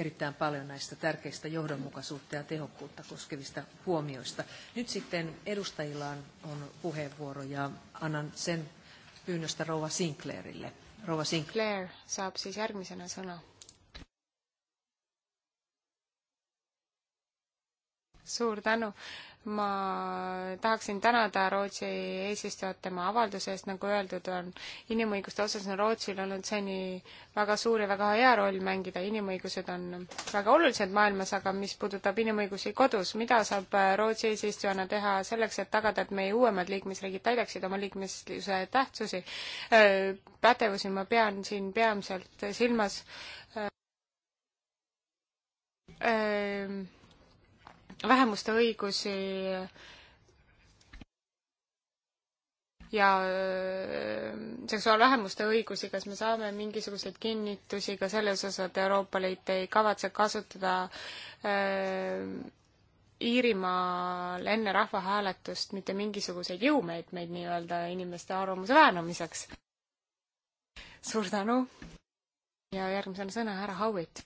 erittäin paljon näistä tärkeistä johdonmukaisuutta ja tehokkuutta koskevista huomioista. Nyt sitten edustajilla on, on puheenvuoro ja annan sen pyynnöstä rouva Sinclairille. Rouva Sinclair saab siis järgmisena sõna suur tänu. ma tahaksin tänada Rootsi eesistujat tema avalduse eest, nagu öeldud on, inimõiguste osas on Rootsil olnud seni väga suur ja väga hea roll mängida, inimõigused on väga olulised maailmas, aga mis puudutab inimõigusi kodus, mida saab äh, Rootsi eesistujana teha selleks, et tagada, et meie uuemad liikmesriigid täidaksid oma liikmesuse tähtsusi, äh, pädevusi ma pean siin peamiselt silmas öö, äh, vähemuste õigusi ja äh, seksuaalvähemuste õigusi, kas me saame mingisuguseid kinnitusi ka selles osas, et Euroopa Liit ei kavatse kasutada äh, Iirimaal enne rahvahääletust mitte mingisuguseid jõumeetmeid nii-öelda inimeste arvamuse väänamiseks? suur tänu ja järgmisena sõna härra Howitt.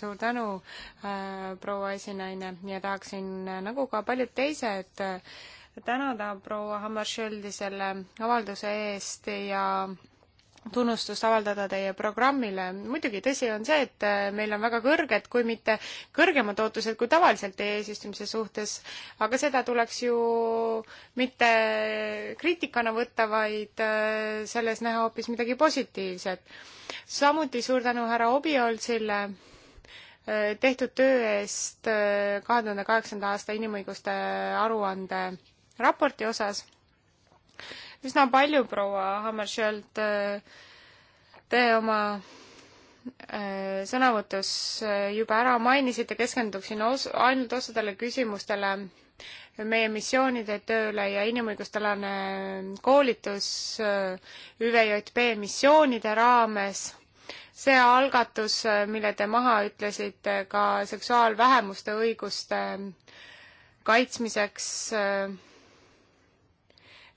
suur tänu äh,, proua esinaine ja tahaksin äh, nagu ka paljud teised äh, tänada proua Hammarskjöldi selle avalduse eest ja tunnustust avaldada teie programmile. muidugi tõsi on see, et äh, meil on väga kõrged, kui mitte kõrgemad ootused kui tavaliselt teie eesistumise suhtes, aga seda tuleks ju mitte kriitikana võtta, vaid selles näha hoopis midagi positiivset. samuti suur tänu härra Obiolsile tehtud töö eest äh, kahe tuhande kaheksanda aasta inimõiguste aruande raporti osas. üsna palju, proua Hammarskjöld, äh, te oma äh, sõnavõtus juba ära mainisite, keskenduksin os-, ainult osadele küsimustele, meie missioonide tööle ja inimõigustalane koolitus ÜVJP missioonide raames see algatus, mille te maha ütlesite ka seksuaalvähemuste õiguste äh, kaitsmiseks, äh,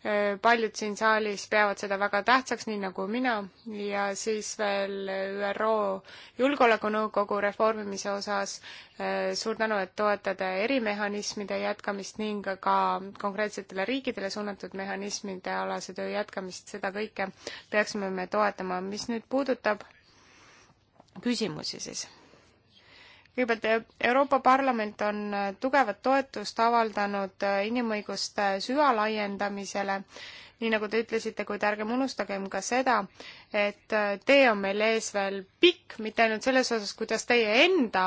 äh, paljud siin saalis peavad seda väga tähtsaks, nii nagu mina, ja siis veel ÜRO Julgeolekunõukogu reformimise osas suur tänu, et toetate erimehhanismide jätkamist ning ka konkreetsetele riikidele suunatud mehhanismide alase töö jätkamist, seda kõike peaksime me toetama. mis nüüd puudutab küsimusi siis. kõigepealt e, Euroopa Parlament on e, tugevat toetust avaldanud e, inimõiguste süvalaiendamisele, nii nagu te ütlesite, kuid ärgem unustagem ka seda, et tee on meil ees veel pikk, mitte ainult selles osas, kuidas teie enda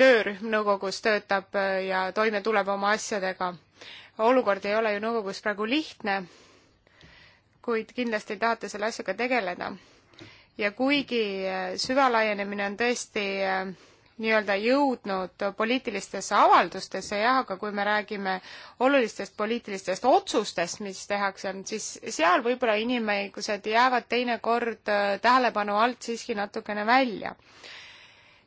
töörühm nõukogus töötab ja toime tuleb oma asjadega. olukord ei ole ju nõukogus praegu lihtne, kuid kindlasti tahate selle asjaga tegeleda ja kuigi äh, süvalaienemine on tõesti äh, nii-öelda jõudnud poliitilistesse avaldustesse jah, aga kui me räägime olulistest poliitilistest otsustest, mis tehakse, siis seal võib-olla inimõigused jäävad teinekord äh, tähelepanu alt siiski natukene välja.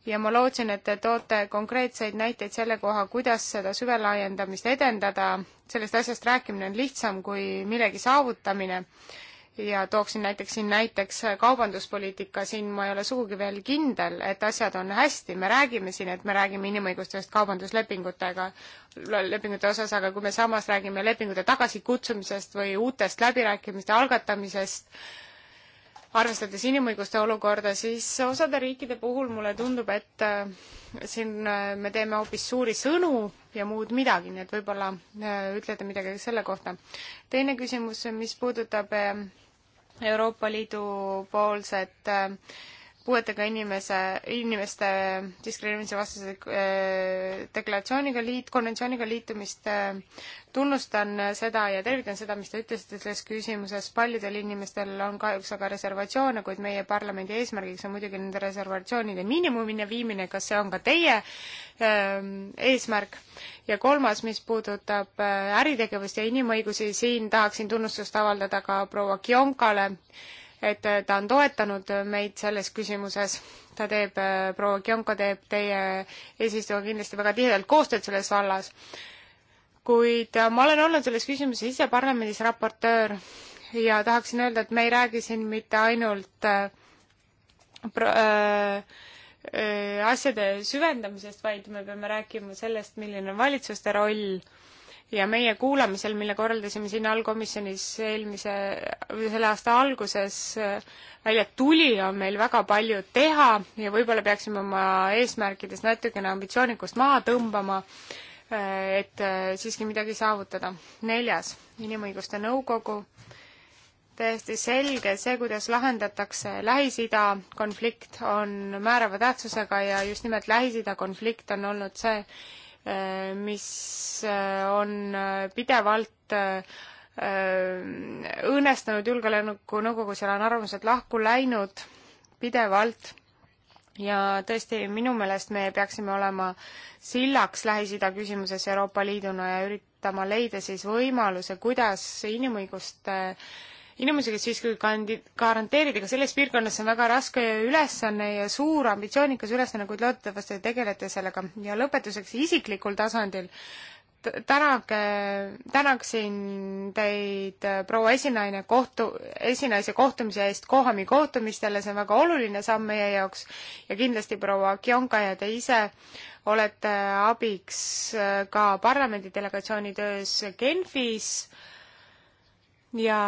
ja ma lootsin, et te toote konkreetseid näiteid selle koha, kuidas seda süvelaiendamist edendada, sellest asjast rääkimine on lihtsam kui millegi saavutamine ja tooksin näiteks siin näiteks kaubanduspoliitika, siin ma ei ole sugugi veel kindel, et asjad on hästi, me räägime siin, et me räägime inimõigustest kaubanduslepingutega, lepingute osas, aga kui me samas räägime lepingute tagasikutsumisest või uutest läbirääkimiste algatamisest, arvestades inimõiguste olukorda, siis osade riikide puhul mulle tundub, et äh, siin äh, me teeme hoopis suuri sõnu ja muud midagi, nii et võib-olla äh, ütlete midagi selle kohta. teine küsimus, mis puudutab äh, Euroopa Liidu poolset äh, puuetega inimese, inimeste diskrimineerimise vastase äh, deklaratsiooniga liit, konventsiooniga liitumist äh, tunnustan seda ja tervitan seda, mis te ütlesite selles küsimuses. paljudel inimestel on kahjuks aga reservatsioone, kuid meie parlamendi eesmärgiks on muidugi nende reservatsioonide miinimumini viimine. kas see on ka teie äh, eesmärk? ja kolmas, mis puudutab äh, äritegevust ja inimõigusi, siin tahaksin tunnustust avaldada ka proua Kionkale äh, et äh, ta on toetanud meid selles küsimuses. ta teeb, äh, proua Kionko teeb teie eesistujaga kindlasti väga tihedalt koostööd selles vallas. kuid äh, ma olen olnud selles küsimuses ise parlamendis raportöör ja tahaksin öelda, et me ei räägi siin mitte ainult pro, öö, öö, asjade süvendamisest, vaid me peame rääkima sellest, milline on valitsuste roll ja meie kuulamisel, mille korraldasime siin allkomisjonis eelmise, selle aasta alguses äh, välja tuli, on meil väga palju teha ja võib-olla peaksime oma eesmärkides natukene ambitsioonikust maha tõmbama, äh, et äh, siiski midagi saavutada. neljas, Inimõiguste Nõukogu. täiesti selge, see, kuidas lahendatakse Lähis-Ida konflikt, on määrava tähtsusega ja just nimelt Lähis-Ida konflikt on olnud see, Äh, mis äh, on äh, pidevalt õõnestanud Julgeolekunõukogus ja on arvamused lahku läinud pidevalt ja tõesti, minu meelest me peaksime olema sillaks Lähis-Ida küsimuses Euroopa Liiduna ja üritama leida siis võimaluse, kuidas inimõiguste äh, inimesi, kes viskab kandi-, garanteerida, ka selles piirkonnas see on väga raske ülesanne ja suur ambitsioonikas ülesanne, kuid loodetavasti te tegelete sellega. ja lõpetuseks isiklikul tasandil tänage, tänaksin teid, äh, proua esinaine, kohtu, esinaise kohtumise eest Kohami kohtumistele, see on väga oluline samm meie jaoks ja kindlasti proua Kionka ja te ise olete abiks äh, ka parlamendi delegatsiooni töös Genfis ja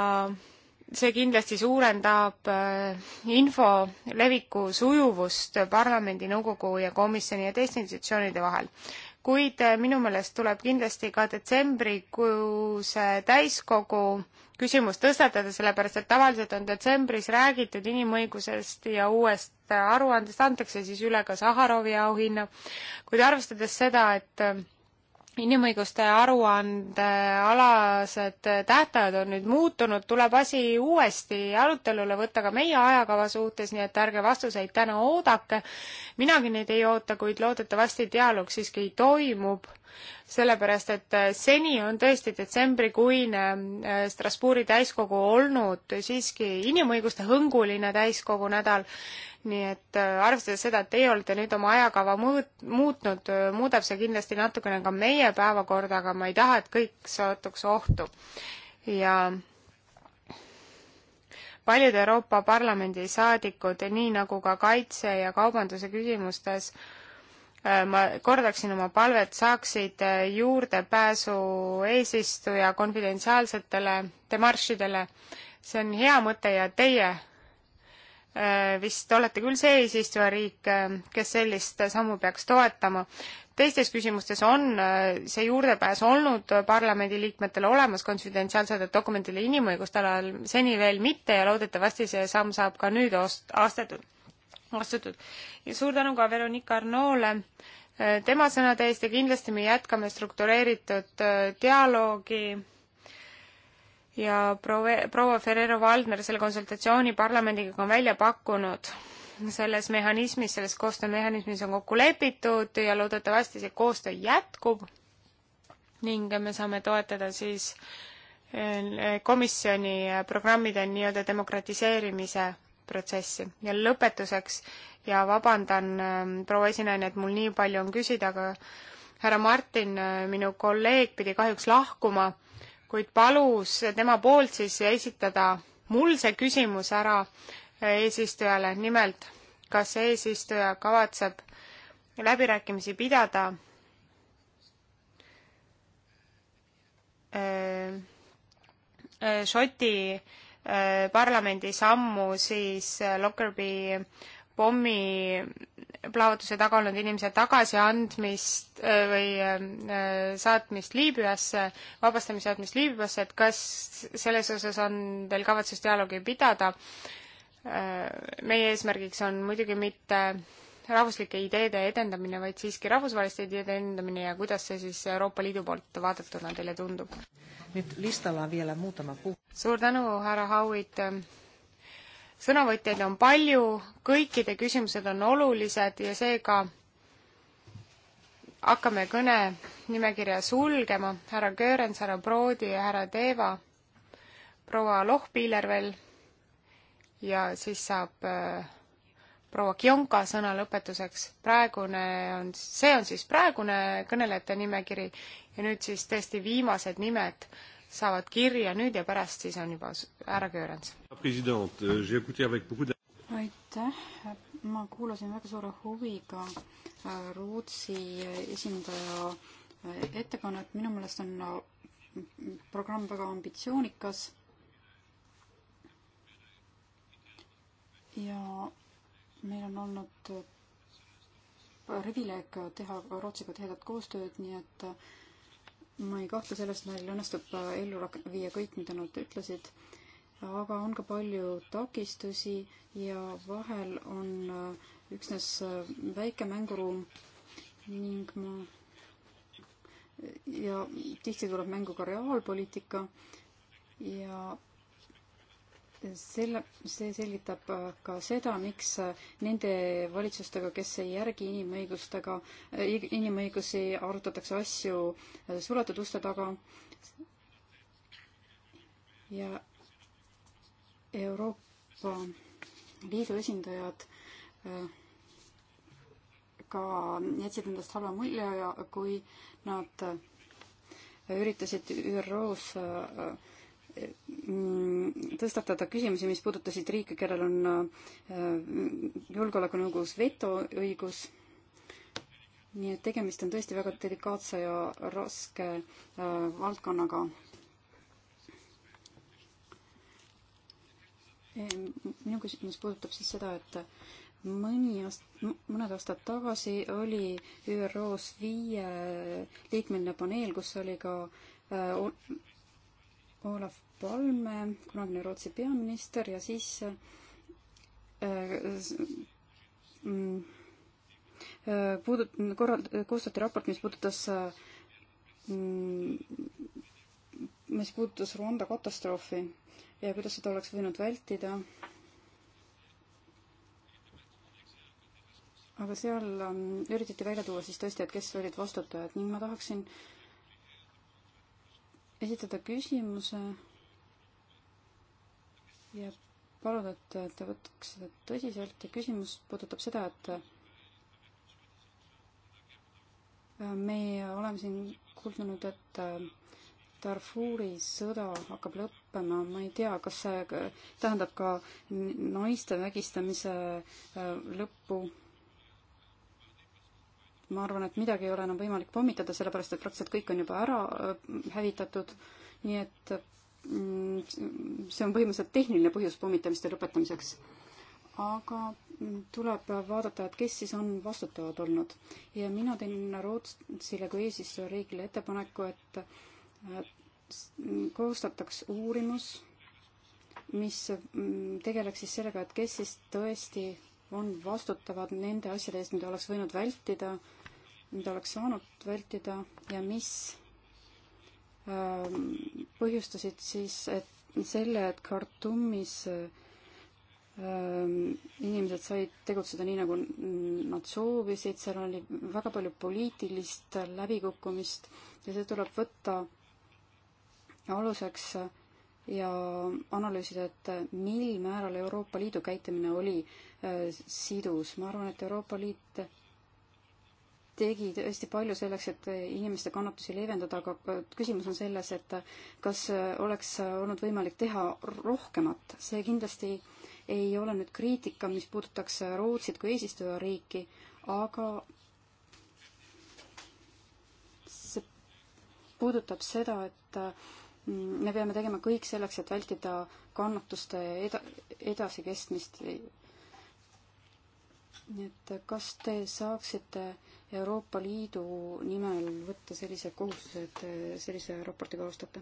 see kindlasti suurendab äh, info leviku sujuvust parlamendi, nõukogu ja komisjoni ja teiste institutsioonide vahel. kuid äh, minu meelest tuleb kindlasti ka detsembrikuuse äh, täiskogu küsimus tõstatada, sellepärast et tavaliselt on detsembris räägitud inimõigusest ja uuest aruandest, antakse siis üle ka Saharovi auhinna, kuid arvestades seda, et inimõiguste aruande alased tähtajad on nüüd muutunud, tuleb asi uuesti arutelule võtta ka meie ajakava suhtes, nii et ärge vastuseid täna oodake. minagi neid ei oota, kuid loodetavasti dialoog siiski toimub sellepärast et äh, seni on tõesti detsembrikuine äh, Strasbourgi täiskogu olnud siiski inimõiguste hõnguline täiskogu nädal, nii et äh, arvestades seda, et teie olete nüüd oma ajakava mõõt-, muutnud, muudab see kindlasti natukene ka meie päevakorda, aga ma ei taha, et kõik satuks ohtu. ja paljud Euroopa Parlamendi saadikud, nii nagu ka kaitse ja kaubanduse küsimustes, Äh, ma kordaksin oma palvet, saaksid äh, juurdepääsu eesistuja konfidentsiaalsetele demaršidele. see on hea mõte ja teie äh, vist olete küll see eesistujariik, kes sellist sammu peaks toetama. teistes küsimustes on see juurdepääs olnud parlamendiliikmetele olemas konfidentsiaalsetele dokumentidele inimõiguste alal, seni veel mitte ja loodetavasti see samm saab ka nüüd astetud astutud. ja suur tänu ka Veronika Arnoole äh, tema sõnade eest ja kindlasti me jätkame struktureeritud äh, dialoogi ja proua, proua Ferrero Valdner selle konsultatsiooni parlamendiga on välja pakkunud. selles mehhanismis, selles koostöömehhanismis on kokku lepitud ja loodetavasti see koostöö jätkub ning me saame toetada siis äh, komisjoni programmide nii-öelda demokratiseerimise protsessi. ja lõpetuseks ja vabandan, ähm, proua esinaine, et mul nii palju on küsida, aga härra Martin, äh, minu kolleeg, pidi kahjuks lahkuma, kuid palus tema poolt siis esitada mul see küsimus ära äh, eesistujale, nimelt kas eesistuja kavatseb läbirääkimisi pidada äh, Šoti äh, Äh, parlamendi sammu siis äh, Lockerbie pommi plahvatuse taga olnud inimese tagasiandmist äh, või saatmist Liibüasse, vabastamise saatmist Liibüasse, et kas selles osas on teil kavatsus dialoogi pidada? meie eesmärgiks on muidugi mitte rahvuslike ideede edendamine, vaid siiski rahvusvaheliste ideede edendamine ja kuidas see siis Euroopa Liidu poolt vaadatuna teile tundub? nüüd listala on veel muutama puu-. suur tänu, härra Howitt. sõnavõtjaid on palju, kõikide küsimused on olulised ja seega hakkame kõne nimekirja sulgema. härra Göörens, härra Broodi ja härra Teeva, proua Lohpiiler veel ja siis saab äh, proua Kionka sõna lõpetuseks. praegune on, see on siis praegune kõnelejate nimekiri ja nüüd siis tõesti viimased nimed saavad kirja nüüd ja pärast siis on juba härra Köörens. Äh, aitäh, ma kuulasin väga suure huviga äh, Rootsi esindaja äh, ettekannet, minu meelest on programm väga ambitsioonikas ja meil on olnud privileeg äh, teha Rootsiga tihedat koostööd, nii et äh, ma ei kahtle selles, meil õnnestub äh, ellu viia kõik, mida nad ütlesid, aga on ka palju takistusi ja vahel on üksnes väike mänguruum ning ma ja tihti tuleb mängu ka reaalpoliitika ja selle, see selgitab ka seda, miks nende valitsustega, kes ei järgi inimõigustega, inimõigusi, arutatakse asju suletud uste taga. ja Euroopa Liidu esindajad äh, ka jätsid endast halva mulje ja kui nad äh, üritasid ÜRO-s üür äh, Mm, tõstatada küsimusi, mis puudutasid riike, kellel on äh, julgeolekunõukogus vetoõigus. nii et tegemist on tõesti väga delikaatse ja raske äh, valdkonnaga. Ehm, minu küsimus puudutab siis seda, et mõni aast-, mõned aastad tagasi oli ÜRO-s viieliikmeline paneel, kus oli ka äh, Olav Palme, kunagine Rootsi peaminister ja siis äh, mm, äh, puudut-, korrald-, koostati raport, mis puudutas, mm, mis puudutas Rwanda katastroofi ja kuidas seda oleks võinud vältida. aga seal ähm, üritati välja tuua siis tõesti, et kes olid vastutajad ning ma tahaksin äh, esitada küsimuse ja paluda, et te võtaks seda tõsiselt ja küsimus puudutab seda, et äh, me oleme siin kuulnud, et äh, Darfuri sõda hakkab lõppema, ma ei tea, kas see äh, tähendab ka naiste vägistamise lõppu ma arvan, et midagi ei ole enam võimalik pommitada, sellepärast et praktiliselt kõik on juba ära äh, hävitatud, nii et mm, see on põhimõtteliselt tehniline põhjus pommitamiste lõpetamiseks. aga mm, tuleb vaadata, et kes siis on vastutavad olnud ja mina teen Rootsile kui eesistujariigile ettepaneku, et äh, mm, koostataks uurimus, mis tegeleks siis sellega, et kes siis tõesti on vastutavad nende asjade eest, mida oleks võinud vältida äh, mida oleks saanud vältida ja mis ähm, põhjustasid siis, et selle, et Khartoumis ähm, inimesed said tegutseda nii, nagu nad soovisid, seal oli väga palju poliitilist läbikukkumist ja see tuleb võtta aluseks ja analüüsida, et mil määral Euroopa Liidu käitumine oli äh, sidus. ma arvan, et Euroopa Liit tegi tõesti palju selleks, et inimeste kannatusi leevendada, aga küsimus on selles, et kas oleks olnud võimalik teha rohkemat. see kindlasti ei ole nüüd kriitika, mis puudutaks Rootsit kui eesistujariiki, aga see puudutab seda, et me peame tegema kõik selleks, et vältida kannatuste eda-, edasikestmist. nii et kas te saaksite äh, Euroopa Liidu nimel võtta sellise kohustuse, et eh, sellise raporti koostate?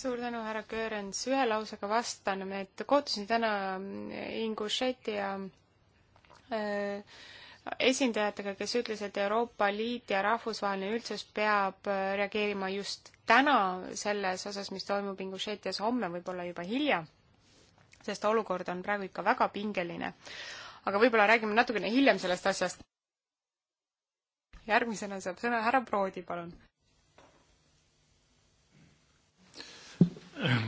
suur tänu, härra Köörens, ühe lausega vastan, et kohtusin täna mm, Ingušeti ja äh, esindajatega, kes ütles, et Euroopa Liit ja rahvusvaheline üldsus peab äh, reageerima just täna selles osas, mis toimub Ingušetias, homme võib-olla juba hilja, sest olukord on praegu ikka väga pingeline. aga võib-olla räägime natukene hiljem sellest asjast järgmisena saab sõna härra Proodi, palun.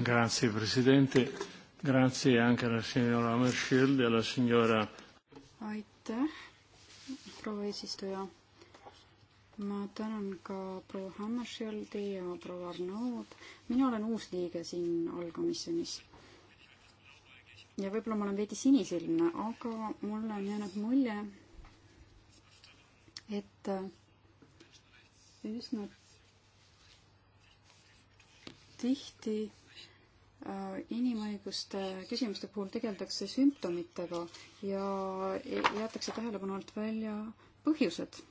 Grazie Presidente, grazie anche alla signora Merschild ja e alla signora. aitäh, proua eesistuja. ma tänan ka proua Hammerschildi ja proua Arnaud. mina olen uus liige siin allkomisjonis. ja võib-olla ma olen veidi sinisilmne, aga mulle on jäänud mulje, et äh, üsna tihti äh, inimõiguste küsimuste puhul tegeldakse sümptomitega ja e-, jäetakse tähelepanu alt välja põhjused.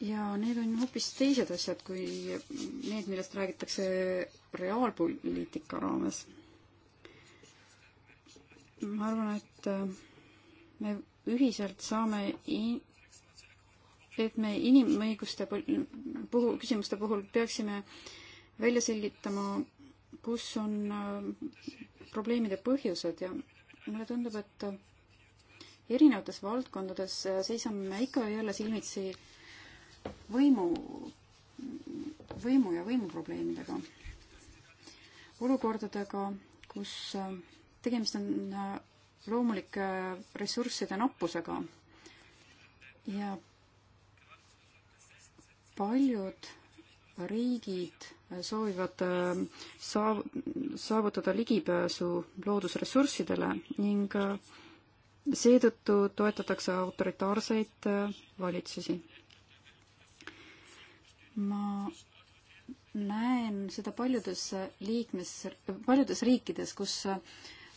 ja need on hoopis teised asjad kui need, millest räägitakse reaalpoliitika raames ma arvan, et äh, me ühiselt saame et me inimõiguste puhul, küsimuste puhul peaksime välja selgitama, kus on äh, probleemide põhjused ja mulle tundub, et äh, erinevates valdkondades seisame me ikka ja jälle silmitsi võimu, võimu ja võimuprobleemidega, olukordadega, kus tegemist on äh, loomulike äh, ressursside nappusega ja paljud riigid äh, soovivad saav-, saavutada ligipääsu loodusressurssidele ning seetõttu toetatakse autoritaarseid valitsusi. ma näen seda paljudes liikmes, paljudes riikides, kus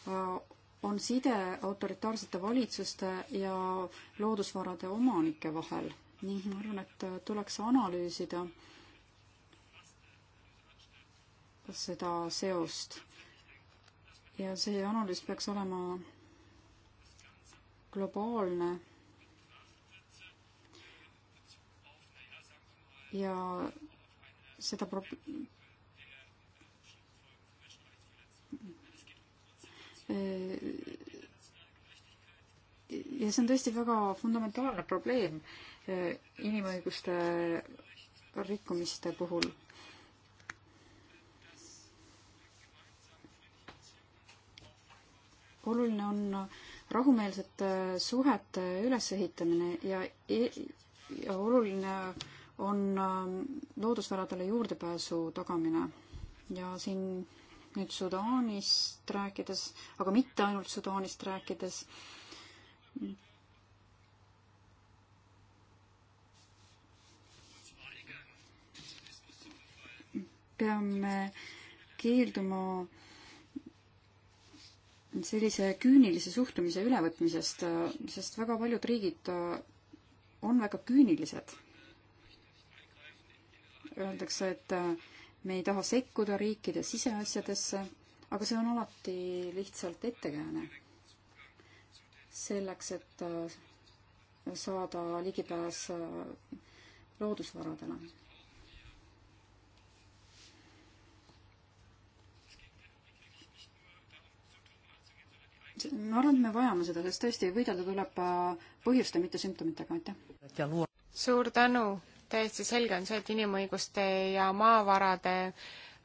Äh, on side autoritaarsete valitsuste ja loodusvarade omanike vahel ning ma arvan, et äh, tuleks analüüsida seda seost. ja see analüüs peaks olema globaalne ja seda pro-, ja see on tõesti väga fundamentaalne probleem eh, inimõiguste rikkumiste puhul. oluline on rahumeelsete eh, suhete ülesehitamine ja, e-, ja oluline on eh, loodusvaradele juurdepääsu tagamine ja siin nüüd Sudaanist rääkides, aga mitte ainult Sudaanist rääkides, peame keelduma sellise küünilise suhtumise ülevõtmisest, sest väga paljud riigid on väga küünilised. Öeldakse, et me ei taha sekkuda riikide siseasjadesse, aga see on alati lihtsalt ettekääne selleks, et äh, saada ligipääs äh, loodusvaradele. ma arvan, et me vajame seda, sest tõesti võidelda tuleb äh, põhjuste, mitte sümptomitega, aitäh. suur tänu täiesti selge on see, et inimõiguste ja maavarade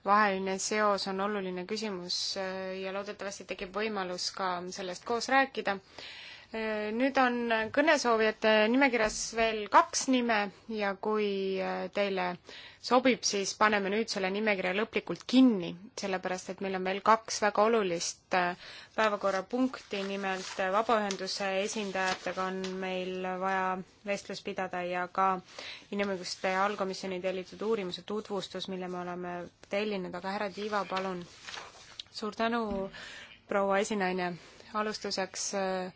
vaheline seos on oluline küsimus äh, ja loodetavasti tekib võimalus ka sellest koos rääkida nüüd on kõnesoovijate nimekirjas veel kaks nime ja kui äh, teile sobib, siis paneme nüüd selle nimekirja lõplikult kinni, sellepärast et meil on veel kaks väga olulist äh, päevakorrapunkti, nimelt äh, vabaühenduse esindajatega on meil vaja vestlus pidada ja ka inimõiguste allkomisjoni tellitud uurimuse tutvustus, mille me oleme tellinud, aga härra Tiiva, palun. suur tänu, proua esinaine. alustuseks äh,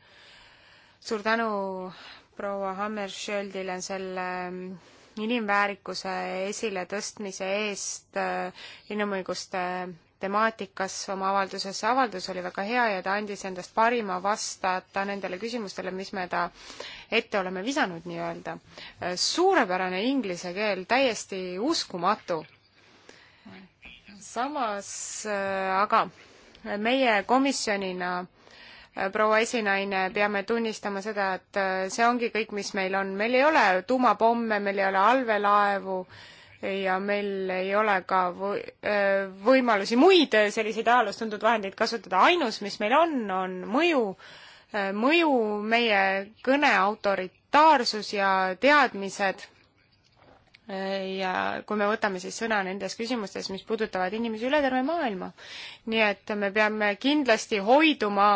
suur tänu proua Hammerschöldile selle mm, inimväärikuse esiletõstmise eest äh, inimõiguste temaatikas oma avalduses. see avaldus oli väga hea ja ta andis endast parima vastata nendele küsimustele, mis me ta ette oleme visanud nii-öelda. Äh, suurepärane inglise keel, täiesti uskumatu. samas äh, aga meie komisjonina proua esinaine, peame tunnistama seda, et äh, see ongi kõik, mis meil on. meil ei ole tuumapomme, meil ei ole allveelaevu ja meil ei ole ka äh, võimalusi muid äh, selliseid ajaloos tuntud vahendeid kasutada. ainus, mis meil on, on mõju, mõju, meie kõne autoritaarsus ja teadmised ja kui me võtame siis sõna nendes küsimustes, mis puudutavad inimesi üle terve maailma. nii et me peame kindlasti hoiduma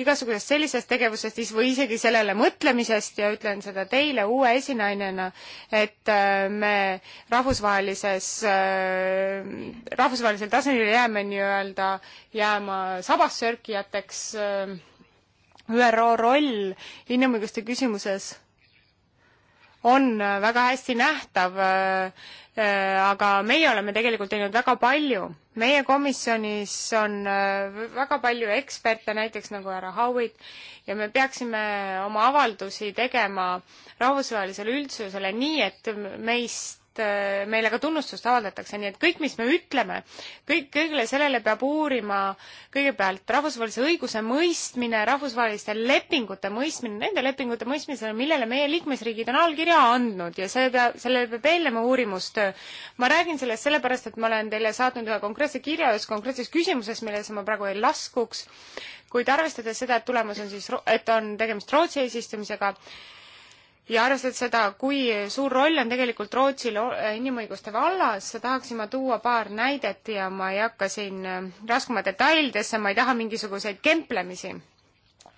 igasugusest sellisest tegevusest või isegi sellele mõtlemisest ja ütlen seda teile uue esinainena, et äh, me rahvusvahelises, äh, rahvusvahelisel tasandil jääme nii-öelda jääma sabassörkijateks. Äh, ÜRO roll inimõiguste küsimuses on äh, väga hästi nähtav, äh, äh, aga meie oleme tegelikult teinud väga palju. meie komisjonis on väga palju eksperte, näiteks nagu härra Howitt, ja me peaksime oma avaldusi tegema rahvusvahelisele üldsusele nii, et meist eest äh, meile ka tunnustust avaldatakse, nii et kõik, mis me ütleme, kõik, kõigele sellele peab uurima kõigepealt rahvusvahelise õiguse mõistmine, rahvusvaheliste lepingute mõistmine, nende lepingute mõistmisele, millele meie liikmesriigid on allkirja andnud ja see peab, sellele peab eelnema uurimustöö. ma räägin sellest sellepärast, et ma olen teile saatnud ühe konkreetse kirja ühes konkreetses küsimuses, millesse ma praegu ei laskuks, kuid arvestades seda, et tulemas on siis, et on tegemist Rootsi eesistumisega, ja arvestades seda, kui suur roll on tegelikult Rootsil äh, inimõiguste vallas, tahaksin ma tuua paar näidet ja ma ei hakka siin äh, raskuma detailidesse, ma ei taha mingisuguseid kemplemisi.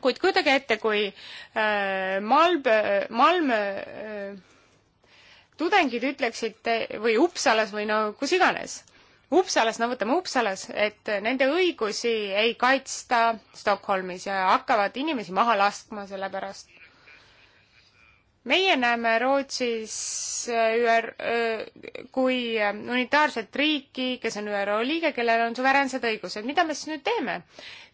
kuid kujutage ette, kui äh, Malb, äh, Malmö äh, tudengid ütleksid või Uppsalas või no kus iganes, Uppsalas, no võtame Uppsalas, et nende õigusi ei kaitsta Stockholmis ja hakkavad inimesi maha laskma selle pärast meie näeme Rootsis äh, ÜR äh, kui äh, unitaarset riiki, kes on ÜRO liige, kellel on suveräänsed õigused. mida me siis nüüd teeme?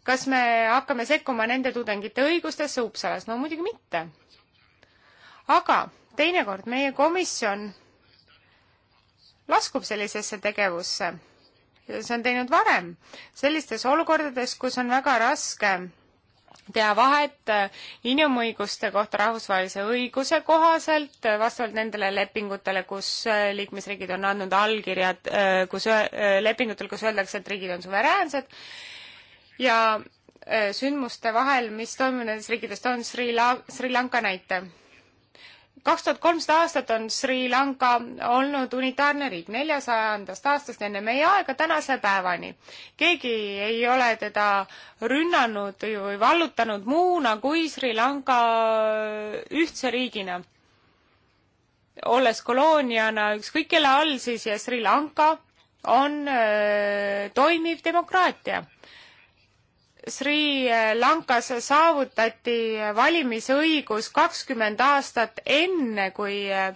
kas me hakkame sekkuma nende tudengite õigustesse Uppsalas? no muidugi mitte. aga teinekord meie komisjon laskub sellisesse tegevusse. see on teinud varem, sellistes olukordades, kus on väga raske teha vahet äh, inimõiguste kohta rahvusvahelise õiguse kohaselt äh, vastavalt nendele lepingutele, kus äh, liikmesriigid on andnud allkirjad, kus lepingutel, kus öeldakse, et riigid on suveräänsed ja sündmuste vahel, mis toimunud nendes riikides on, Sri La-, Sri Lanka näite kaks tuhat kolmsada aastat on Sri Lanka olnud unitaarne riik, neljasajandast aastast enne meie aega tänase päevani. keegi ei ole teda rünnanud või vallutanud muuna kui Sri Lanka ühtse riigina. olles kolooniana ükskõik kelle all siis ja Sri Lanka on öö, toimiv demokraatia Sri Lankas saavutati valimisõigus kakskümmend aastat enne, kui eh,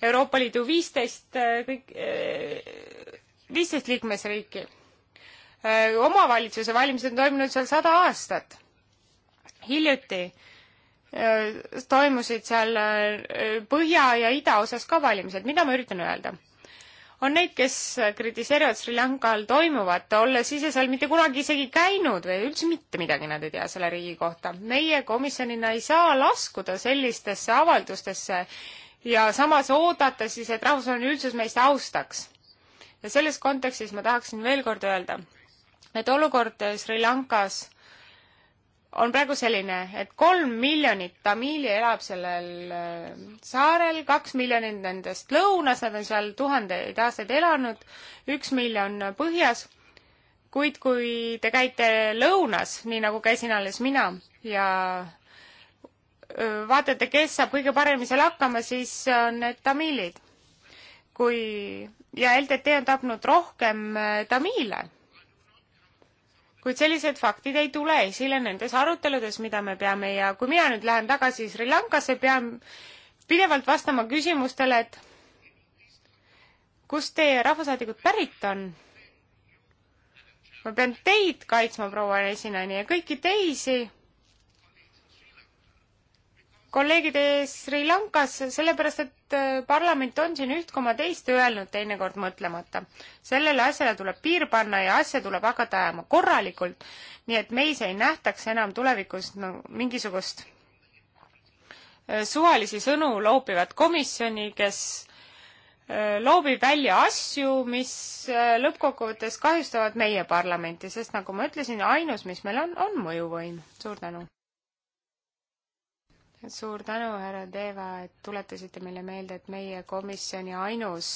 Euroopa Liidu viisteist, eh, kõik, eh, viisteist liikmesriiki. omavalitsuse valimised on toimunud seal sada aastat. hiljuti toimusid seal põhja ja idaosas ka valimised, mida ma üritan öelda on neid, kes kritiseerivad Sri Lankal toimuvat, olles ise seal mitte kunagi isegi käinud või üldse mitte midagi nad ei tea selle riigi kohta. meie komisjonina ei saa laskuda sellistesse avaldustesse ja samas oodata siis, et rahvusvaheline üldsus meist austaks. ja selles kontekstis ma tahaksin veel kord öelda, et olukord Sri Lankas on praegu selline, et kolm miljonit tamiili elab sellel äh, saarel, kaks miljonit nendest lõunas, nad on seal tuhandeid aastaid elanud, üks miljon põhjas. kuid kui te käite lõunas, nii nagu käisin alles mina ja vaatate, kes saab kõige paremini seal hakkama, siis on need tamiilid. kui ja LTT on tapnud rohkem äh, tamiile kuid sellised faktid ei tule esile nendes aruteludes, mida me peame ja kui mina nüüd lähen tagasi Sri Lankasse, pean pidevalt vastama küsimustele, et kust teie rahvasaadikud pärit on? ma pean teid kaitsma, proua esinaine, ja kõiki teisi kolleegide ees Sri Lankas, sellepärast et äh, parlament on siin üht koma teist öelnud teinekord mõtlemata. sellele asjale tuleb piir panna ja asja tuleb hakata ajama korralikult, nii et meis ei nähtaks enam tulevikus no, mingisugust äh, suvalisi sõnu loopivat komisjoni, kes äh, loobib välja asju, mis lõppkokkuvõttes kahjustavad meie parlamenti, sest nagu ma ütlesin, ainus, mis meil on, on mõjuvõim. suur tänu! suur tänu, härra Deva, et tuletasite meile meelde, et meie komisjoni ainus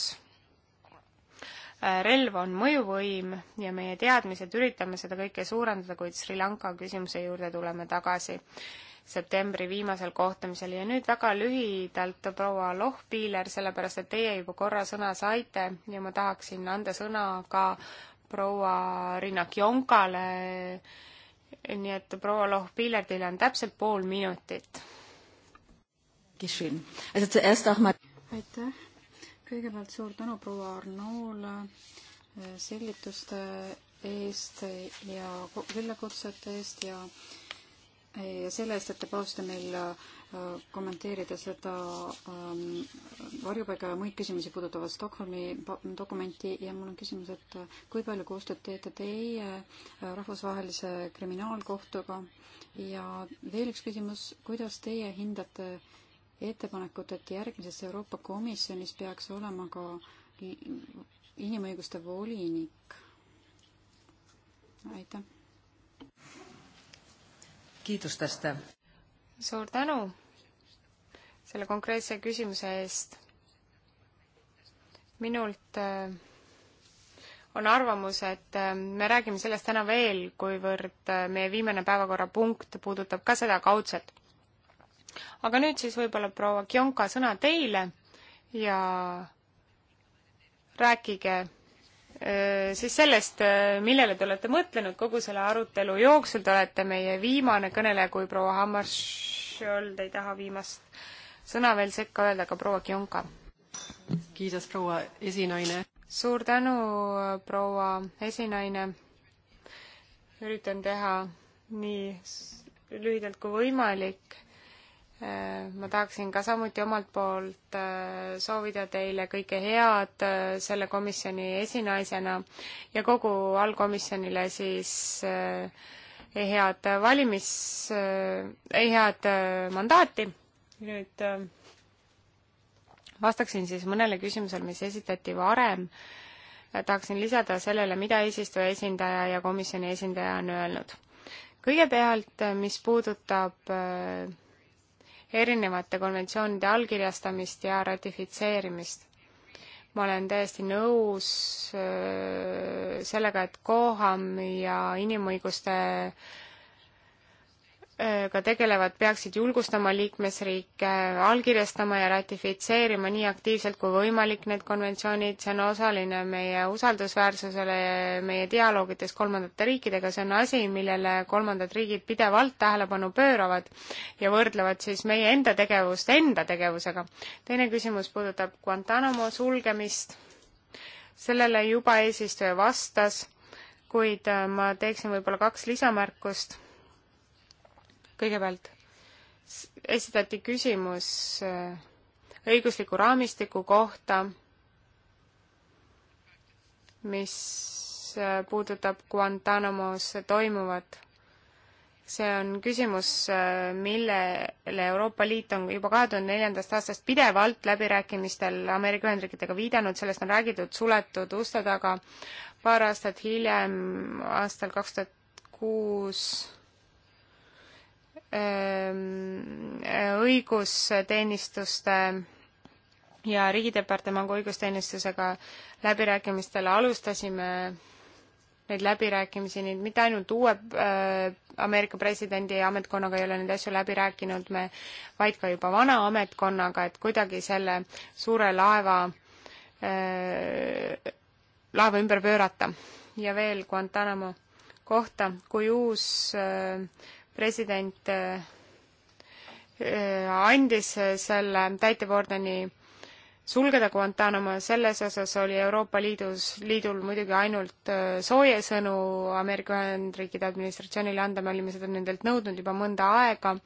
äh, relv on mõjuvõim ja meie teadmised, üritame seda kõike suurendada, kuid Sri Lanka küsimuse juurde tuleme tagasi septembri viimasel kohtumisel ja nüüd väga lühidalt proua Lohpiiler, sellepärast et teie juba korra sõna saite ja ma tahaksin anda sõna ka proua Rinnak Jonkale. nii et proua Lohpiiler, teil on täpselt pool minutit aitäh. kõigepealt suur tänu proua Arnoole äh, selgituste eest ja väljakutsete eest ja ja selle eest, et te palusite meil äh, kommenteerida seda ähm, varjupaiga ja muid küsimusi puudutavat Stockholmi dokumenti ja mul on küsimus, et äh, kui palju koostööd teete teie rahvusvahelise kriminaalkohtuga ja veel üks küsimus, kuidas teie hindate ettepanekut, et järgmises Euroopa Komisjonis peaks olema ka inimõiguste volinik. aitäh. kiidus tästä. suur tänu selle konkreetse küsimuse eest. minult äh, on arvamus, et äh, me räägime sellest täna veel, kuivõrd äh, meie viimane päevakorrapunkt puudutab ka seda kaudselt aga nüüd siis võib-olla proua Kionka, sõna teile ja rääkige äh, siis sellest, äh, millele te olete mõtlenud kogu selle arutelu jooksul, te olete meie viimane kõneleja, kui proua Hammarskjöld ei taha viimast sõna veel sekka öelda, aga proua Kionka. kiidas, proua esinaine. suur tänu, proua esinaine. üritan teha nii lühidalt kui võimalik Äh, ma tahaksin ka samuti omalt poolt äh, soovida teile kõike head äh, selle komisjoni esinaisena ja kogu allkomisjonile siis head valimis, head mandaati. nüüd vastaksin siis mõnele küsimusele, mis esitati varem. tahaksin lisada sellele, mida eesistuja esindaja ja komisjoni esindaja on öelnud. kõigepealt, mis puudutab erinevate konventsioonide allkirjastamist ja ratifitseerimist. ma olen täiesti nõus äh, sellega, et Koham ja inimõiguste ka tegelevad, peaksid julgustama liikmesriike allkirjastama ja ratifitseerima nii aktiivselt kui võimalik need konventsioonid, see on osaline meie usaldusväärsusele ja meie dialoogides kolmandate riikidega, see on asi, millele kolmandad riigid pidevalt tähelepanu pööravad ja võrdlevad siis meie enda tegevust enda tegevusega. teine küsimus puudutab Guantanamo sulgemist. sellele juba eesistuja vastas, kuid ma teeksin võib-olla kaks lisamärkust kõigepealt esitati küsimus äh, õigusliku raamistiku kohta, mis äh, puudutab Guantanamos toimuvat. see on küsimus, äh, millele Euroopa Liit on juba kahe tuhande neljandast aastast pidevalt läbirääkimistel Ameerika Ühendriikidega viidanud, sellest on räägitud suletud uste taga. paar aastat hiljem, aastal kaks tuhat kuus Ähm, õigusteenistuste ja Riigidepartemangu õigusteenistusega läbirääkimistele alustasime neid läbirääkimisi, nii et mitte ainult uue äh, Ameerika presidendi ametkonnaga ei ole neid asju läbi rääkinud me, vaid ka juba vana ametkonnaga, et kuidagi selle suure laeva äh,, laeva ümber pöörata. ja veel Guantanamo kohta, kui uus äh, president äh, äh, andis selle täitevordeni sulgeda Guantanamo, selles osas oli Euroopa Liidus, liidul muidugi ainult äh, sooje sõnu Ameerika Ühendriikide administratsioonile anda, me olime seda nendelt nõudnud juba mõnda aega.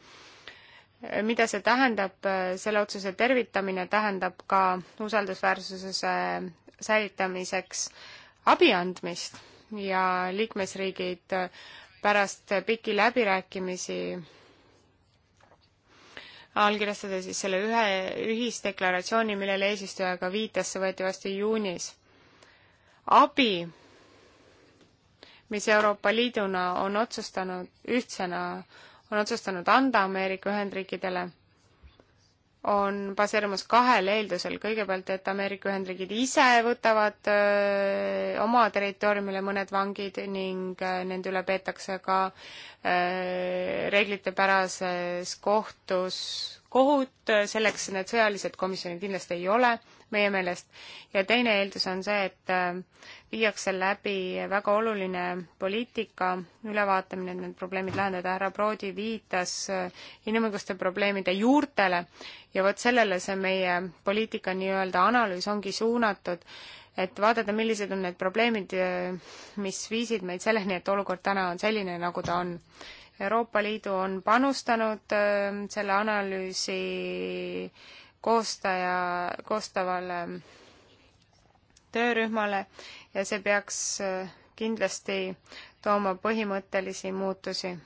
mida see tähendab, selle otsuse tervitamine tähendab ka usaldusväärsuse säilitamiseks abi andmist ja liikmesriigid pärast pikki läbirääkimisi allkirjastada siis selle ühe ühisdeklaratsiooni, millele eesistuja ka viitas, see võeti vastu juunis. abi, mis Euroopa Liiduna on otsustanud, ühtsena on otsustanud anda Ameerika Ühendriikidele on baseerumas kahel eeldusel, kõigepealt, et Ameerika Ühendriigid ise võtavad öö, oma territooriumile mõned vangid ning öö, nende üle peetakse ka reeglitepärases kohtus kohut, selleks need sõjalised komisjonid kindlasti ei ole meie meelest. ja teine eeldus on see, et äh, viiakse läbi väga oluline poliitika ülevaatamine, et need probleemid lahendada. härra Broodi viitas äh, inimõiguste probleemide juurtele ja vot sellele see meie poliitika nii-öelda analüüs ongi suunatud, et vaadata, millised on need probleemid, äh, mis viisid meid selleni, et olukord täna on selline, nagu ta on Euroopa Liidu on panustanud selle analüüsi koostaja, koostavale ähm, töörühmale ja see peaks äh, kindlasti tooma põhimõttelisi muutusi.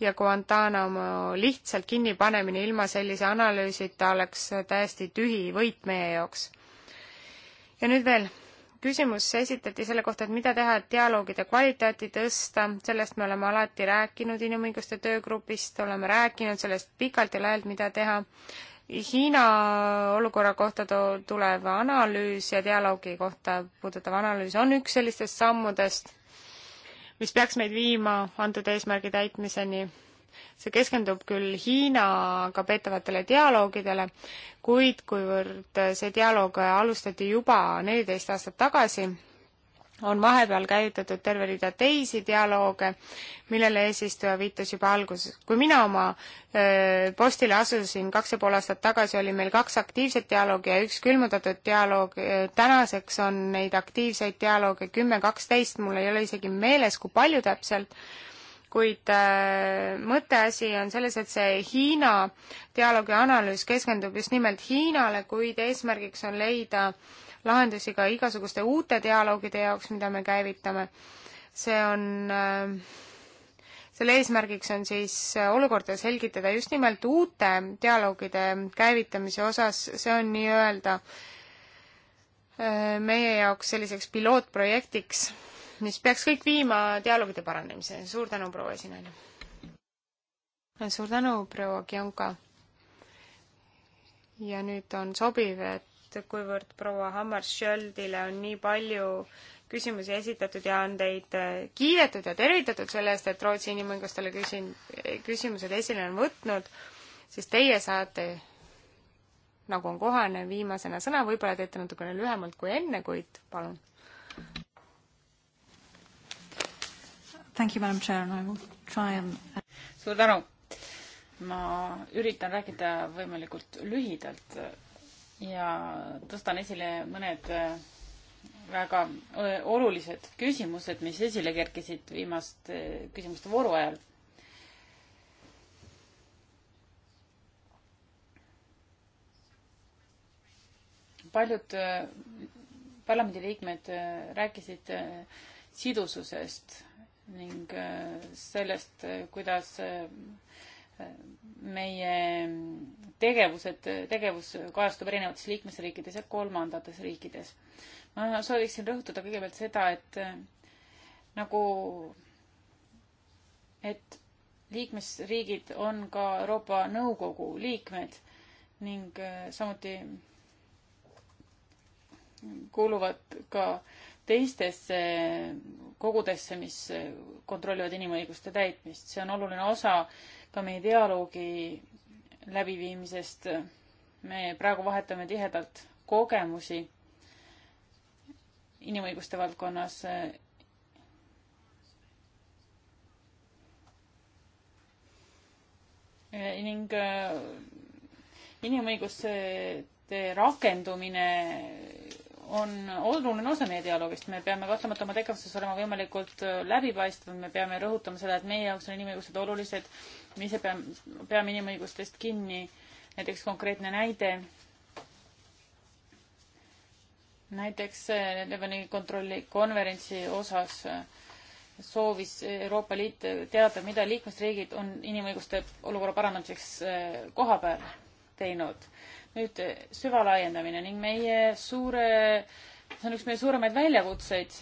ja Guantanamo lihtsalt kinnipanemine ilma sellise analüüsita oleks äh, täiesti tühi võit meie jaoks. ja nüüd veel küsimus esitati selle kohta, et mida teha, et dialoogide kvaliteeti tõsta, sellest me oleme alati rääkinud inimõiguste töögrupist, oleme rääkinud sellest pikalt ja laialt, mida teha, Hiina olukorra kohta to-, tulev analüüs ja dialoogi kohta puudutav analüüs on üks sellistest sammudest, mis peaks meid viima antud eesmärgi täitmiseni. see keskendub küll Hiinaga peetavatele dialoogidele, kuid kuivõrd see dialoog alustati juba neliteist aastat tagasi, on vahepeal käivitatud terve rida teisi dialoog, millele eesistuja viitas juba alguses. kui mina oma postile asusin kaks ja pool aastat tagasi, oli meil kaks aktiivset dialoogi ja üks külmutatud dialoog. tänaseks on neid aktiivseid dialoogi kümme, kaksteist, mul ei ole isegi meeles, kui palju täpselt, kuid mõtteasi on selles, et see Hiina dialoogi analüüs keskendub just nimelt Hiinale, kuid eesmärgiks on leida äh, lahendusi ka igasuguste uute dialoogide jaoks, mida me käivitame. see on äh, selle eesmärgiks on siis äh, olukorda selgitada just nimelt uute dialoogide käivitamise osas, see on nii-öelda äh, meie jaoks selliseks pilootprojektiks, mis peaks kõik viima dialoogide paranemiseni. suur tänu, proua esinaine! suur tänu, proua Kionka! ja nüüd on sobiv, et et kuivõrd proua Hammarskjöldile on nii palju küsimusi esitatud ja on teid äh, kiidetud ja tervitatud selle eest, et Rootsi inimõigustele küsin-, küsimused esile on võtnud, siis teie saate, nagu on kohane, viimasena sõna, võib-olla teete natukene lühemalt kui enne, kuid palun. Thank you, madam chair, and I will try and suur tänu! ma üritan rääkida võimalikult lühidalt ja tõstan esile mõned äh, väga äh, olulised küsimused, mis esile kerkisid viimast äh, küsimuste vooru ajal. paljud parlamendiliikmed rääkisid sidususest ning sellest, kuidas meie tegevused, tegevus kajastub erinevates liikmesriikides ja kolmandates riikides. ma sooviksin rõhutada kõigepealt seda, et äh, nagu, et liikmesriigid on ka Euroopa Nõukogu liikmed ning äh, samuti kuuluvad ka teistesse kogudesse, mis kontrollivad inimõiguste täitmist. see on oluline osa äh, ka meie dialoogi läbiviimisest. me praegu vahetame tihedalt kogemusi inimõiguste valdkonnas. ning äh, inimõiguste rakendumine on oluline osa meie dialoogist, me peame kahtlemata oma tegevuses olema võimalikult äh, läbipaistvad, me peame rõhutama seda, et meie jaoks on inimõigused olulised me ise peame, peame inimõigustest kinni. näiteks konkreetne näide. näiteks Lebani eh, kontrolli konverentsi osas eh, soovis Euroopa Liit teada, mida liikmesriigid on inimõiguste olukorra parandamiseks eh, koha peal teinud. nüüd süvalaiendamine ning meie suure, see on üks meie suuremaid väljakutseid,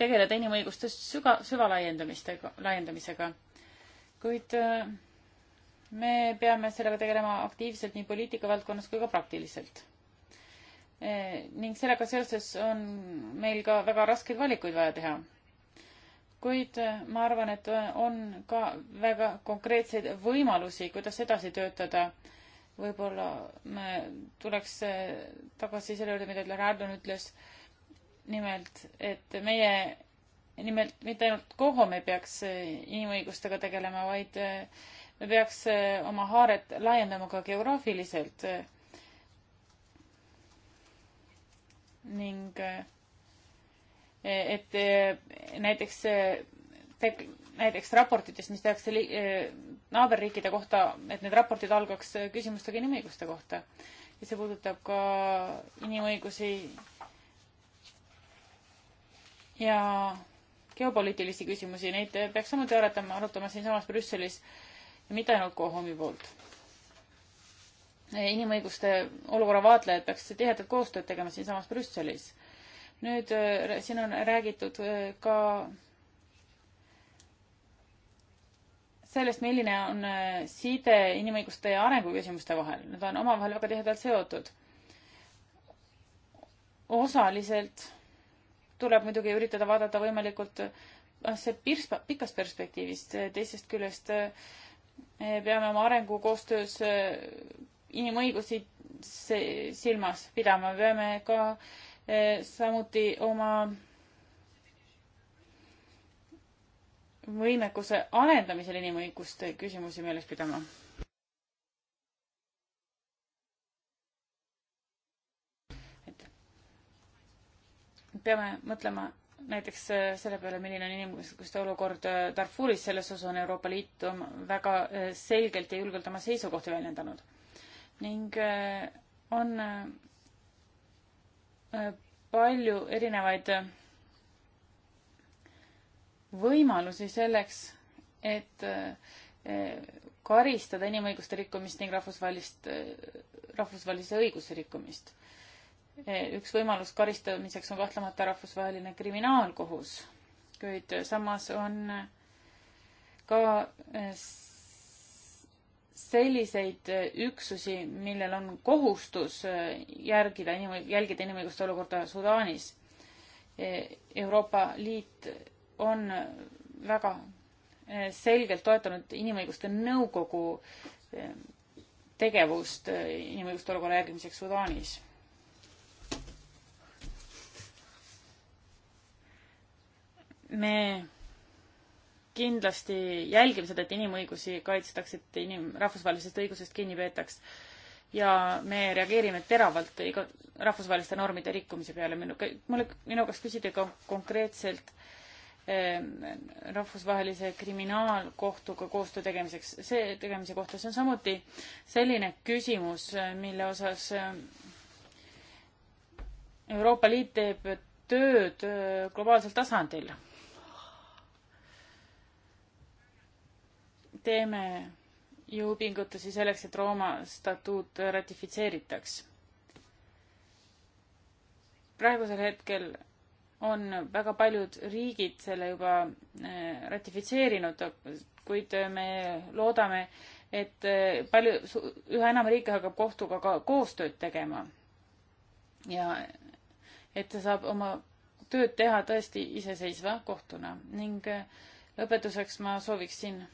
tegeleda inimõiguste süga, süvalaiendamistega, laiendamisega kuid äh, me peame sellega tegelema aktiivselt nii poliitika valdkonnas kui ka praktiliselt. Äh, ning sellega seoses on meil ka väga raskeid valikuid vaja teha. kuid äh, ma arvan, et on ka väga konkreetseid võimalusi, kuidas edasi töötada. võib-olla me tuleks tagasi selle juurde, mida Lerardon ütles. nimelt, et meie nimelt mitte ainult KOHOM ei peaks eh, inimõigustega tegelema, vaid eh, me peaks eh, oma haaret laiendama ka geograafiliselt. ning et näiteks teg-, näiteks raportites, mis tehakse li-, naaberriikide kohta, et need raportid algaks küsimustega inimõiguste kohta. ja see puudutab ka inimõigusi ja geopoliitilisi küsimusi, neid peaks samuti arutama, arutama siinsamas Brüsselis ja mitte ainult Kohomi poolt. inimõiguste olukorra vaatlejad peaks tihedat koostööd tegema siinsamas Brüsselis. nüüd äh, siin on räägitud äh, ka sellest, milline on äh, side inimõiguste ja arenguküsimuste vahel. Need on omavahel väga tihedalt seotud. osaliselt tuleb muidugi üritada vaadata võimalikult ah, see pirs-, pikast perspektiivist, teisest küljest eh, peame oma arengukoostöös eh, inimõigusi silmas pidama, peame ka eh, samuti oma võimekuse arendamisel inimõiguste küsimusi meeles pidama peame mõtlema näiteks äh, selle peale, milline on inimõiguste olukord äh, Darfuris, selles osas on Euroopa Liit väga äh, selgelt ja julgelt oma seisukohti väljendanud. ning on palju erinevaid võimalusi selleks, et karistada inimõiguste rikkumist ning rahvusvahelist, rahvusvahelise õiguse rikkumist üks võimalus karistamiseks on kahtlemata rahvusvaheline kriminaalkohus, kuid samas on ka eh, selliseid eh, üksusi, millel on kohustus eh, järgida inim-, jälgida inimõiguste olukorda Sudaanis. Euroopa Liit on väga selgelt toetanud Inimõiguste Nõukogu tegevust inimõiguste olukorra järgimiseks Sudaanis me kindlasti jälgime seda, et inimõigusi kaitstakse, et inim-, rahvusvahelisest õigusest kinni peetaks. ja me reageerime teravalt iga rahvusvaheliste normide rikkumise peale. minu, mulle, minu käest küsiti ka konkreetselt eh, rahvusvahelise kriminaalkohtuga koostöö tegemiseks, see tegemise kohta, see on samuti selline küsimus, mille osas ehm, Euroopa Liit teeb tööd ehm, globaalsel tasandil teeme jõupingutusi selleks, et Rooma statuut ratifitseeritaks. praegusel hetkel on väga paljud riigid selle juba eh, ratifitseerinud, kuid me loodame, et eh, palju, üha enam riike hakkab kohtuga ka koostööd tegema. ja et ta saab oma tööd teha tõesti iseseisva kohtuna ning eh, lõpetuseks ma sooviksin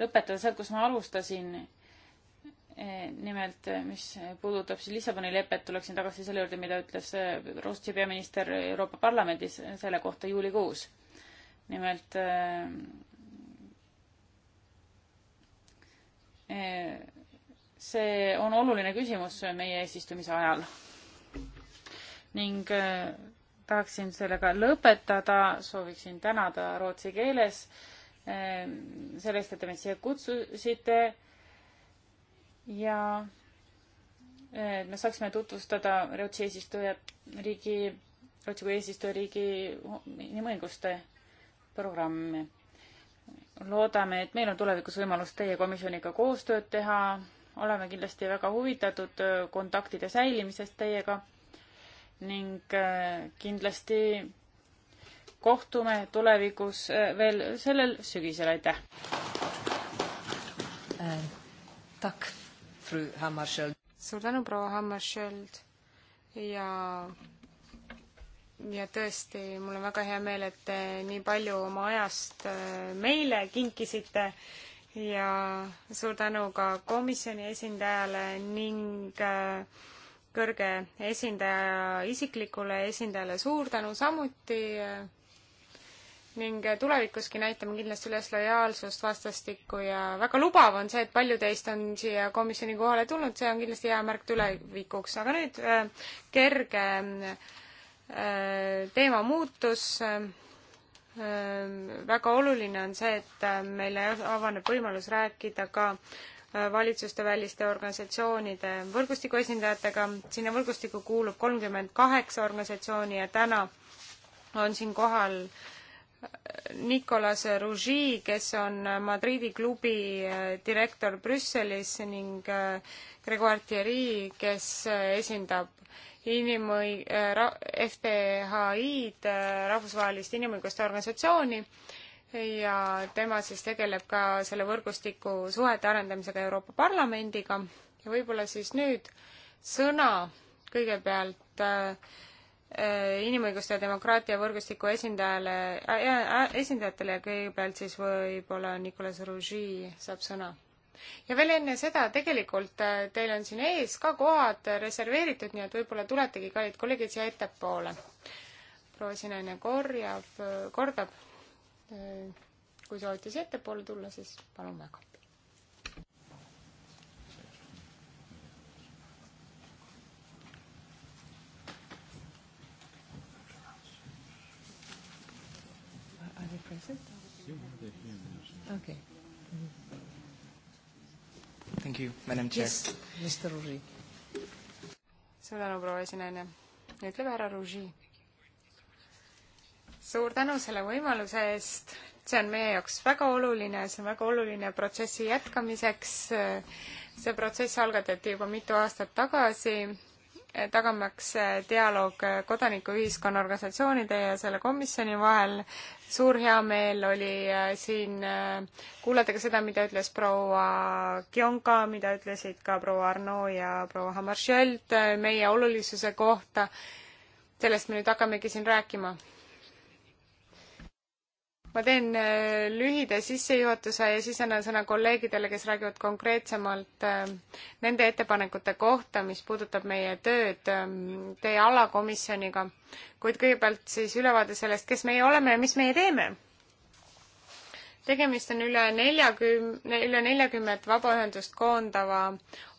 lõpetada sealt, kus ma alustasin. Eh, nimelt, eh, mis puudutab siis Lissaboni lepet, tuleksin tagasi selle juurde, mida ütles eh, Rootsi peaminister Euroopa Parlamendis selle kohta juulikuus. nimelt see on oluline küsimus meie eesistumise ajal. ning tahaksin sellega lõpetada, sooviksin tänada rootsi keeles äh, Ehm, selle eest, et te meid siia kutsusite ja et ehm, me saaksime tutvustada Rootsi eesistuja riigi, Rootsi kui eesistujariigi inimõiguste programmi. loodame, et meil on tulevikus võimalus teie komisjoniga koostööd teha, oleme kindlasti väga huvitatud eh, kontaktide säilimisest teiega ning eh, kindlasti kohtume tulevikus äh, veel sellel sügisel, aitäh! Äh, suur tänu, proua Hammarskjöld ja, ja tõesti, mul on väga hea meel, et te nii palju oma ajast äh, meile kinkisite ja suur tänu ka komisjoni esindajale ning äh, kõrge esindaja isiklikule esindajale suur tänu samuti ning tulevikuski näitame kindlasti üles lojaalsust vastastikku ja väga lubav on see, et palju teist on siia komisjoni kohale tulnud, see on kindlasti hea märk tulevikuks, aga nüüd äh, kerge äh, teema muutus äh,. väga oluline on see, et äh, meile avaneb võimalus rääkida ka äh, valitsuste väliste organisatsioonide võrgustiku esindajatega, sinna võrgustikku kuulub kolmkümmend kaheksa organisatsiooni ja täna on siin kohal äh, Nicolas Rougi, kes on Madridi klubi äh, direktor Brüsselis ning äh, Gregoire Thierry, kes äh, esindab inimõi-, ra-, FPHI-d, Rahvusvahelist Inimõiguste Organisatsiooni, ja tema siis tegeleb ka selle võrgustiku suhete arendamisega Euroopa Parlamendiga ja võib-olla siis nüüd sõna kõigepealt äh, Äh, inimõiguste ja demokraatia võrgustiku esindajale äh, äh, äh,, esindajatele ja kõigepealt siis võib-olla Nicolas Rougi saab sõna. ja veel enne seda, tegelikult teil on siin ees ka kohad reserveeritud, nii et võib-olla tuletegi, kallid kolleegid, siia ettepoole. proua Sinaine korjab, kordab. kui soovite siia ettepoole tulla, siis palun väga Okay. Thank you, madam chair yes,. Mr Rougi. suur tänu, proua esinaine. ütleb härra Rougi. suur tänu selle võimaluse eest. see on meie jaoks väga oluline, see on väga oluline protsessi jätkamiseks. see protsess algatati juba mitu aastat tagasi Eh, tagamaks eh, dialoog eh, kodanikuühiskonna organisatsioonide ja selle komisjoni vahel. suur heameel oli siin kuulata ka seda, mida ütles proua Kionka, mida ütlesid ka proua Arno ja proua Hammarskjöld meie olulisuse kohta. sellest me nüüd hakkamegi siin rääkima ma teen äh, lühida sissejuhatuse ja siis annan sõna kolleegidele, kes räägivad konkreetsemalt äh, nende ettepanekute kohta, mis puudutab meie tööd ähm, teie alakomisjoniga. kuid kõigepealt siis ülevaade sellest, kes meie oleme ja mis meie teeme. tegemist on üle neljakümne, üle neljakümmet vabaühendust koondava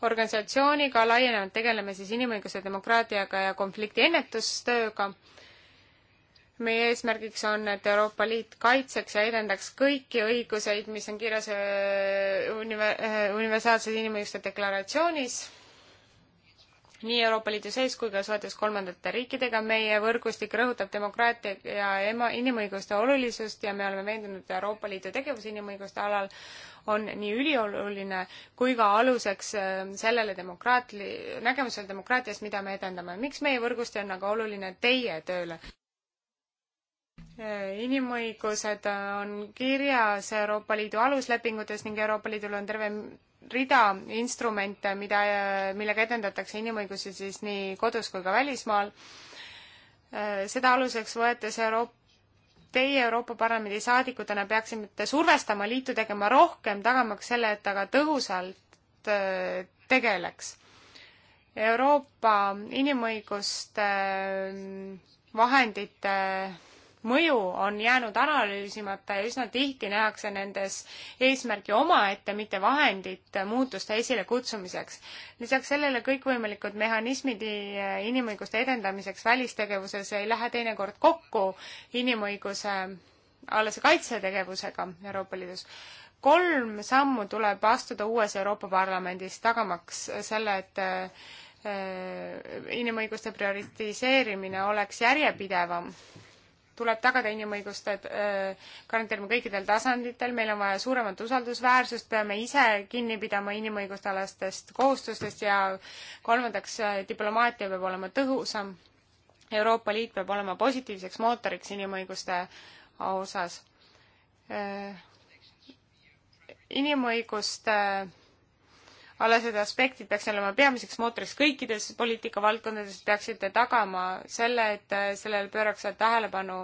organisatsiooniga, laienevalt tegeleme siis inimõiguse, demokraatiaga ja konfliktiennetustööga meie eesmärgiks on, et Euroopa Liit kaitseks ja edendaks kõiki õiguseid, mis on kirjas äh, univer-, äh, universaalses inimõiguste deklaratsioonis, nii Euroopa Liidu sees kui ka suhetes kolmandate riikidega. meie võrgustik rõhutab demokraatia ja ema-, inimõiguste olulisust ja me oleme veendunud, et Euroopa Liidu tegevus inimõiguste alal on nii ülioluline kui ka aluseks äh, sellele demokraatli-, nägemusele demokraatiast, mida me edendame. miks meie võrgusti on aga oluline teie tööle? inimõigused on kirjas Euroopa Liidu aluslepingutes ning Euroopa Liidul on terve rida instrumente, mida, millega edendatakse inimõigusi siis nii kodus kui ka välismaal. seda aluseks võetes Euroopa teie Euroopa Parlamendi saadikutena peaksite survestama liitu tegema rohkem, tagamaks selle, et ta ka tõhusalt äh, tegeleks. Euroopa inimõiguste äh, vahendite mõju on jäänud analüüsimata ja üsna tihti nähakse nendes eesmärgi omaette, mitte vahendit muutuste esilekutsumiseks. lisaks sellele kõikvõimalikud mehhanismid eh, inimõiguste edendamiseks välistegevuses ei lähe teinekord kokku inimõiguse alles kaitsetegevusega Euroopa Liidus. kolm sammu tuleb astuda uues Euroopa Parlamendis, tagamaks selle, et eh, eh, inimõiguste prioritiseerimine oleks järjepidevam tuleb tagada inimõiguste garanteerima kõikidel tasanditel, meil on vaja suuremat usaldusväärsust, peame ise kinni pidama inimõiguste alastest kohustustest ja kolmandaks, diplomaatia peab olema tõhusam. Euroopa Liit peab olema positiivseks mootoriks inimõiguste osas. inimõiguste äh, alased aspektid peaks olema peamiseks mootoriks kõikides poliitikavaldkondades, peaksite tagama selle, et äh, sellele pööraks tähelepanu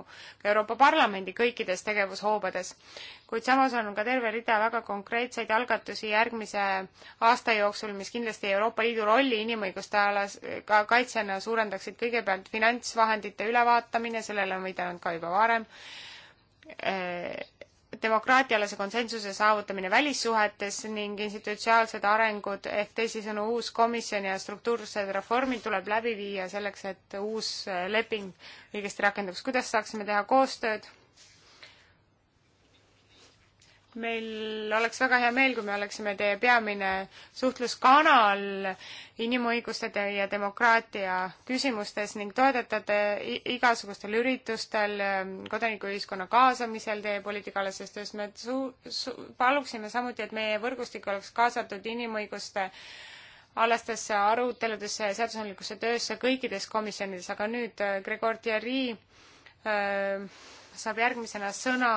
ka Euroopa Parlamendi kõikides tegevushoobades. kuid samas on ka terve rida väga konkreetseid algatusi järgmise aasta jooksul, mis kindlasti Euroopa Liidu rolli inimõiguste alas äh, ka kaitsjana suurendaksid kõigepealt finantsvahendite ülevaatamine, sellele on viidanud ka juba varem äh, demokraatialase konsensuse saavutamine välissuhetes ning institutsiaalsed arengud ehk teisisõnu uus komisjon ja struktuursed reformid tuleb läbi viia selleks, et uus leping õigesti rakenduks. kuidas saaksime teha koostööd? meil oleks väga hea meel, kui me oleksime teie peamine suhtluskanal inimõiguste ja demokraatia küsimustes ning toetate igasugustel üritustel ähm, kodanikuühiskonna kaasamisel teie poliitikaalasest tööst. me su-, su-, paluksime samuti, et meie võrgustik oleks kaasatud inimõiguste alastesse aruteludesse ja seadusandlikusse töösse kõikides komisjonides, aga nüüd äh, Gregor Thierry öö, äh, saab järgmisena sõna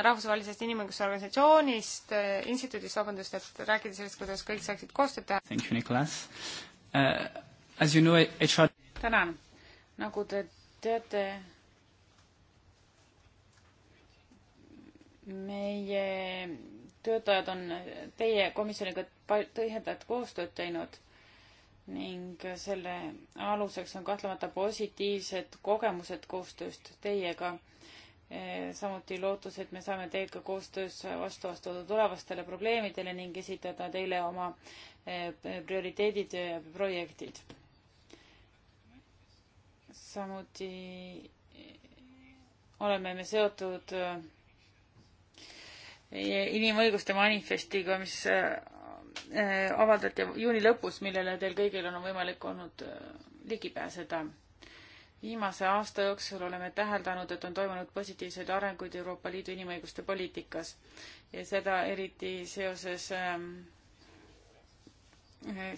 rahvusvahelisest inimõiguste organisatsioonist, äh, instituudist, vabandust, et rääkida sellest, kuidas kõik saaksid koostööd teha. Thank you, Nicolas uh,. As you know, HR tänan. nagu te teate, meie töötajad on teie komisjoniga tihedat koostööd teinud ning selle aluseks on kahtlemata positiivsed kogemused koostööst teiega Eh, samuti lootus, et me saame teiega koostöös vastu astuda tulevastele probleemidele ning esitada teile oma eh, prioriteedid ja projektid. samuti eh, oleme me seotud inimõiguste manifestiga, mis avaldati juuni lõpus, millele teil kõigil on võimalik olnud ligi pääseda viimase aasta jooksul oleme täheldanud, et on toimunud positiivseid arenguid Euroopa Liidu inimõiguste poliitikas ja seda eriti seoses ähm,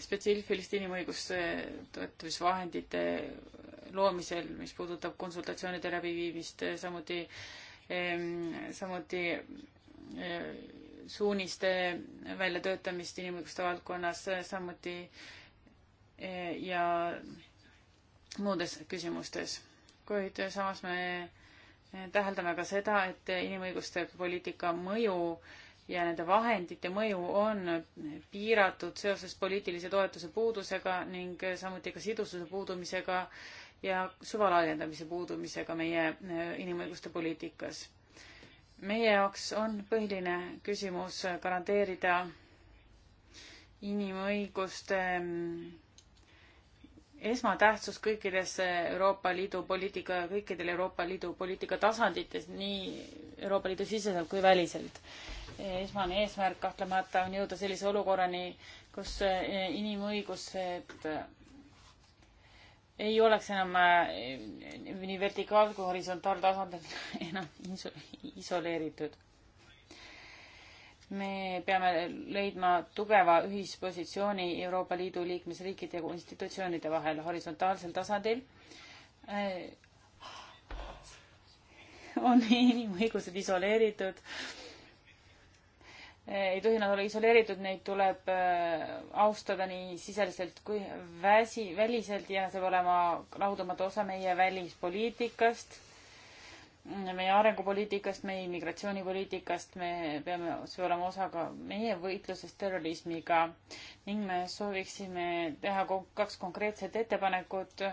spetsiifiliste inimõiguste toetusvahendite loomisel, mis puudutab konsultatsioonide läbiviimist, samuti, ähm, samuti äh, suuniste väljatöötamist inimõiguste valdkonnas, samuti äh, ja muudes küsimustes, kuid samas me täheldame ka seda, et inimõiguste poliitika mõju ja nende vahendite mõju on piiratud seoses poliitilise toetuse puudusega ning samuti ka sidususe puudumisega ja süvalaiendamise puudumisega meie e, inimõiguste poliitikas. meie jaoks on põhiline küsimus garanteerida inimõiguste esmatähtsus kõikides Euroopa Liidu poliitika, kõikidel Euroopa Liidu poliitika tasandites, nii Euroopa Liidu siseselt kui väliselt. esmane eesmärk kahtlemata on jõuda sellise olukorrani, kus inimõigused ei oleks enam äh, nii vertikaal kui horisontaaltasandil enam iso, isoleeritud me peame leidma tugeva ühispositsiooni Euroopa Liidu liikmesriikide ja institutsioonide vahel horisontaalsel tasandil äh, on inimõigused isoleeritud. Äh, ei tohi nad olla isoleeritud, neid tuleb äh, austada nii siseliselt kui väsi, väliselt ja see peab olema laudumatu osa meie välispoliitikast meie arengupoliitikast, meie immigratsioonipoliitikast, me peame, see olema osa ka meie võitlusest terrorismiga ning me sooviksime teha kaks konkreetset ettepanekut,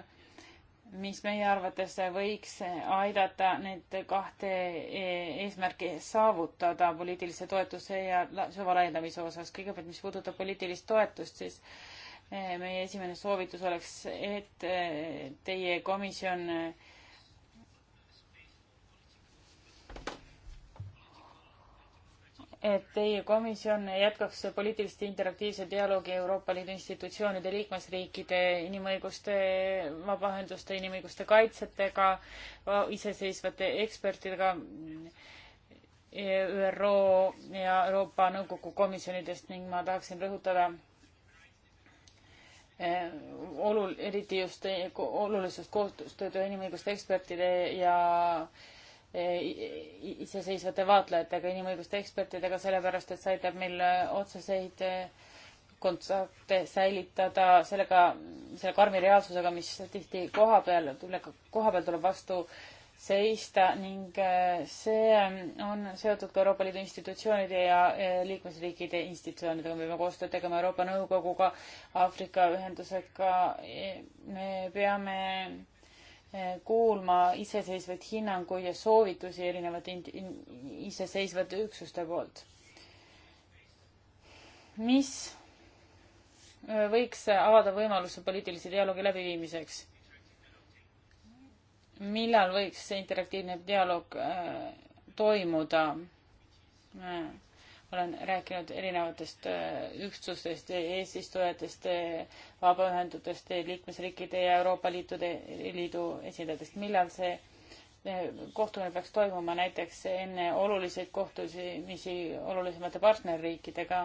mis meie arvates võiks aidata need kahte e-, eesmärki saavutada poliitilise toetuse ja süva laiendamise osas. kõigepealt, mis puudutab poliitilist toetust, siis e, meie esimene soovitus oleks, et e, teie komisjon et teie komisjon jätkaks poliitilist interaktiivse dialoogi Euroopa Liidu institutsioonide, liikmesriikide, inimõiguste, vabaühenduste, inimõiguste kaitsjatega, iseseisvate ekspertidega, ÜRO ja Euroopa Nõukogu komisjonidest ning ma tahaksin rõhutada eh, olul-, eriti just olulisust koostööd inimõiguste ekspertide ja äh, E, iseseisvate vaatlejatega, inimõiguste ekspertidega, sellepärast et see aitab meil otseseid e, kontakte säilitada sellega, selle karmi reaalsusega, mis tihti koha peal, koha peal tuleb vastu seista ning e, see on seotud ka Euroopa Liidu institutsioonide ja liikmesriikide institutsioonidega. me peame koostööd tegema Euroopa Nõukoguga, Aafrika Ühendusega. me peame kuulma iseseisvaid hinnanguid ja soovitusi erinevate iseseisvate üksuste poolt. mis äh, võiks avada võimaluse poliitilise dialoogi läbiviimiseks? millal võiks see interaktiivne dialoog äh, toimuda äh,? olen rääkinud erinevatest äh, ühtsustest, äh, eesistujatest, äh, vabaühendudest, liikmesriikide ja Euroopa Liitude, Liidu esindajatest. millal see kohtumine peaks toimuma näiteks enne oluliseid kohtumisi olulisemate partnerriikidega?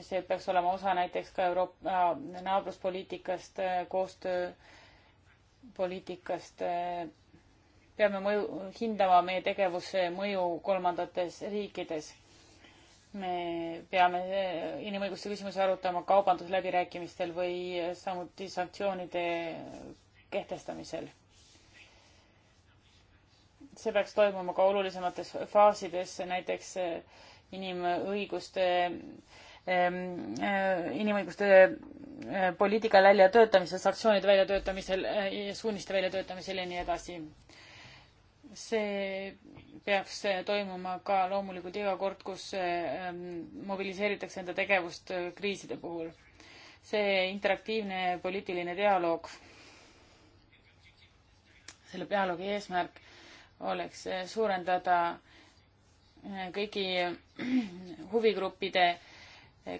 see peaks olema osa näiteks ka Euroopa naabruspoliitikast, koostööpoliitikast peame mõju, hindama meie tegevuse mõju kolmandates riikides. me peame eh, inimõiguste küsimusi arutama kaubandusläbirääkimistel või samuti sanktsioonide kehtestamisel. see peaks toimuma ka olulisemates faasides, näiteks eh, inimõiguste ehm, eh, inimõiguste poliitika väljatöötamisel, sanktsioonide väljatöötamisel, suuniste väljatöötamisel ja nii edasi see peaks toimuma ka loomulikult iga kord, kus ähm, mobiliseeritakse enda tegevust äh, kriiside puhul. see interaktiivne poliitiline dialoog, selle dialoogi eesmärk oleks äh, suurendada äh, kõigi huvigruppide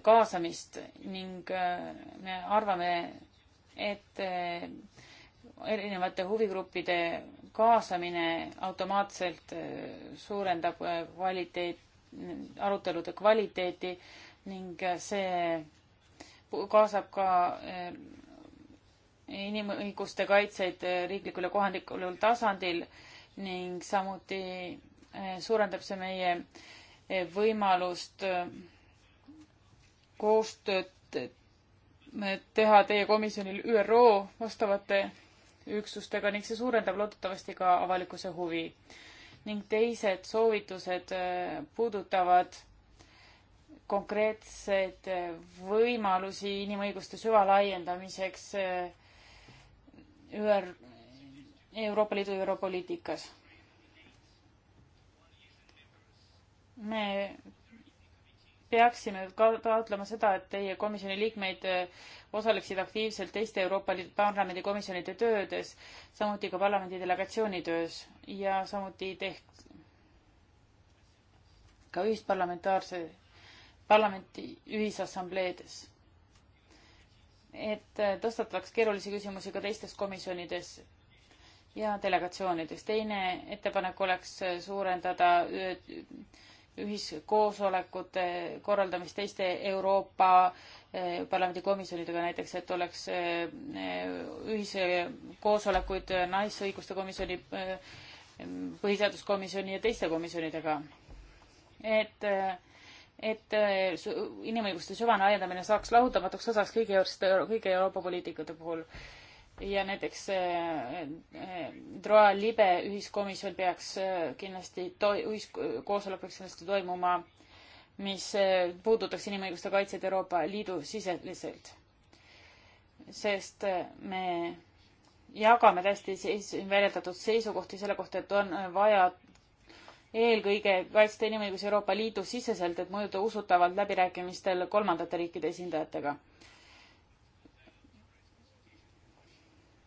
kaasamist ning me arvame, et erinevate huvigruppide kaasamine automaatselt äh, suurendab äh, kvaliteet, arutelude kvaliteeti ning äh, see kaasab ka inimõiguste kaitseid riiklikul ja kohalikul tasandil ning samuti suurendab see meie võimalust koostööd teha teie komisjonil ÜRO vastavate üksustega ning see suurendab loodetavasti ka avalikkuse huvi. ning teised soovitused äh, puudutavad konkreetseid äh, võimalusi inimõiguste süvalaiendamiseks äh, ÜR, Euroopa Liidu ÜRO poliitikas. me peaksime ka taotlema seda, et teie komisjoni liikmeid äh, osaleksid aktiivselt teiste Euroopa Parlamendi komisjonide töödes, samuti ka parlamendi delegatsiooni töös ja samuti teht- ka ühisparlamentaarse, parlamenti ühisassambleedes. et äh, tõstataks keerulisi küsimusi ka teistes komisjonides ja delegatsioonides. teine ettepanek oleks äh, suurendada öö, ühiskoosolekute korraldamist teiste Euroopa eh, Parlamendi komisjonidega näiteks, et oleks eh, ühiskoosolekuid Naisõiguste komisjoni, eh, Põhiseaduskomisjoni ja teiste komisjonidega. et, et inimõiguste süvane laiendamine saaks lahutamatuks osaks kõigi, kõigi Euroopa poliitikate puhul ja näiteks eh, eh, DROA libe ühiskomisjon peaks eh, kindlasti toi-, ühis-, koosolek peaks kindlasti toimuma, mis puudutaks inimõiguste kaitset Euroopa Liidu siseliselt. sest me jagame täiesti seis-, väljendatud seisukohti selle kohta, et on vaja eelkõige kaitsta inimõigusi Euroopa Liidu siseselt, et mõjuda usutavalt läbirääkimistel kolmandate riikide esindajatega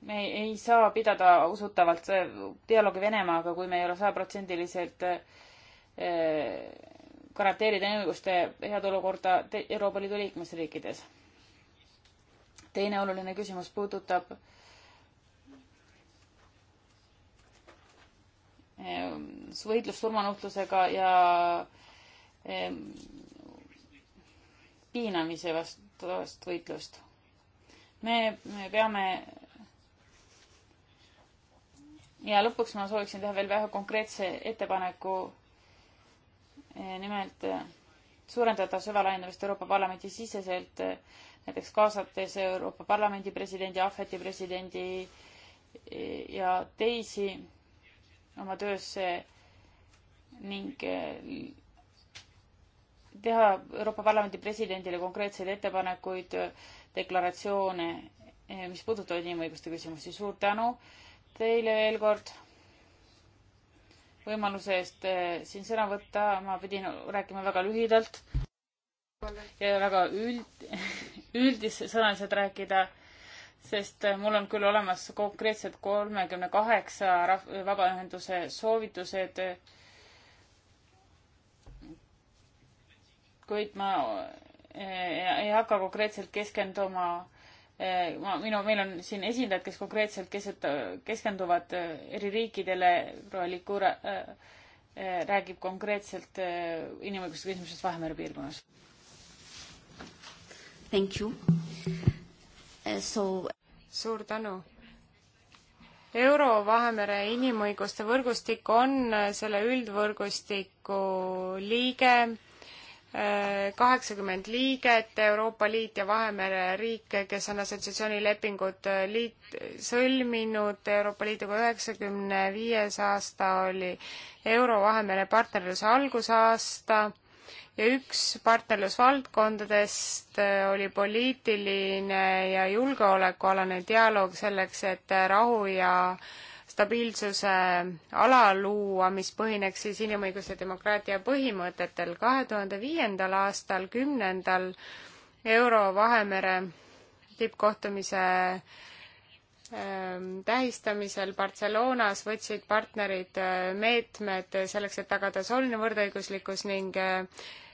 me ei saa pidada usutavalt dialoogi Venemaaga, kui me ei ole sajaprotsendiliselt eh, garanteerida inimõiguste head olukorda Euroopa Liidu liikmesriikides. teine oluline küsimus puudutab eh, võitlust surmanuhtlusega ja eh, piinamise vastu, vastu võitlust. me, me peame ja lõpuks ma sooviksin teha veel ühe konkreetse ettepaneku. E, nimelt e, suurendada süvalaiendamist Euroopa Parlamendi siseselt, e, näiteks kaasates Euroopa Parlamendi presidendi, Ahveti presidendi ja teisi oma töösse ning teha Euroopa Parlamendi presidendile konkreetseid ettepanekuid, deklaratsioone, mis puudutavad inimõiguste küsimusi. suur tänu teile veel kord võimaluse eest eh, siin sõna võtta, ma pidin rääkima väga lühidalt ja väga üld, üldissõnaliselt rääkida, sest eh, mul on küll olemas konkreetselt kolmekümne kaheksa eh, vabaühenduse soovitused, kuid ma ei hakka konkreetselt keskenduma Eh, ma, minu, meil on siin esindajad, kes konkreetselt keset, keskenduvad eh, eri riikidele, proua Likura äh, äh, räägib konkreetselt äh, inimõiguste küsimusest Vahemere piirkonnas. Thank you uh,. So suur tänu. Euro-Vahemere inimõiguste võrgustik on selle üldvõrgustiku liige Äh, kaheksakümmend liiget, Euroopa Liit ja Vahemere riik, kes on assotsiatsioonilepingud äh, liit, sõlminud Euroopa Liiduga üheksakümne viies aasta oli Euro-Vahemere partnerluse algusaasta ja üks partnerlusvaldkondadest äh, oli poliitiline ja julgeolekualane dialoog selleks, et rahu ja stabiilsuse ala luua, mis põhineks siis inimõiguste demokraatia põhimõtetel. kahe tuhande viiendal aastal, kümnendal Euro Vahemere tippkohtumise ähm, tähistamisel Barcelonas võtsid partnerid äh, meetmed selleks, et tagada sooline võrdõiguslikkus ning äh,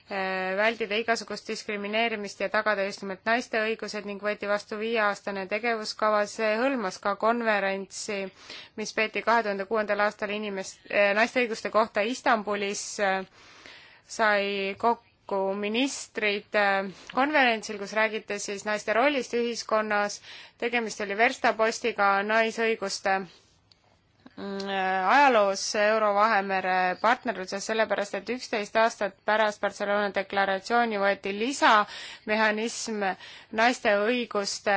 Äh, väldida igasugust diskrimineerimist ja tagada just nimelt naiste õigused ning võeti vastu viieaastane tegevuskava, see hõlmas ka konverentsi, mis peeti kahe tuhande kuuendal aastal inimest, äh, naiste õiguste kohta Istanbulis, sai kokku ministrid äh, konverentsil, kus räägiti siis naiste rollist ühiskonnas, tegemist oli verstapostiga naisõiguste Mm, äh, ajaloos Euro-Vahemere partnerluses, sellepärast et üksteist aastat pärast Barcelona deklaratsiooni võeti lisamehhanism naiste õiguste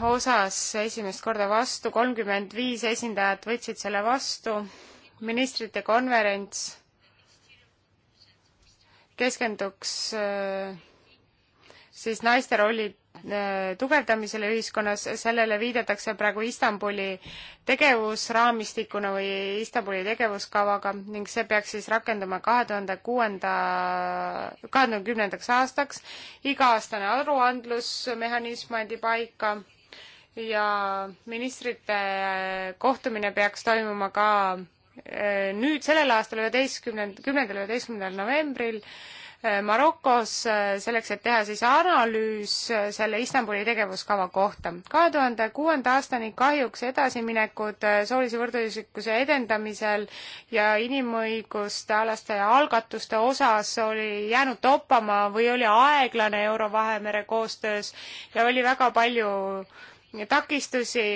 osas esimest korda vastu, kolmkümmend viis esindajat võtsid selle vastu, ministrite konverents keskenduks äh, siis naiste rolli äh, tugevdamisele ühiskonnas, sellele viidatakse praegu Istanbuli tegevusraamistikuna või Istanbuli tegevuskavaga ning see peaks siis rakenduma kahe tuhande kuuenda, kahe tuhande kümnendaks aastaks. iga-aastane aruandlusmehhanism anti paika ja ministrite äh, kohtumine peaks toimuma ka äh, nüüd sellel aastal üheteistkümnend-, kümnendal, üheteistkümnendal novembril Äh, Marokos äh, selleks, et teha siis analüüs äh, selle Istanbuli tegevuskava kohta. kahe tuhande kuuenda aastani kahjuks edasiminekud soolise võrdõiguslikkuse edendamisel ja inimõiguste alaste algatuste osas oli jäänud toppama või oli aeglane Euro-Vahemere koostöös ja oli väga palju takistusi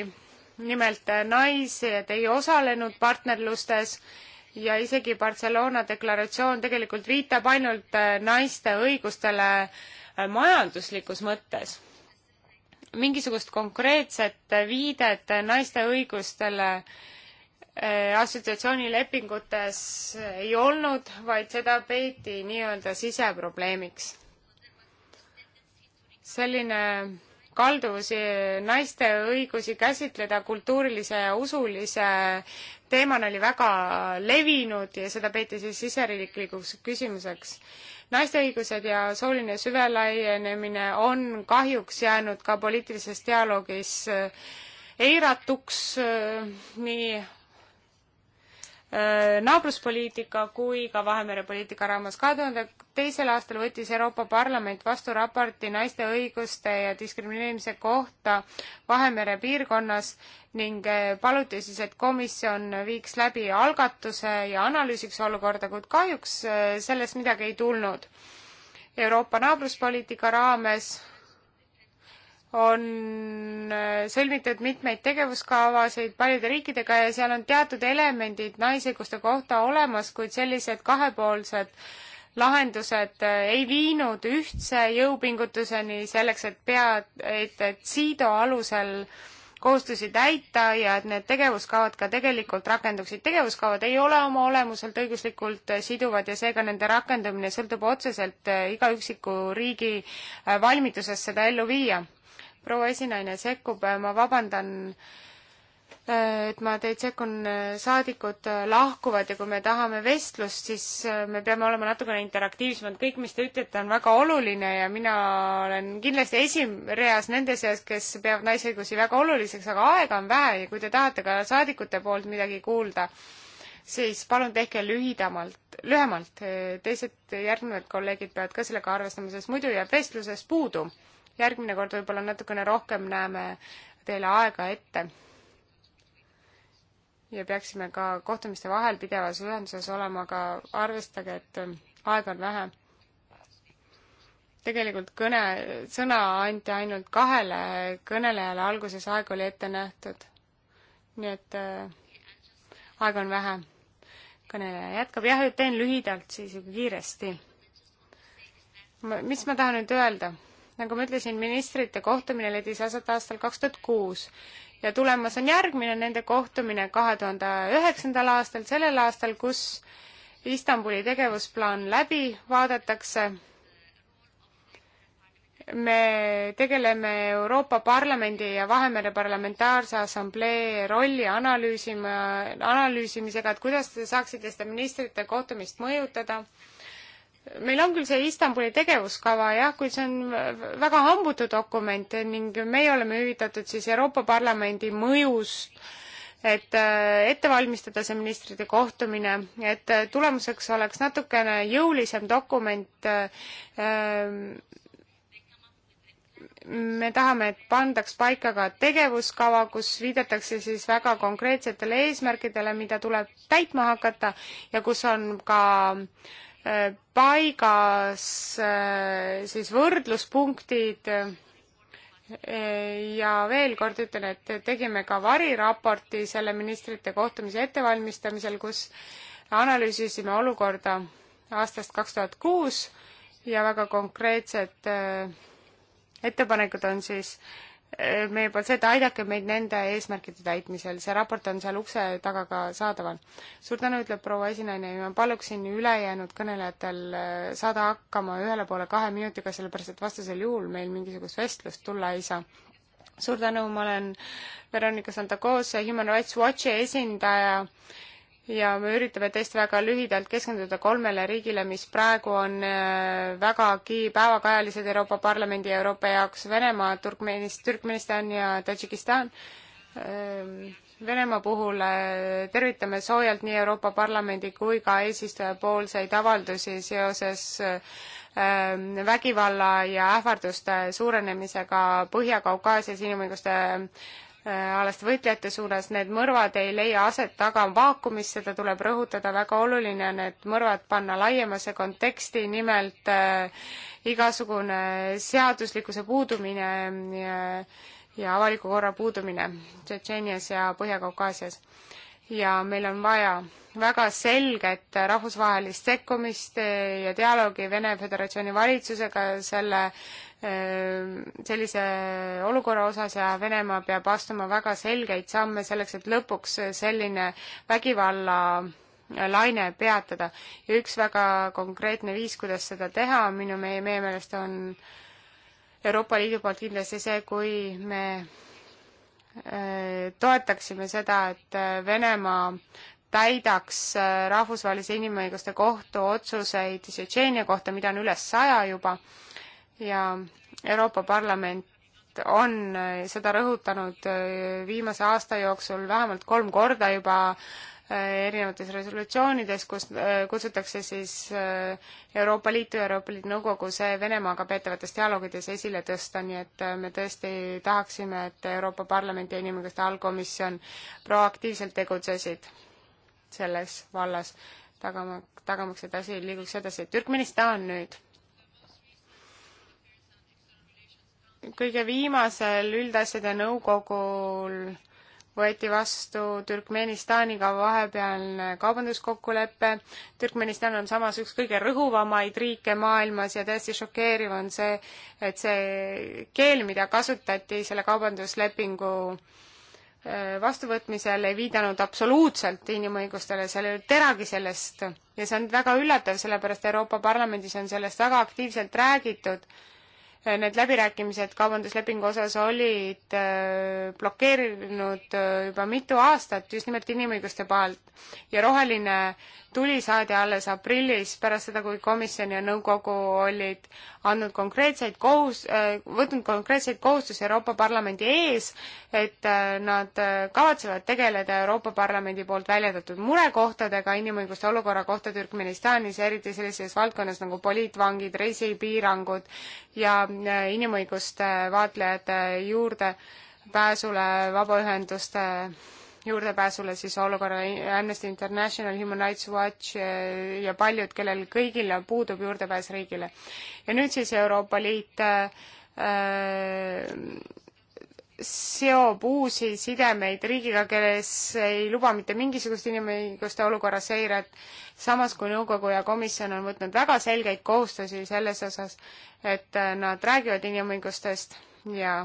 nimelt naised ei osalenud partnerlustes ja isegi Barcelona deklaratsioon tegelikult viitab ainult äh, naiste õigustele äh, majanduslikus mõttes. mingisugust konkreetset viidet naiste õigustele äh, assotsiatsioonilepingutes ei olnud, vaid seda peeti nii-öelda siseprobleemiks. selline kalduvusi naiste õigusi käsitleda kultuurilise ja usulise teemana oli väga levinud ja seda peeti siis siseriiklikuks küsimuseks. naiste õigused ja sooline süvelaienemine on kahjuks jäänud ka poliitilises dialoogis äh, eiratuks äh, nii Äh, naabruspoliitika kui ka Vahemere poliitika raames. kahe tuhande teisel aastal võttis Euroopa Parlament vastu raporti naiste õiguste ja diskrimineerimise kohta Vahemere piirkonnas ning äh, paluti siis, et komisjon viiks läbi algatuse ja analüüsiks olukorda, kuid kahjuks äh, sellest midagi ei tulnud. Euroopa naabruspoliitika raames on äh, sõlmitud mitmeid tegevuskavasid paljude riikidega ja seal on teatud elemendid naisõiguste kohta olemas, kuid sellised kahepoolsed lahendused äh, ei viinud ühtse jõupingutuseni selleks, et pea, et, et CEDO alusel kohustusi täita ja et need tegevuskavad ka tegelikult rakenduksid. tegevuskavad ei ole oma olemuselt õiguslikult äh, siduvad ja seega nende rakendamine sõltub otseselt iga üksiku riigi valmidusest seda ellu viia proua esinaine sekkub, ma vabandan, et ma teid sekkun, saadikud lahkuvad ja kui me tahame vestlust, siis äh, me peame olema natukene interaktiivsemad, kõik, mis te ütlete, on väga oluline ja mina olen kindlasti esireas nende seas, kes peavad naisõigusi väga oluliseks, aga aega on vähe ja kui te tahate ka saadikute poolt midagi kuulda, siis palun tehke lühidamalt, lühemalt, teised järgnevad kolleegid peavad ka sellega arvestama, sest muidu jääb vestlusest puudu järgmine kord võib-olla natukene rohkem näeme teile aega ette. ja peaksime ka kohtumiste vahel pidevas ühenduses olema, aga arvestage, et äh, aega on vähe. tegelikult kõne, sõna anti ainult kahele kõnelejale, alguses aeg oli ette nähtud. nii et äh, aega on vähe. kõneleja jätkab, jah, teen lühidalt siis kiiresti. mis ma tahan nüüd öelda? nagu ma ütlesin, ministrite kohtumine leidis aset aastal kaks tuhat kuus ja tulemas on järgmine nende kohtumine kahe tuhande üheksandal aastal, sellel aastal, kus Istanbuli tegevusplaan läbi vaadatakse. me tegeleme Euroopa Parlamendi ja Vahemere Parlamentaarse Assamblee rolli analüüsima, analüüsimisega, et kuidas te saaksite seda ministrite kohtumist mõjutada meil on küll see Istanbuli tegevuskava jah, kuid see on väga hambutu dokument ning meie oleme huvitatud siis Euroopa Parlamendi mõjust, et äh, ette valmistada see ministrite kohtumine, et äh, tulemuseks oleks natukene jõulisem dokument. Äh, ähm, me tahame, et pandaks paika ka tegevuskava, kus viidatakse siis väga konkreetsetele eesmärkidele, mida tuleb täitma hakata ja kus on ka äh, Äh, paigas äh, siis võrdluspunktid äh, ja veel kord ütlen, et tegime ka variraporti selle ministrite kohtumise ettevalmistamisel, kus analüüsisime olukorda aastast kaks tuhat kuus ja väga konkreetsed ettepanekud on siis Äh, meie poolt seda, aidake meid nende eesmärkide täitmisel, see raport on seal ukse taga ka saadaval. suur tänu, ütleb proua esinaine ja ma paluksin ülejäänud kõnelejatel äh, saada hakkama ühele poole kahe minutiga, sellepärast et vastasel juhul meil mingisugust vestlust tulla ei saa. suur tänu, ma olen Veronika Santacosa, Human Rights Watchi esindaja ja me üritame tõesti väga lühidalt keskenduda kolmele riigile, mis praegu on äh, vägagi päevakajalised Euroopa Parlamendi ja Euroopa jaoks Venemaa, Turkmenist, Türkmenistan ja Tadžikistan. Äh, Venemaa puhul äh, tervitame soojalt nii Euroopa Parlamendi kui ka eesistujapoolseid avaldusi seoses vägivalla ja ähvarduste suurenemisega Põhja-Kaukaasias inimõiguste Äh, alaste võitlejate suunas, need mõrvad ei leia aset taga vaakumis, seda tuleb rõhutada, väga oluline on need mõrvad panna laiemasse konteksti, nimelt äh, igasugune seaduslikkuse puudumine ja, ja avaliku korra puudumine Tšetšeenias ja Põhja-Kaukaasias ja meil on vaja väga selget rahvusvahelist sekkumist ja dialoogi Vene Föderatsiooni valitsusega selle, eh, sellise olukorra osas ja Venemaa peab astuma väga selgeid samme selleks, et lõpuks selline vägivalla laine peatada. ja üks väga konkreetne viis, kuidas seda teha, minu, meie, meie meelest on Euroopa Liidu poolt kindlasti see, kui me Äh, toetaksime seda, et äh, Venemaa täidaks äh, rahvusvahelise inimõiguste kohtu otsuseid Tšetšeenia kohta, mida on üle saja juba ja Euroopa Parlament on seda rõhutanud viimase aasta jooksul vähemalt kolm korda juba Äh, erinevates resolutsioonides, kus äh, kutsutakse siis äh, Euroopa Liitu ja Euroopa Liidu Nõukogu see Venemaaga peetavates dialoogides esile tõsta, nii et me tõesti tahaksime, et Euroopa Parlamendi ja Inimõiguste Allkomisjon proaktiivselt tegutsesid selles vallas, tagama, tagamaks, et asi liiguks edasi. Türkmenistan nüüd kõige viimasel üldasjade nõukogul võeti vastu Türkmenistaniga vahepealne kaubanduskokkulepe. Türkmenistan on samas üks kõige rõhuvamaid riike maailmas ja täiesti šokeeriv on see, et see keel, mida kasutati selle kaubanduslepingu äh, vastuvõtmisel ei viidanud absoluutselt inimõigustele, seal ei olnud teragi sellest ja see on väga üllatav, sellepärast Euroopa Parlamendis on sellest väga aktiivselt räägitud Eh, need läbirääkimised kaubanduslepingu osas olid eh, blokeerinud eh, juba mitu aastat just nimelt inimõiguste poolt ja roheline tuli, saadi alles aprillis, pärast seda, kui komisjon ja nõukogu olid andnud konkreetseid kohus-, äh, võtnud konkreetseid kohustusi Euroopa Parlamendi ees, et äh, nad äh, kavatsevad tegeleda Euroopa Parlamendi poolt väljendatud murekohtadega inimõiguste olukorra kohta Türkmenistanis, eriti sellises valdkonnas nagu poliitvangid, reisipiirangud ja inimõiguste vaatlejate juurdepääsule vabaühenduste juurdepääsule siis olukorrale Amnesty International, Human Rights Watch eh, ja paljud, kellel kõigil puudub juurdepääs riigile. ja nüüd siis Euroopa Liit äh, seob uusi sidemeid riigiga, kes ei luba mitte mingisugust inimõiguste olukorra seiret, samas kui nõukogu ja komisjon on võtnud väga selgeid kohustusi selles osas, et eh, nad räägivad inimõigustest ja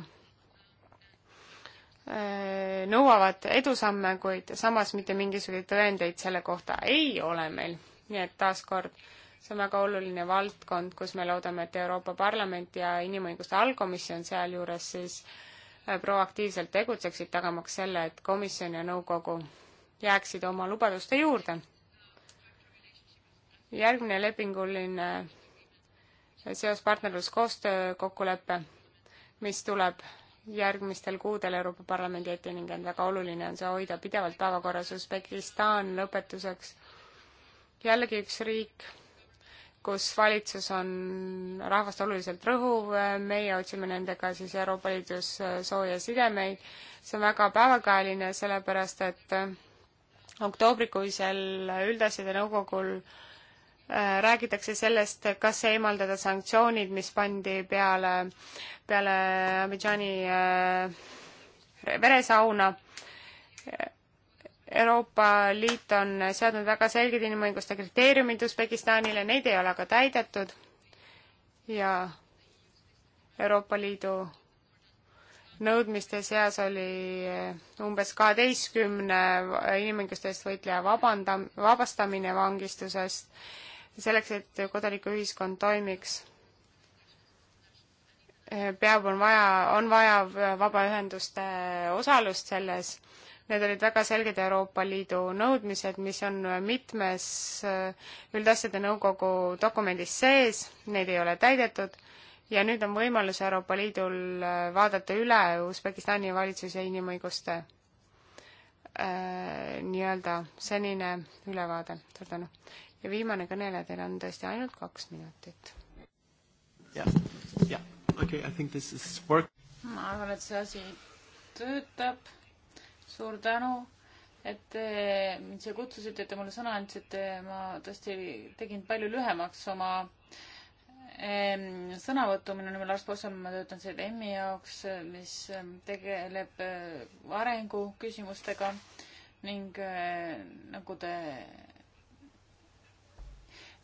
Äh, nõuavad edusamme, kuid samas mitte mingisuguseid tõendeid selle kohta ei ole meil. nii et taaskord, see on väga oluline valdkond, kus me loodame, et Euroopa Parlament ja Inimõiguste Allkomisjon sealjuures siis äh, proaktiivselt tegutseksid, tagamaks selle, et komisjon ja nõukogu jääksid oma lubaduste juurde. järgmine lepinguline äh, seos partnerluskoostöö kokkulepe, mis tuleb järgmistel kuudel Euroopa Parlamendi ette ning on väga oluline on see hoida pidevalt päevakorras. Usbekistan lõpetuseks, jällegi üks riik, kus valitsus on rahvast oluliselt rõhuv, meie otsime nendega siis Euroopa Liidus sooja sidemeid. see on väga päevakajaline, sellepärast et oktoobrikuisel üldasjade nõukogul äh, Äh, räägitakse sellest, kas eemaldada sanktsioonid, mis pandi peale, peale Abidžani äh, veresauna. Euroopa Liit on seadnud väga selged inimõiguste kriteeriumid Usbekistanile, neid ei ole aga täidetud ja Euroopa Liidu nõudmiste seas oli äh, umbes kaheteistkümne inimõiguste eest võitleja vabanda-, vabastamine vangistusest selleks, et kodanikuühiskond toimiks, eh, peab, on vaja, on vaja vabaühenduste osalust selles. Need olid väga selged Euroopa Liidu nõudmised, mis on mitmes eh, üldasjade nõukogu dokumendis sees, neid ei ole täidetud ja nüüd on võimalus Euroopa Liidul eh, vaadata üle Usbekistani valitsuse inimõiguste äh, nii-öelda senine ülevaade. suur tänu ja viimane kõneleja, teil on tõesti ainult kaks minutit. jah, jah, okei okay,, I think this is work. ma arvan, et see asi töötab. suur tänu, et te mind siia kutsusite, et te mulle sõna andsite, ma tõesti tegin palju lühemaks oma ehm, sõnavõttu, minu nimi on Lars Posson, ma töötan CDM-i jaoks, mis ehm, tegeleb ehm, arenguküsimustega ning nagu te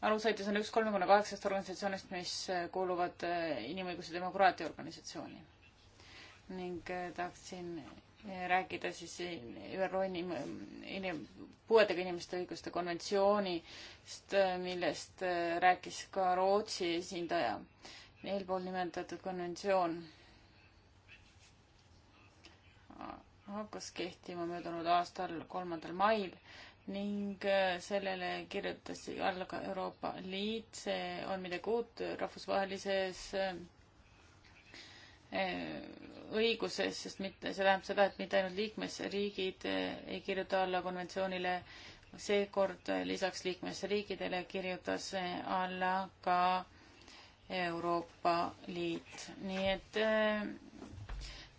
alusõigus on üks kolmekümne kaheksast organisatsioonist, mis äh, kuuluvad äh, inimõiguse demokraatia organisatsiooni. ning äh, tahtsin rääkida siis ÜRO inim-, inim-, puuetega inimeste õiguste konventsioonist, millest rääkis ka Rootsi esindaja. eelpool nimetatud konventsioon hakkas kehtima möödunud aastal kolmandal mail ning äh, sellele kirjutas alla ka Euroopa Liit, see on midagi uut rahvusvahelises äh, äh, õiguses, sest mitte, see tähendab seda, et mitte ainult liikmesriigid ei kirjuta alla konventsioonile, seekord lisaks liikmesriikidele kirjutas alla ka Euroopa Liit, nii et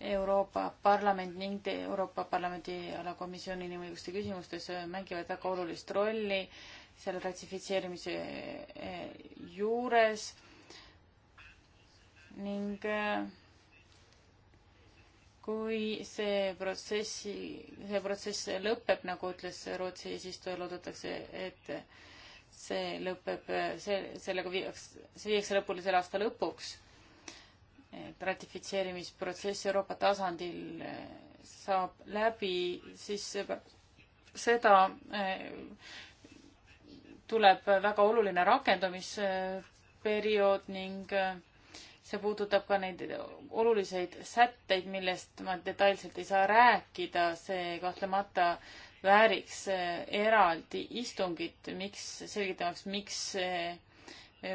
Euroopa Parlament ning Euroopa Parlamendi alakomisjon inimõiguste küsimustes mängivad väga olulist rolli selle ratifitseerimise eh, juures ning eh, kui see protsessi, see protsess lõpeb, nagu ütles Rootsi eesistuja, loodetakse, et see lõpeb, see, sellega viiakse, see viiakse lõpule selle aasta lõpuks et ratifitseerimisprotsess Euroopa tasandil eh, saab läbi, siis seda eh, tuleb väga oluline rakendumisperiood ning eh, see puudutab ka neid oluliseid sätteid, millest ma detailselt ei saa rääkida, see kahtlemata vääriks eraldi istungit, miks, selgitamaks, miks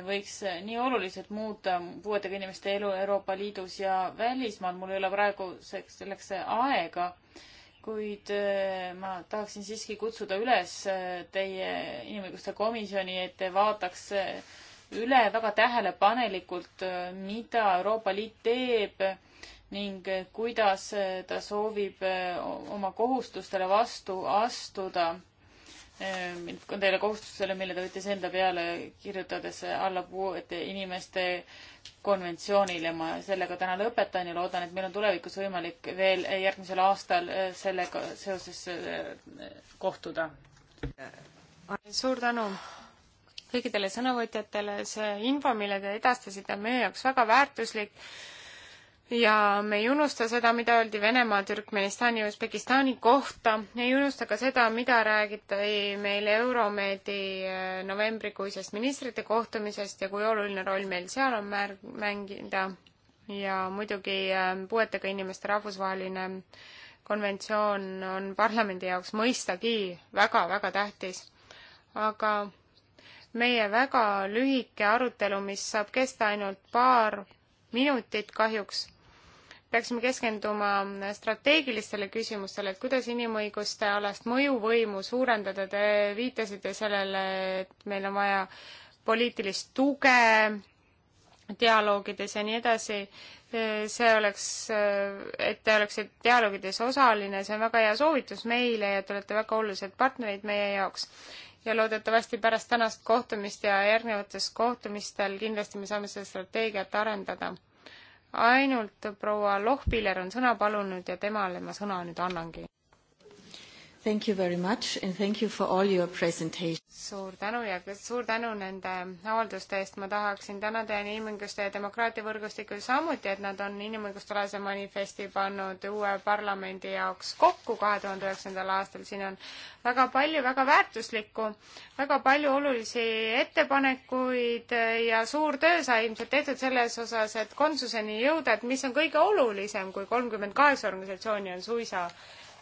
võiks nii oluliselt muuta puuetega inimeste elu Euroopa Liidus ja välismaal. mul ei ole praeguseks selleks aega, kuid äh, ma tahaksin siiski kutsuda üles äh, teie inimõiguste komisjoni, et te vaataks äh, üle väga tähelepanelikult, mida Euroopa Liit teeb ning kuidas ta soovib oma kohustustele vastu astuda teile kohustusele, mille ta võttis enda peale, kirjutades alla puuete inimeste konventsioonile. ma sellega täna lõpetan ja loodan, et meil on tulevikus võimalik veel järgmisel aastal sellega seoses äh, kohtuda. suur tänu kõikidele sõnavõtjatele, see info, mille te edastasite, on meie jaoks väga väärtuslik ja me ei unusta seda, mida öeldi Venemaa, Türkmenistani ja Usbekistani kohta, ei unusta ka seda, mida räägiti meile Euromeedi eh, novembrikuisest ministrite kohtumisest ja kui oluline roll meil seal on määr-, mängida ja muidugi eh, puuetega inimeste rahvusvaheline konventsioon on parlamendi jaoks mõistagi väga-väga tähtis, aga meie väga lühike arutelu, mis saab kesta ainult paar minutit kahjuks peaksime keskenduma strateegilistele küsimustele, et kuidas inimõiguste alast mõjuvõimu suurendada, te viitasite sellele, et meil on vaja poliitilist tuge dialoogides ja nii edasi, see oleks, et te oleksite dialoogides osaline, see on väga hea soovitus meile ja te olete väga olulised partnerid meie jaoks. ja loodetavasti pärast tänast kohtumist ja järgnevates kohtumistel kindlasti me saame seda strateegiat arendada ainult proua Lohpiller on sõna palunud ja temale ma sõna nüüd annangi. Thank you very much and thank you for all your presentation. suur tänu ja suur tänu nende avalduste eest, ma tahaksin tänada inimõiguste ja demokraatia võrgustikku samuti, et nad on inimõigustealase manifesti pannud uue parlamendi jaoks kokku kahe tuhande üheksandal aastal, siin on väga palju väga väärtuslikku, väga palju olulisi ettepanekuid ja suur töö sai ilmselt tehtud selles osas, et konsuseni jõuda, et mis on kõige olulisem, kui kolmkümmend kaheksa organisatsiooni on suisa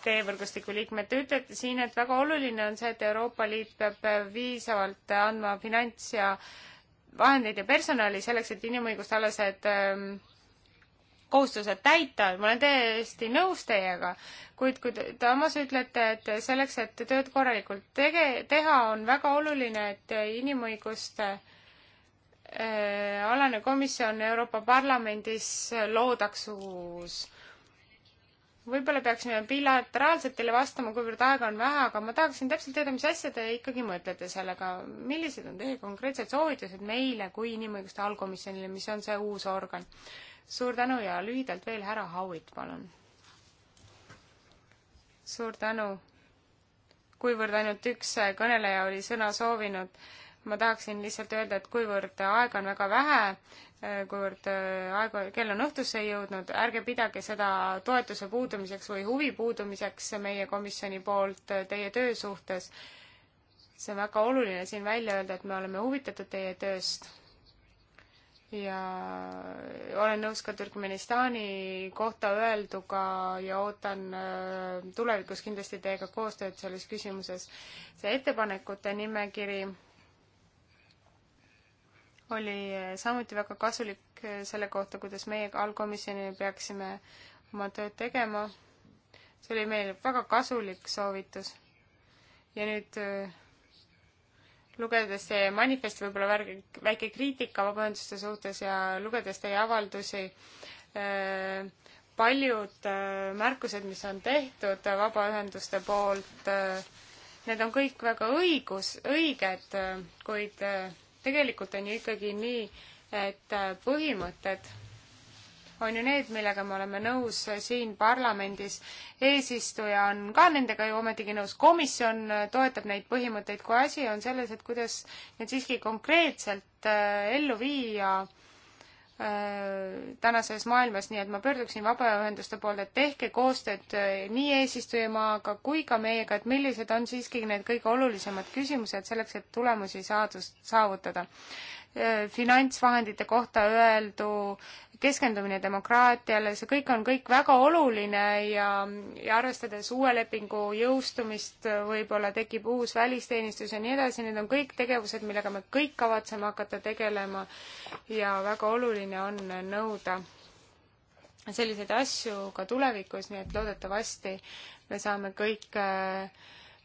TE-võrgustiku liikmed. Te ütlete siin, et väga oluline on see, et Euroopa Liit peab viisavalt andma finants ja vahendeid ja personali selleks, et inimõiguste alased ähm, kohustused täita, ma olen täiesti nõus teiega, kuid kui te samas ütlete, et selleks, et tööd korralikult tege-, teha, on väga oluline, et inimõiguste äh, alane komisjon Euroopa Parlamendis loodaks uus võib-olla peaksime bilateraalsetele vastama, kuivõrd aega on vähe, aga ma tahaksin täpselt teada, mis asja te ikkagi mõtlete sellega, millised on teie konkreetsed soovitused meile kui inimõiguste allkomisjonile, mis on see uus organ? suur tänu ja lühidalt veel härra Howitt, palun. suur tänu. kuivõrd ainult üks kõneleja oli sõna soovinud, ma tahaksin lihtsalt öelda, et kuivõrd aega on väga vähe, Äh, kuivõrd äh, aeg, kell on õhtusse jõudnud, ärge pidage seda toetuse puudumiseks või huvi puudumiseks meie komisjoni poolt äh, teie töö suhtes. see on väga oluline siin välja öelda, et me oleme huvitatud teie tööst. ja olen nõus ka Türkmenistani kohta öelduga ja ootan tulevikus kindlasti teiega koostööd selles küsimuses. see ettepanekute nimekiri oli samuti väga kasulik selle kohta, kuidas meie allkomisjonina peaksime oma tööd tegema. see oli meile väga kasulik soovitus. ja nüüd äh, lugedes teie manifesti, võib-olla värgi, väike kriitika vabaühenduste suhtes ja lugedes teie avaldusi, äh, paljud äh, märkused, mis on tehtud vabaühenduste poolt, need on kõik väga õigus, õiged, kuid tegelikult on ju ikkagi nii, et äh, põhimõtted on ju need, millega me oleme nõus äh, siin parlamendis. eesistuja on ka nendega ju ometigi nõus, komisjon äh, toetab neid põhimõtteid, kui asi on selles, et kuidas need siiski konkreetselt ellu viia Äh, tänases maailmas, nii et ma pöörduksin vabaühenduste poole, et tehke koostööd äh, nii eesistujamaaga kui ka meiega, et millised on siiski need kõige olulisemad küsimused selleks, et tulemusi saadust, saavutada. Äh, finantsvahendite kohta öeldu, keskendumine demokraatiale, see kõik on kõik väga oluline ja, ja arvestades uue lepingu jõustumist, võib-olla tekib uus välisteenistus ja nii edasi, need on kõik tegevused, millega me kõik kavatseme hakata tegelema ja väga oluline on nõuda selliseid asju ka tulevikus, nii et loodetavasti me saame kõik äh,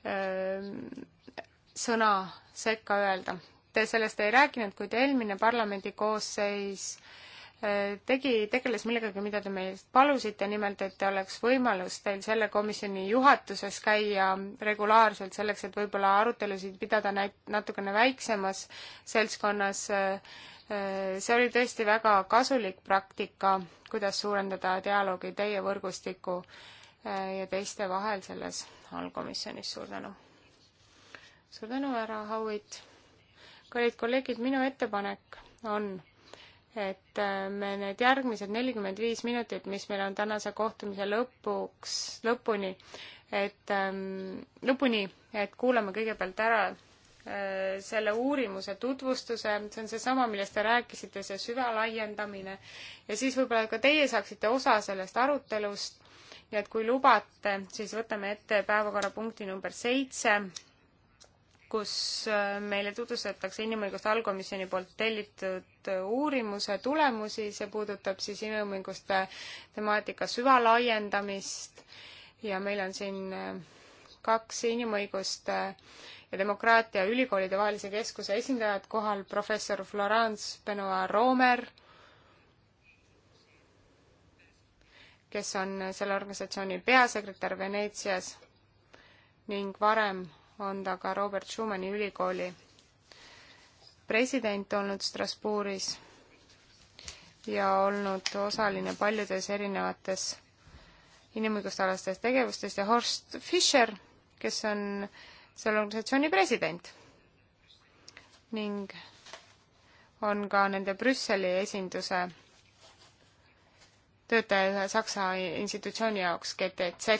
äh, sõna sekka öelda. Te sellest ei rääkinud, kuid eelmine parlamendi koosseis äh, tegi, tegeles millegagi, mida te meilt palusite, nimelt et oleks võimalus teil selle komisjoni juhatuses käia regulaarselt, selleks et võib-olla arutelusid pidada näit-, natukene väiksemas seltskonnas. see oli tõesti väga kasulik praktika, kuidas suurendada dialoogi teie võrgustiku äh, ja teiste vahel selles allkomisjonis. suur tänu! suur tänu, härra Howitt! kallid kolleegid, minu ettepanek on et äh, me need järgmised nelikümmend viis minutit, mis meil on tänase kohtumise lõpuks, lõpuni, et ähm, lõpuni, et kuulame kõigepealt ära äh, selle uurimuse tutvustuse, see on seesama, millest te rääkisite, see süvalaiendamine, ja siis võib-olla ka teie saaksite osa sellest arutelust ja et kui lubate, siis võtame ette päevakorrapunkti number seitse kus äh, meile tutvustatakse inimõiguste allkomisjoni poolt tellitud äh, uurimuse tulemusi, see puudutab siis inimõiguste temaatika süvalaiendamist ja meil on siin äh, kaks inimõiguste ja demokraatia ülikoolide vahelise keskuse esindajat kohal, professor Florence Benoit-Roomer, kes on selle organisatsiooni peasekretär Veneetsias ning varem on ta ka Robert Schumani ülikooli president olnud Strasbourgis ja olnud osaline paljudes erinevates inimõiguste alastes tegevustes ja Horst Fischer, kes on selle organisatsiooni president ning on ka nende Brüsseli esinduse töötaja ühe Saksa institutsiooni jaoks, GTZ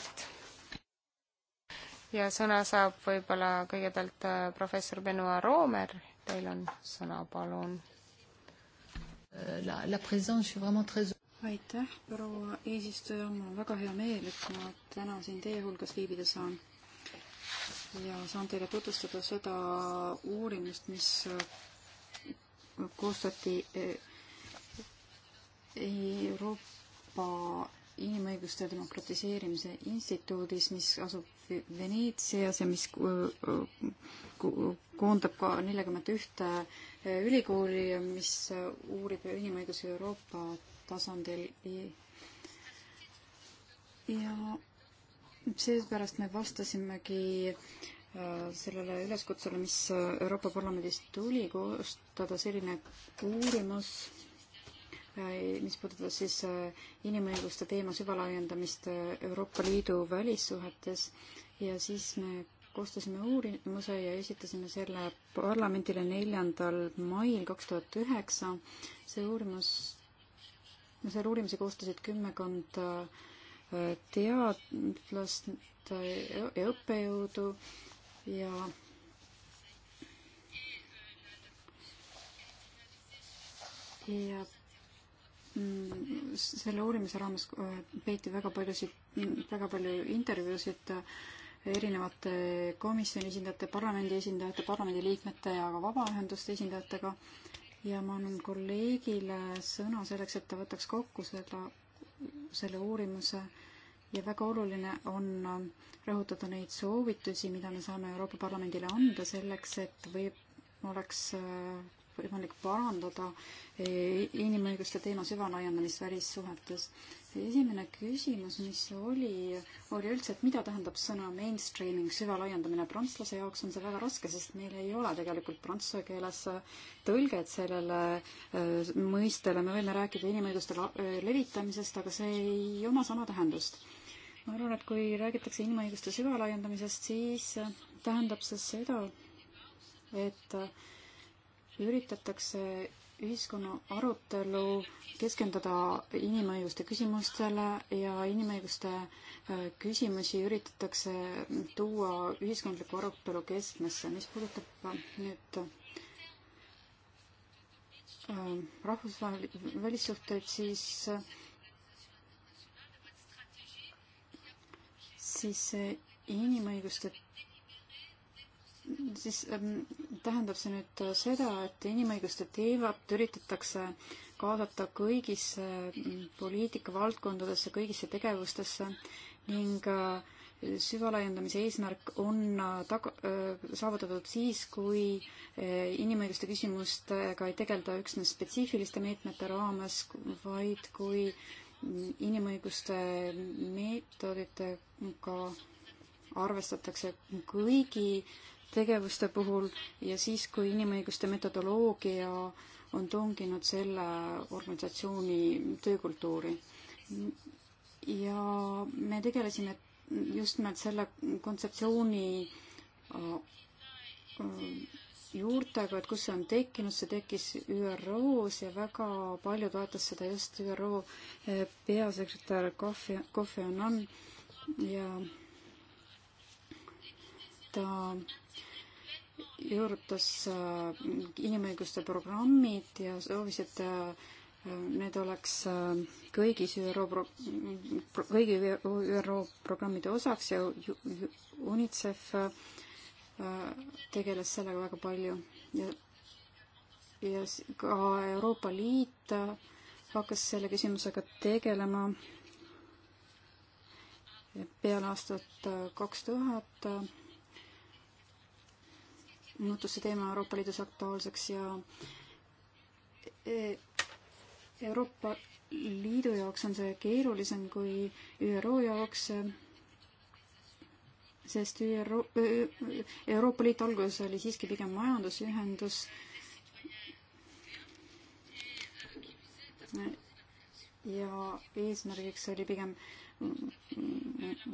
ja sõna saab võib-olla kõigepealt äh, professor Benoit Roomer, teil on sõna, palun. Euh, aitäh, proua eesistuja, mul on väga hea meel, et ma täna siin teie hulgas viibida saan. ja saan teile tutvustada seda uurimust, mis äh, koostati äh, Euroopa Inimõiguste Demokratiseerimise Instituudis, mis asub Veneetsias ja mis koondab ka neljakümmet ühte eh, ülikooli, mis eh, uurib inimõigusi Euroopa tasandil. ja seepärast me vastasimegi eh, sellele üleskutsele, mis Euroopa Parlamendist tuli, koostada selline uurimus mis puudutas siis äh, inimõiguste teema süvalaiendamist äh, Euroopa Liidu välissuhetes ja siis me koostasime uurimuse ja esitasime selle parlamendile neljandal mail kaks tuhat üheksa. see uurimus, selle uurimise koostasid kümmekond äh, teadlast ja õppejõudu ja ja Mm, selle uurimise raames äh, peeti väga paljusid, väga palju intervjuusid äh, erinevate komisjoni esindajate, parlamendi esindajate, parlamendiliikmete ja ka vabaühenduste esindajatega ja ma annan kolleegile sõna selleks, et ta võtaks kokku seda, selle uurimuse ja väga oluline on äh, rõhutada neid soovitusi, mida me saame Euroopa Parlamendile anda selleks, et võib, oleks võimalik parandada e, inimõiguste teema süvalaiendamist välissuhetes. esimene küsimus, mis oli, oli üldse, et mida tähendab sõna mainstreaming, süvalaiendamine. prantslase jaoks on see väga raske, sest meil ei ole tegelikult prantsuse keeles tõlget sellele e, mõistele. me võime rääkida inimõiguste e, levitamisest, aga see ei oma sama tähendust ma arvan, et kui räägitakse inimõiguste süvalaiendamisest, siis tähendab see seda, et äh, üritatakse ühiskonna arutelu keskenduda inimõiguste küsimustele ja inimõiguste äh, küsimusi üritatakse tuua ühiskondliku arutelu keskmesse. mis puudutab äh, nüüd äh, rahvusvahel-, välissuhteid, siis siis inimõiguste siis ähm, tähendab see nüüd äh, seda, et inimõiguste teemat üritatakse kaasata kõigisse mm, poliitikavaldkondadesse, kõigisse tegevustesse ning äh, süvalaiendamise eesmärk on äh, tag-, saavutatud siis, kui inimõiguste küsimustega ei tegelda üksnes spetsiifiliste meetmete raames, vaid kui mm, inimõiguste meetoditega arvestatakse kõigi tegevuste puhul ja siis, kui inimõiguste metodoloogia on tunginud selle organisatsiooni töökultuuri. ja me tegelesime just nimelt selle kontseptsiooni äh, äh, juurtega, et kus see on tekkinud, see tekkis ÜRO-s ja väga palju toetas seda just ÜRO äh, peasekretär Kofi, Kofi Annan ja ta äh, juurutas äh, inimõiguste programmid ja soovis, et äh, need oleks kõigis ÜRO pro-, kõigi ÜRO programmide osaks ja UNICEF tegeles sellega väga palju ja, ja ka Euroopa Liit hakkas selle küsimusega tegelema peale aastat kaks tuhat muutus see teema Euroopa Liidus aktuaalseks ja e, Euroopa Liidu jaoks on see keerulisem kui ÜRO jaoks, sest ÜRO, Euroopa Liit alguses oli siiski pigem majandusühendus. ja eesmärgiks oli pigem äh,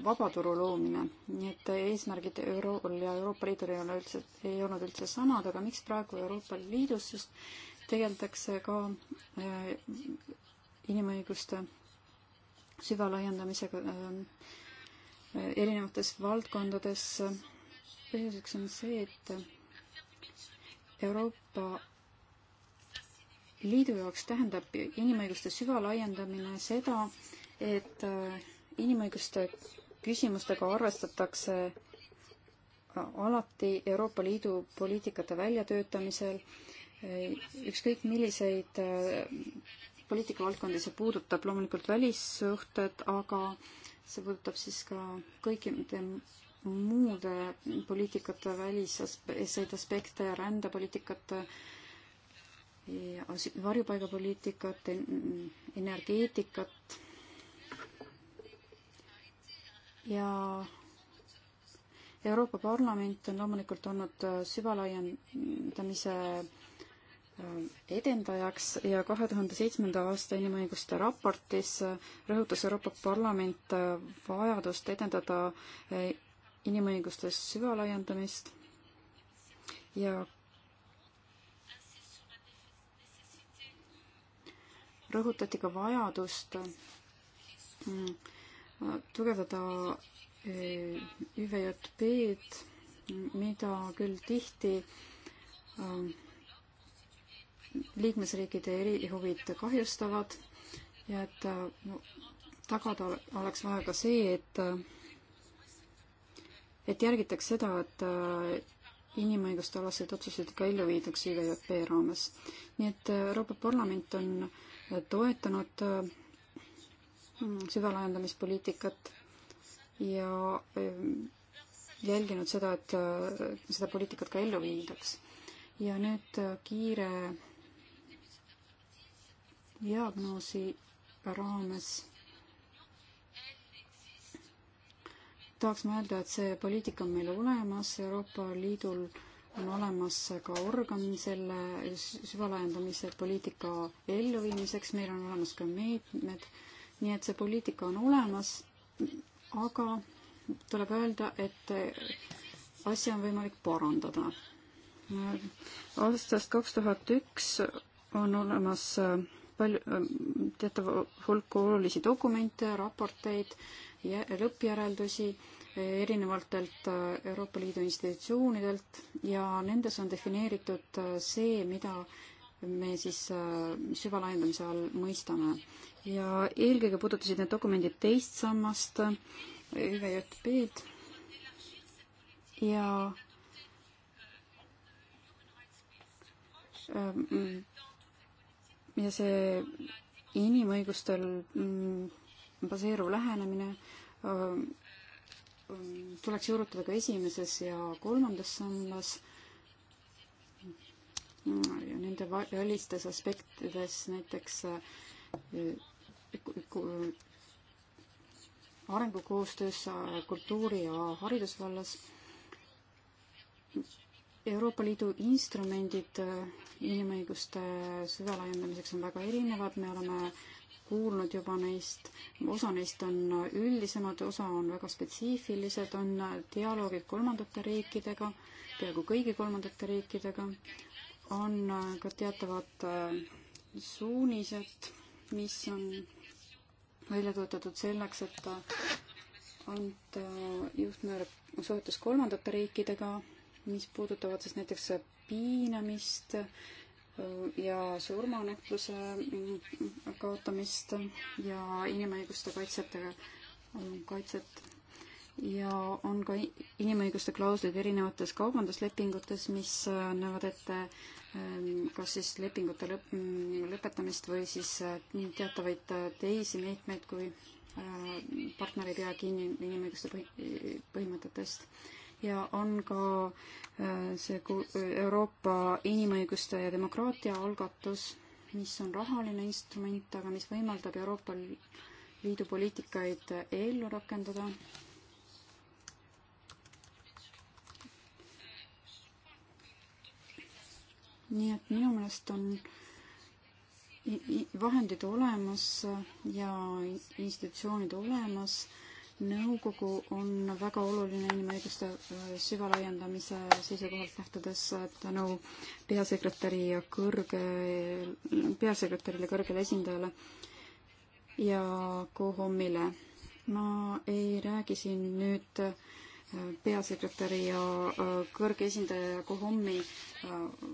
vabaturu loomine. nii et eesmärgid Euroopal ja Euroopa Liidul ei ole üldse, ei olnud üldse samad, aga miks praegu Euroopa Liidus siis tegeldakse ka äh, inimõiguste süvalaiendamisega äh, erinevates valdkondades. põhjuseks on see, et Euroopa Liidu jaoks tähendab inimõiguste süvalaiendamine seda, et äh, inimõiguste küsimustega arvestatakse äh, alati Euroopa Liidu poliitikate väljatöötamisel, äh, ükskõik milliseid äh, poliitikavaldkondi see puudutab, loomulikult välissuhted, aga see puudutab siis ka kõikide muude poliitikate välisaspekte, aspekte, rändepoliitikat, varjupaigapoliitikat, energeetikat ja Euroopa Parlament on loomulikult olnud äh, süvalaiendamise äh, edendajaks ja kahe tuhande seitsmenda aasta inimõiguste raportis äh, rõhutas Euroopa Parlament vajadust edendada inimõiguste süvalaiendamist ja rõhutati ka vajadust tugevdada eh, ÜVJP-d, mida küll tihti äh, liikmesriikide erihuvid kahjustavad ja et äh, tagada oleks vaja ka see, et äh, et järgitaks seda, et inimõiguste alaseid otsuseid ka ellu viidaks ÜVJP raames. nii et Euroopa Parlament on toetanud Mm, süvalaiendamispoliitikat ja ähm, jälginud seda, et äh, seda poliitikat ka ellu viidaks. ja nüüd äh, kiire diagnoosi raames tahaks ma öelda, et see poliitika on meil olemas, Euroopa Liidul on olemas ka organ selle süvalaiendamise poliitika elluviimiseks, meil on olemas ka meetmed meet, nii et see poliitika on olemas, aga tuleb öelda, et asja on võimalik parandada. aastast kaks tuhat üks on olemas äh, palju, äh, teatav hulk olulisi dokumente, raporteid, lõppjäreldusi erinevatelt äh, Euroopa Liidu institutsioonidelt ja nendes on defineeritud see, mida me siis äh, süvalaiendamise all mõistame. ja eelkõige puudutasid need dokumendid teist sammast, ÜVJP-d ja äh, mm, ja see inimõigustel mm, baseeruv lähenemine äh, mm, tuleks juurutada ka esimeses ja kolmandas sambas nende välistes aspektides näiteks äh, arengukoostöös äh, kultuuri ja haridusvallas. Euroopa Liidu instrumendid äh, inimõiguste süvalaiendamiseks on väga erinevad, me oleme kuulnud juba neist, osa neist on üldisemad, osa on väga spetsiifilised, on dialoogid kolmandate riikidega, peaaegu kõigi kolmandate riikidega, on ka teatavad äh, suunised, mis on välja töötatud selleks, et anda äh, juhtnööre suhetes kolmandate riikidega, mis puudutavad siis näiteks piinamist äh, ja surmanuhtluse kaotamist ja inimõiguste kaitsjate kaitset ja on ka inimõiguste klauslid erinevates kaubanduslepingutes, mis äh, näevad ette ähm, kas siis lepingute lõp-, mm, lõpetamist või siis äh, teatavaid äh, teisi meetmeid, kui partner ei pea kinni inimõiguste põhimõtetest. ja on ka see Euroopa inimõiguste ja demokraatia algatus, mis on rahaline instrument, aga mis võimaldab Euroopa Liidu poliitikaid ellu rakendada nii et minu meelest on vahendid olemas ja institutsioonid olemas. nõukogu on väga oluline inimõiguste äh, süvalaiendamise seisukohalt lähtudes, tänu peasekretäri ja kõrge, peasekretärile, kõrgele esindajale ja Kohomile. ma ei räägi siin nüüd äh, peasekretäri ja äh, kõrge esindaja Kohommi äh,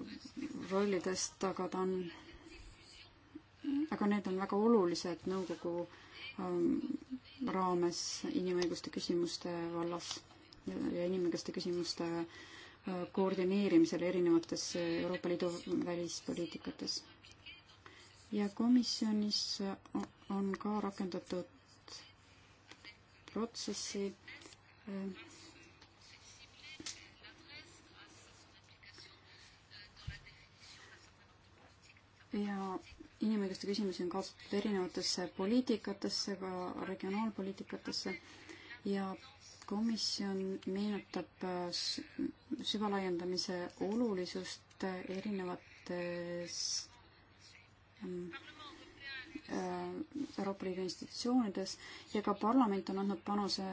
rollidest, aga ta on, aga need on väga olulised nõukogu ähm, raames inimõiguste küsimuste vallas ja inimõiguste küsimuste äh, koordineerimisel erinevates Euroopa Liidu välispoliitikates. ja komisjonis on ka rakendatud protsessi ja inimõiguste küsimusi on kaasatud erinevatesse poliitikatesse, ka regionaalpoliitikatesse ja komisjon meenutab äh, süvalaiendamise olulisust äh, erinevates ähm, äh, Euroopa Liidu institutsioonides ja ka parlament on andnud panuse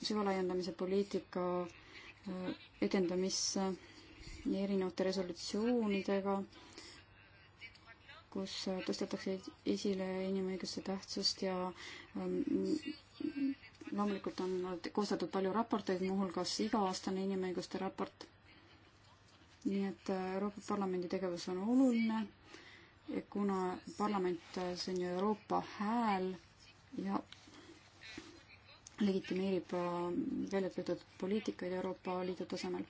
süvalaiendamise poliitika edendamisse erinevate resolutsioonidega kus äh, tõstetakse esile inimõiguste tähtsust ja ähm, loomulikult on koostatud palju raporteid, muuhulgas iga-aastane inimõiguste raport. nii et äh, Euroopa Parlamendi tegevus on oluline, kuna parlament, äh, see on ju Euroopa hääl ja legitimeerib välja töötatud poliitikaid Euroopa Liidu tasemel.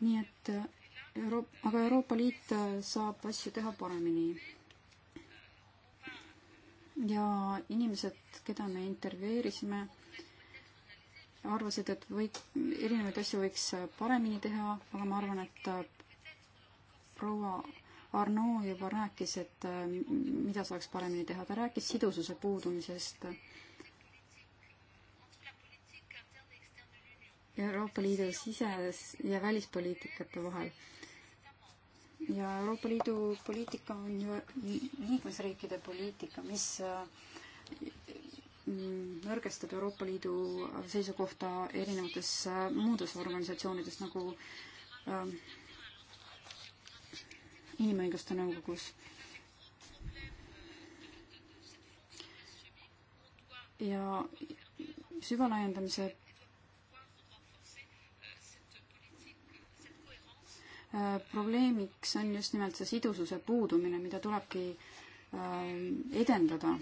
nii et Euroop-, aga Euroopa Liit äh, saab asju teha paremini. ja inimesed, keda me intervjueerisime, arvasid, et võik-, erinevaid asju võiks äh, paremini teha, aga ma arvan, et äh, proua Arno juba rääkis, et mida saaks paremini teha, ta rääkis sidususe puudumisest. Euroopa Liidu sises- ja välispoliitikate vahel ja Euroopa Liidu poliitika on ju liikmesriikide poliitika, mis äh, mm, nõrgestab Euroopa Liidu seisukohta erinevates äh, muudes organisatsioonides nagu äh, inimõiguste nõukogus. ja süvalaiendamise Äh, probleemiks on just nimelt see sidususe puudumine, mida tulebki äh, edendada.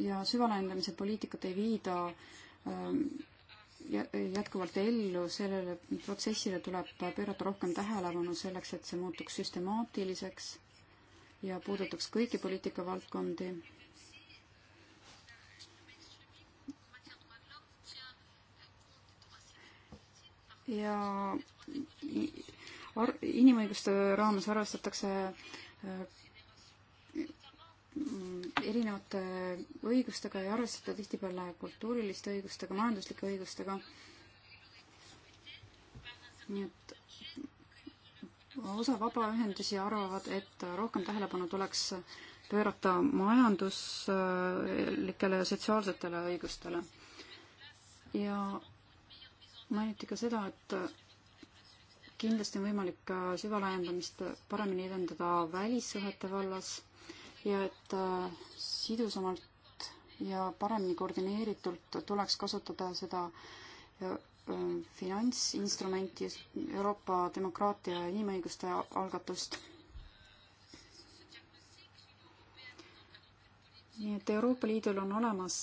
ja süvalaiendamise poliitikat ei viida ähm, jätkuvalt ellu, sellele protsessile tuleb pöörata rohkem tähelepanu selleks, et see muutuks süstemaatiliseks ja puudutaks kõiki poliitikavaldkondi ja ar-, inimõiguste raames arvestatakse äh, erinevate õigustega ja arvestada tihtipeale kultuuriliste õigustega, majanduslike õigustega. nii et osa vabaühendusi arvavad, et rohkem tähelepanu tuleks pöörata majanduslikele ja sotsiaalsetele õigustele. ja mainiti ka seda, et kindlasti on võimalik ka süvalaiendamist paremini edendada välissuhete vallas ja et äh, sidusamalt ja paremini koordineeritult tuleks kasutada seda äh, äh, finantsinstrumenti Euroopa demokraatia ja inimõiguste algatust. nii et Euroopa Liidul on olemas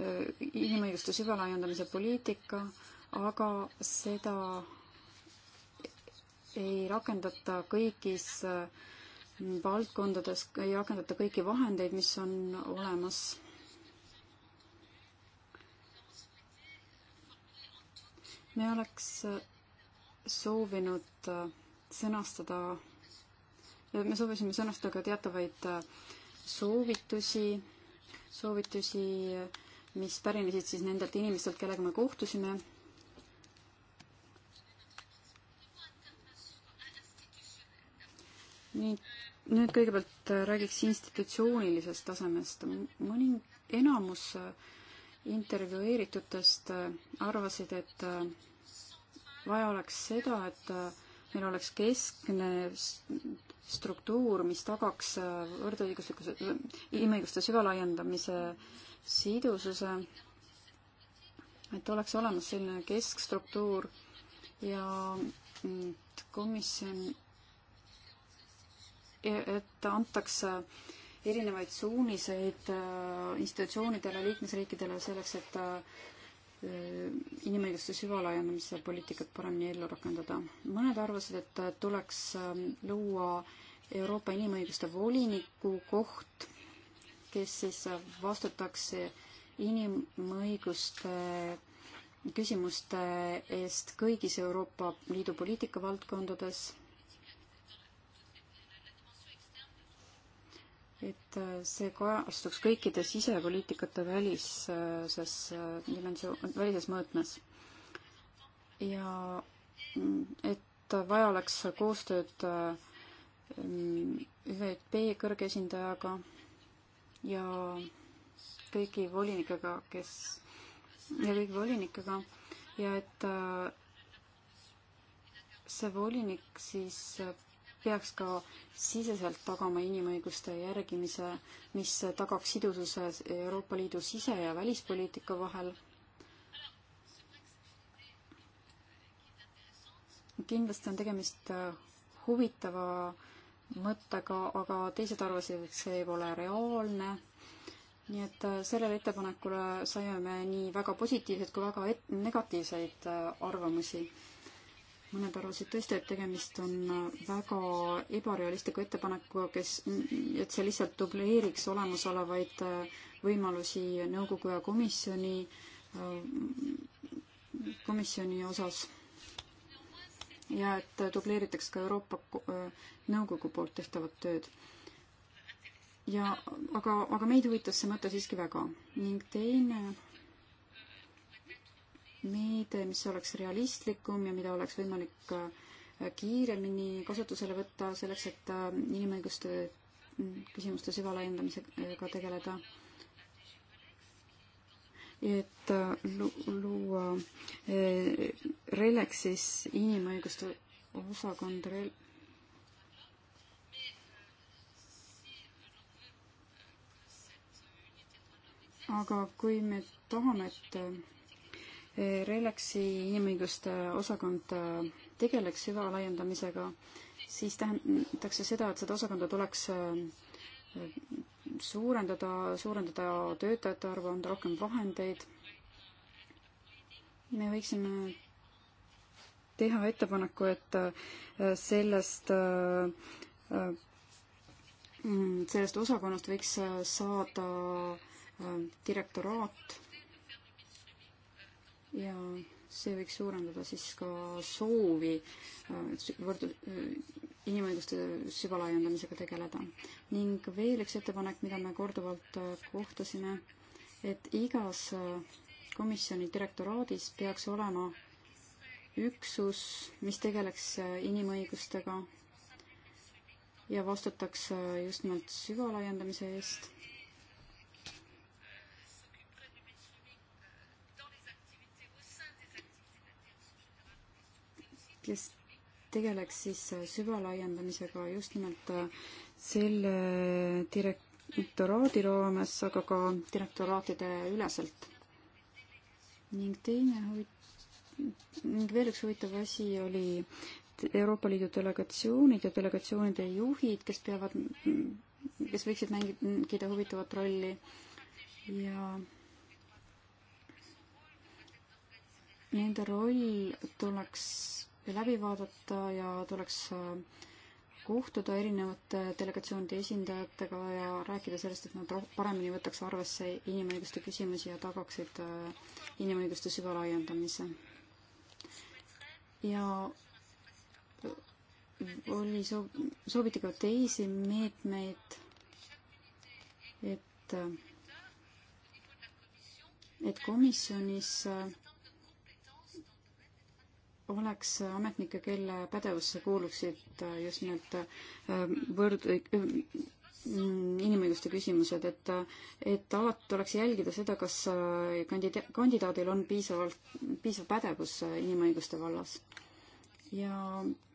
inimõiguste süvalaiendamise poliitika, aga seda ei rakendata kõigis äh, valdkondades, ei rakendata kõiki vahendeid, mis on olemas me oleks äh, soovinud äh, sõnastada, me soovisime sõnastada ka teatavaid soovitusi, soovitusi mis pärinesid siis nendelt inimestelt, kellega me kohtusime. nii, nüüd kõigepealt äh, räägiks institutsioonilisest tasemest. mõning-, enamus äh, intervjueeritutest äh, arvasid, et vaja oleks seda, et meil oleks keskne struktuur, mis tagaks võrdõiguslikkuse, inimõiguste süvalaiendamise äh, sidususe, et oleks olemas selline keskstruktuur ja komisjon, et antakse erinevaid suuniseid äh, institutsioonidele, liikmesriikidele selleks, et äh, inimõiguste süvalaiendamise poliitikat paremini ellu rakendada. mõned arvasid, et tuleks äh, luua Euroopa inimõiguste voliniku koht kes siis vastutaks inimõiguste küsimuste eest kõigis Euroopa Liidu poliitika valdkondades. et see kajastuks kõikide sisepoliitikate välises dimensioon, välises mõõtmes. ja et vaja oleks koostööd mm, ÜVP kõrge esindajaga ja kõigi volinikega, kes ja kõigi volinikega ja et äh, see volinik siis äh, peaks ka siseselt tagama inimõiguste järgimise, mis tagaks sidususe Euroopa Liidu sise- ja välispoliitika vahel. kindlasti on tegemist äh, huvitava äh, mõttega, aga teised arvasid, et see pole reaalne. nii et äh, sellele ettepanekule saime me nii väga positiivseid kui väga et-, negatiivseid äh, arvamusi. mõned arvasid tõesti, et tegemist on äh, väga ebarealistliku ettepanekuga, kes, mm, et see lihtsalt dubleeriks olemasolevaid võimalusi nõukogu ja komisjoni, mm, komisjoni osas ja et dubleeritaks ka Euroopa Nõukogu poolt tehtavat tööd. ja aga, aga meid huvitas see mõte siiski väga ning teine meede, mis oleks realistlikum ja mida oleks võimalik äh, kiiremini kasutusele võtta selleks, et äh, inimõiguste mm, küsimuste süvalaiendamisega tegeleda et äh, luua äh, Relexis inimõiguste osakond Rel-. aga kui me tahame, et äh, Relexi inimõiguste osakond tegeleks süvalaiendamisega, siis tähendaks see seda, et seda osakonda tuleks suurendada, suurendada töötajate arvu, anda rohkem vahendeid. me võiksime teha ettepaneku, et äh, sellest, äh, mm, sellest osakonnast võiks äh, saada direktoraat ja see võiks suurendada siis ka soovi äh, võrdu-, äh, inimõiguste süvalaiendamisega tegeleda. ning veel üks ettepanek, mida me korduvalt äh, kohtasime, et igas komisjoni direktoraadis peaks olema üksus, mis tegeleks inimõigustega ja vastutaks just nimelt süvalaiendamise eest kes tegeleks siis süvalaiendamisega just nimelt äh, selle direktoraadi raames, aga ka direktoraatide üleselt. ning teine huvit-, ning veel üks huvitav asi oli Euroopa Liidu delegatsioonid ja delegatsioonide juhid, kes peavad, kes võiksid mängida huvitavat rolli ja nende roll tuleks läbi vaadata ja tuleks äh, kohtuda erinevate delegatsioonide esindajatega ja rääkida sellest, et nad paremini võtaks arvesse inimõiguste küsimusi ja tagaksid äh, inimõiguste süvalaiendamise. ja äh, oli soov, sooviti ka teisi meetmeid, et, et komisjonis äh, oleks ametnikke, kelle pädevusse kuuluksid äh, just nimelt äh, võrd-, äh, mm, inimõiguste küsimused, et, et alati tuleks jälgida seda, kas kandida-, kandidaadil on piisavalt, piisav pädevus inimõiguste vallas. ja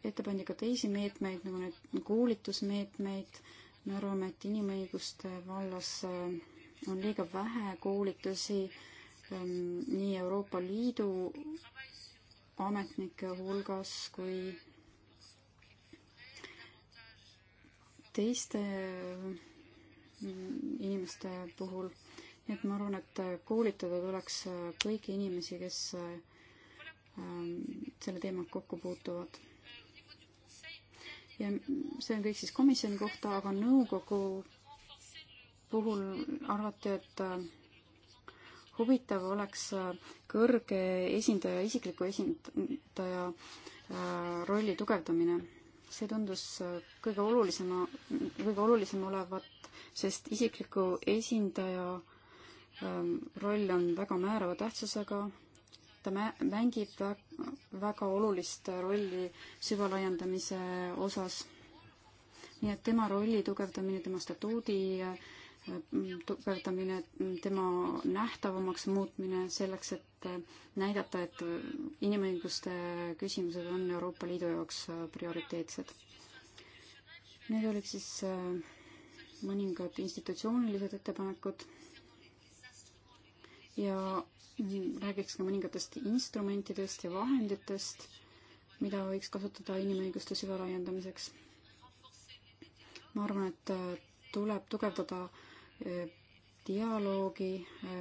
ette pandi ka teisi meetmeid, nagu need koolitusmeetmeid, me arvame, et inimõiguste vallas on liiga vähe koolitusi ähm, nii Euroopa Liidu ametnike hulgas kui teiste inimeste puhul. nii et ma arvan, et koolitada tuleks kõiki inimesi, kes ähm, selle teemaga kokku puutuvad. ja see on kõik siis komisjoni kohta, aga nõukogu puhul arvati, et äh, huvitav oleks äh, kõrge esindaja, isikliku esindaja äh, rolli tugevdamine. see tundus äh, kõige olulisema, kõige olulisem olevat, sest isikliku esindaja ähm, roll on väga määrava tähtsusega, ta mängib väga olulist rolli süvalaiendamise osas. nii et tema rolli tugevdamine, tema statuudi äh, tugevdamine, tema nähtavamaks muutmine selleks, et näidata, et inimõiguste küsimused on Euroopa Liidu jaoks prioriteetsed. Need olid siis äh, mõningad institutsioonilised ettepanekud ja räägiks ka mõningatest instrumentidest ja vahenditest, mida võiks kasutada inimõiguste süvalaiendamiseks. ma arvan, et äh, tuleb tugevdada äh, dialoogi,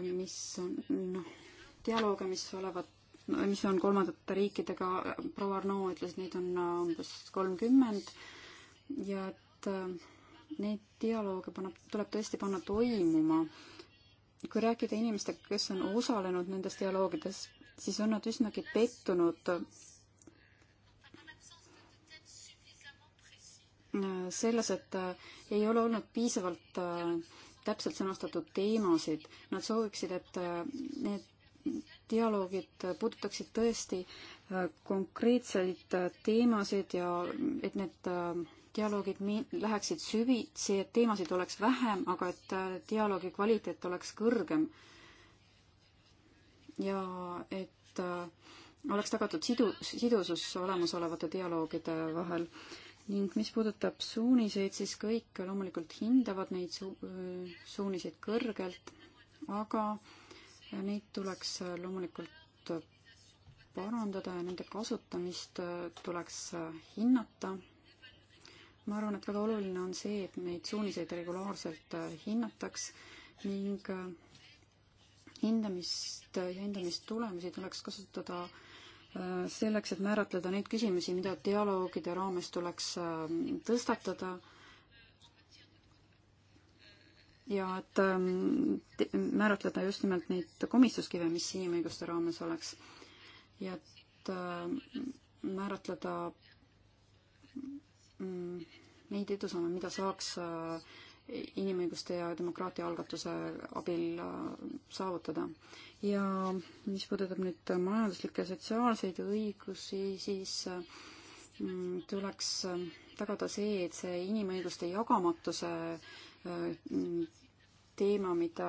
mis on noh, dialoog, mis olevat, mis on kolmandate riikidega, proua Arno ütles, neid on äh, umbes kolmkümmend ja et äh, neid dialoogi paneb, tuleb tõesti panna toimuma. kui rääkida inimestega, kes on osalenud nendes dialoogides, siis on nad üsnagi pettunud äh, selles, et ei ole olnud piisavalt täpselt sõnastatud teemasid, nad sooviksid, et äh, need dialoogid puudutaksid tõesti äh, konkreetseid äh, teemasid ja et need dialoogid läheksid süvitsi, et teemasid oleks vähem, aga et dialoogi kvaliteet oleks kõrgem. ja et oleks tagatud sidu, sidusus olemasolevate dialoogide vahel ning mis puudutab suuniseid, siis kõik loomulikult hindavad neid su-, suuniseid kõrgelt, aga neid tuleks loomulikult parandada ja nende kasutamist tuleks hinnata. ma arvan, et väga oluline on see, et neid suuniseid regulaarselt hinnataks ning hindamist ja hindamistulemusi tuleks kasutada äh, selleks, et määratleda neid küsimusi, mida dialoogide raames tuleks ähm, tõstatada ja et ähm, määratleda just nimelt neid komistuskive, mis inimõiguste raames oleks. ja et ähm, määratleda mm, neid edusamme, mida saaks äh, inimõiguste ja demokraatia algatuse abil äh, saavutada. ja mis puudutab nüüd majanduslikke ja sotsiaalseid õigusi, siis äh, mm, tuleks äh, tagada see, et see inimõiguste jagamatuse mm, teema, mida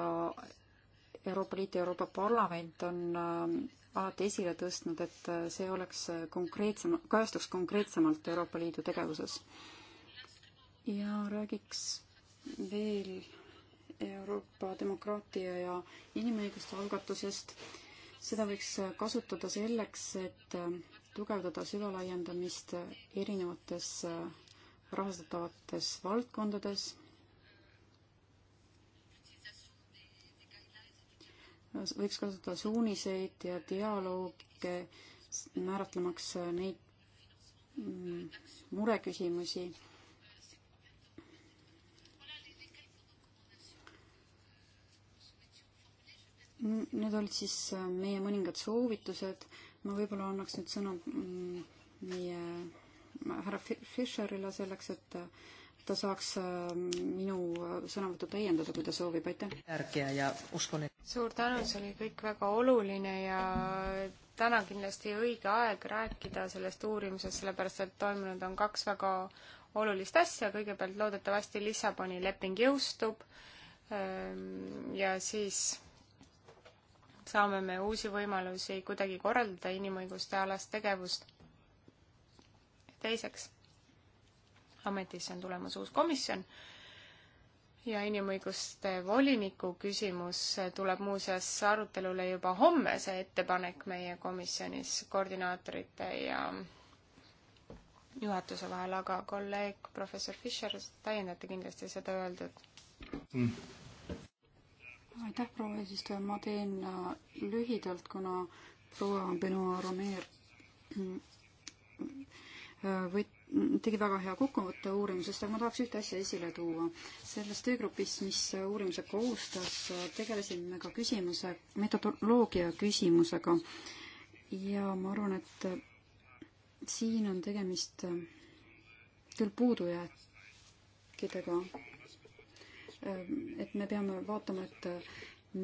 Euroopa Liit ja Euroopa Parlament on alati esile tõstnud, et see oleks konkreetsem, kajastuks konkreetsemalt Euroopa Liidu tegevuses. ja räägiks veel Euroopa demokraatia ja inimõiguste algatusest. seda võiks kasutada selleks, et tugevdada süvalaiendamist erinevates rahastatavates valdkondades. võiks kasutada suuniseid ja dialoogi, määratlemaks neid mm, mureküsimusi Need olid siis äh, meie mõningad soovitused. ma võib-olla annaks nüüd sõna mm, meie härra Fischerile selleks, et äh, ta saaks äh, minu sõnavõttu täiendada, kui ta soovib, aitäh. järgija ja uskun, et suur tänu, see oli kõik väga oluline ja täna kindlasti õige aeg rääkida sellest uurimusest, sellepärast et toimunud on kaks väga olulist asja, kõigepealt loodetavasti Lissaboni leping jõustub ehm, ja siis saame me uusi võimalusi kuidagi korraldada inimõiguste alast tegevust. teiseks, ametisse on tulemas uus komisjon ja inimõiguste voliniku küsimus tuleb muuseas arutelule juba homme, see ettepanek meie komisjonis koordinaatorite ja juhatuse vahel, aga kolleeg professor Fischer, täiendate kindlasti seda öeldud mm.? aitäh, proua eesistuja, ma teen äh, lühidalt, kuna proua Benoit Romeer mm, äh, võt-, tegi väga hea kokkuvõtte uurimusest, aga ma tahaks ühte asja esile tuua. selles töögrupis, mis uurimuse koostas, äh, tegelesime ka küsimuse, metodoloogia küsimusega. ja ma arvan, et siin on tegemist küll puudujääkidega Äh, et me peame vaatama, et äh,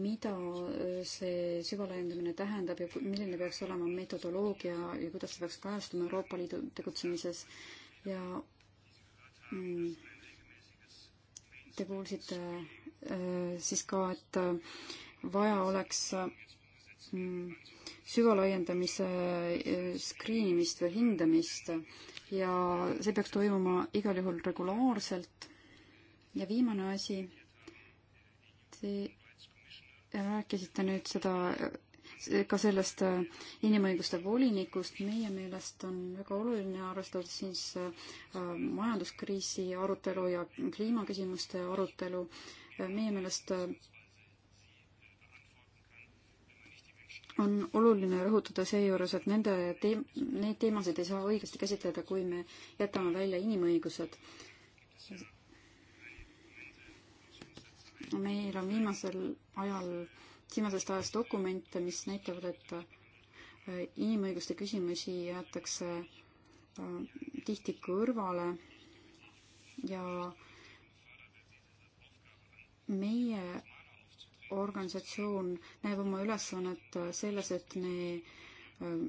mida äh, see süvalaiendamine tähendab ja milline peaks olema metodoloogia ja kuidas see peaks kajastuma Euroopa Liidu tegutsemises ja mm, te kuulsite siis ka, et vaja oleks mm, süvalaiendamise screen imist või hindamist ja see peaks toimuma igal juhul regulaarselt ja viimane asi, te rääkisite nüüd seda, ka sellest äh, inimõiguste volinikust, meie meelest on väga oluline, arvestades siis äh, majanduskriisi arutelu ja kliimaküsimuste arutelu, äh, meie meelest on oluline rõhutada seejuures, et nende teem-, neid teemasid ei saa õigesti käsitleda, kui me jätame välja inimõigused meil on viimasel ajal, viimasest ajast dokumente, mis näitavad, et äh, inimõiguste küsimusi jäetakse äh, tihti kõrvale ja meie organisatsioon näeb oma ülesannet selles, et me äh,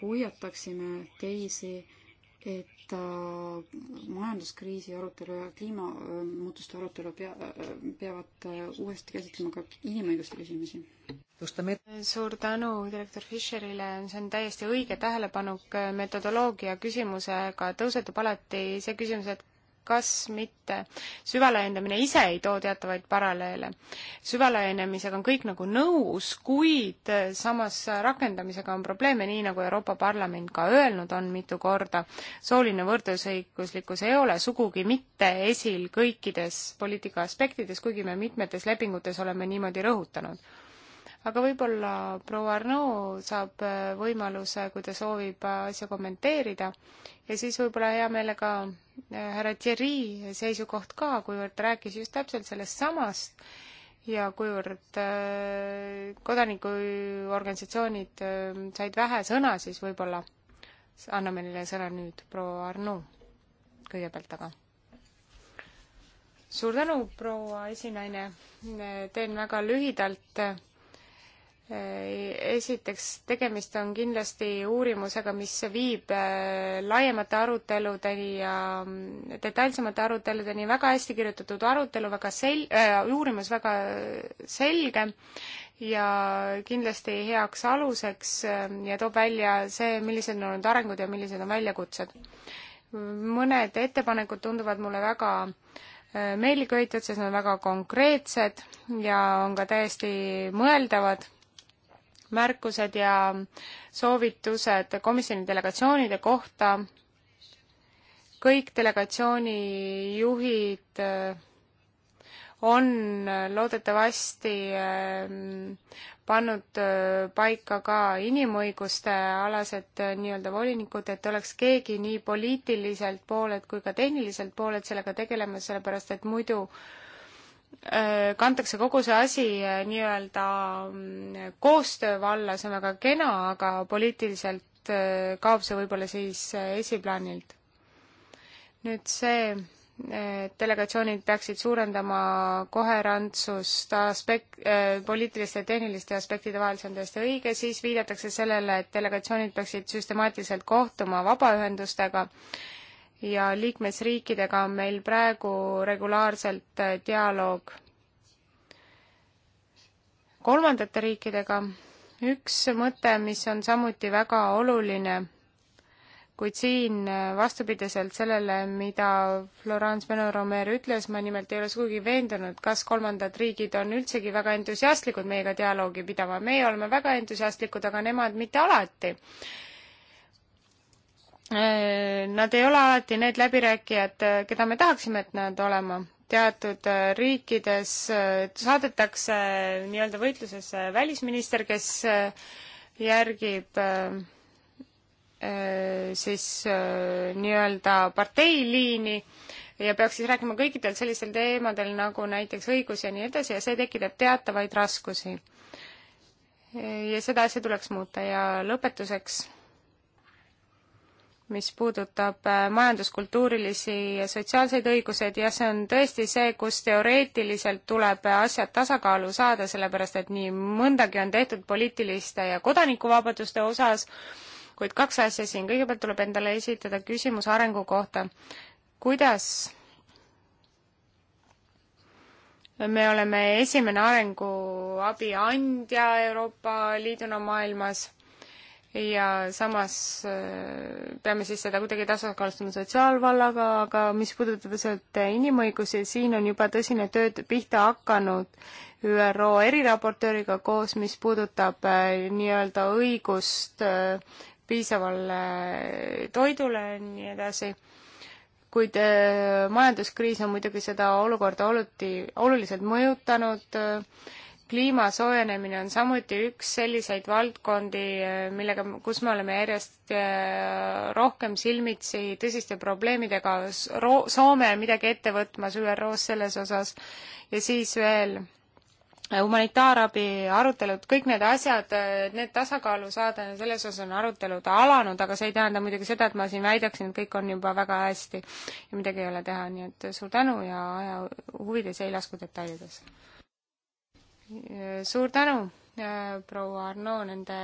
hoiataksime teisi äh, et äh, majanduskriisi arutelu ja kliimamuutuste arutelu pea, äh, peavad äh, uuesti käsitlema ka inimõiguste küsimusi. suur tänu direktor Fischerile, see on täiesti õige tähelepanuk metodoloogia küsimusega, tõusetub alati see küsimus, et kas mitte süvalaiendamine ise ei too teatavaid paralleele. süvalaiendamisega on kõik nagu nõus, kuid samas rakendamisega on probleeme, nii nagu Euroopa Parlament ka öelnud on mitu korda. sooline võrdõiguslikkus ei ole sugugi mitte esil kõikides poliitika aspektides, kuigi me mitmetes lepingutes oleme niimoodi rõhutanud aga võib-olla proua Arnaud saab võimaluse, kui ta soovib asja kommenteerida ja siis võib-olla hea meelega härra Thierry seisukoht ka, kuivõrd ta rääkis just täpselt sellest samast ja kuivõrd äh, kodanikuorganisatsioonid äh, said vähe sõna, siis võib-olla anname neile sõna nüüd, proua Arnu kõigepealt aga. suur tänu, proua esinaine, teen väga lühidalt esiteks, tegemist on kindlasti uurimusega, mis viib äh, laiemate aruteludeni ja mm, detailsemate aruteludeni, väga hästi kirjutatud arutelu, väga sel- äh,, uurimus väga selge ja kindlasti heaks aluseks äh, ja toob välja see, millised on olnud arengud ja millised on väljakutsed. mõned ettepanekud tunduvad mulle väga äh, meeliköitjad, sest nad on väga konkreetsed ja on ka täiesti mõeldavad märkused ja soovitused komisjoni delegatsioonide kohta. kõik delegatsiooni juhid eh, on loodetavasti eh, pannud eh, paika ka inimõiguste alased nii-öelda volinikud, et oleks keegi nii poliitiliselt poolelt kui ka tehniliselt poolelt sellega tegelema, sellepärast et muidu äh, Äh, kantakse kogu see asi äh, nii-öelda mm, koostöö valla, see on väga kena, aga poliitiliselt äh, kaob see võib-olla siis esiplaanilt. nüüd see, et delegatsioonid peaksid suurendama koherantsust aspekt-, poliitiliste ja tehniliste aspektide vahel, see on täiesti õige, siis viidatakse sellele, et delegatsioonid peaksid süstemaatiliselt kohtuma vabaühendustega ja liikmesriikidega on meil praegu regulaarselt äh, dialoog kolmandate riikidega. üks mõte, mis on samuti väga oluline, kuid siin äh, vastupidiselt sellele, mida Florence Meno-Romer ütles, ma nimelt ei ole sugugi veendunud, kas kolmandad riigid on üldsegi väga entusiastlikud meiega dialoogi pidama. meie oleme väga entusiastlikud, aga nemad mitte alati Äh, nad ei ole alati need läbirääkijad, äh, keda me tahaksime, et nad olema. teatud äh, riikides saadetakse nii-öelda võitlusesse välisminister, kes järgib siis nii-öelda parteiliini ja peaks siis rääkima kõikidel sellistel teemadel nagu näiteks õigus ja nii edasi ja see tekitab teatavaid raskusi. ja seda asja tuleks muuta ja lõpetuseks mis puudutab äh, majanduskultuurilisi ja sotsiaalseid õiguseid ja see on tõesti see, kus teoreetiliselt tuleb asjad tasakaalu saada, sellepärast et nii mõndagi on tehtud poliitiliste ja kodanikuvabaduste osas, kuid kaks asja siin, kõigepealt tuleb endale esitada küsimus arengu kohta. kuidas me oleme esimene arenguabi andja Euroopa Liiduna maailmas ja samas äh, peame siis seda kuidagi tasakaalustama sotsiaalvallaga, aga mis puudutab sealt inimõigusi, siin on juba tõsine tööd pihta hakanud ÜRO eriraportööriga koos, mis puudutab äh, nii-öelda õigust äh, piisavale toidule ja nii edasi. kuid majanduskriis on muidugi seda olukorda oluti, oluliselt mõjutanud äh, kliima soojenemine on samuti üks selliseid valdkondi, eh, millega, kus me oleme järjest eh, rohkem silmitsi tõsiste probleemidega. Soome on midagi ette võtmas ÜRO-s selles osas ja siis veel eh, humanitaarabi arutelud, kõik need asjad, need tasakaalu saada, selles osas on arutelud alanud, aga see ei tähenda muidugi seda, et ma siin väidaksin, et kõik on juba väga hästi ja midagi ei ole teha, nii et suur tänu ja aja huvides ei lasku detailidesse suur tänu, äh, proua Arno, nende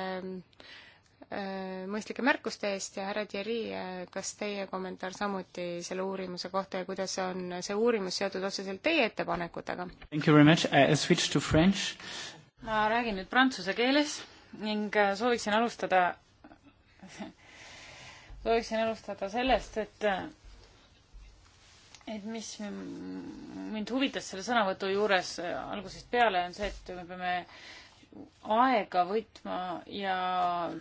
äh, mõistlike märkuste eest ja härra Thierry, äh, kas teie kommentaar samuti selle uurimuse kohta ja kuidas on see uurimus seotud otseselt teie ettepanekutega? ma räägin nüüd prantsuse keeles ning sooviksin alustada, sooviksin alustada sellest, et et mis mind huvitas selle sõnavõtu juures äh, algusest peale, on see, et me peame aega võtma ja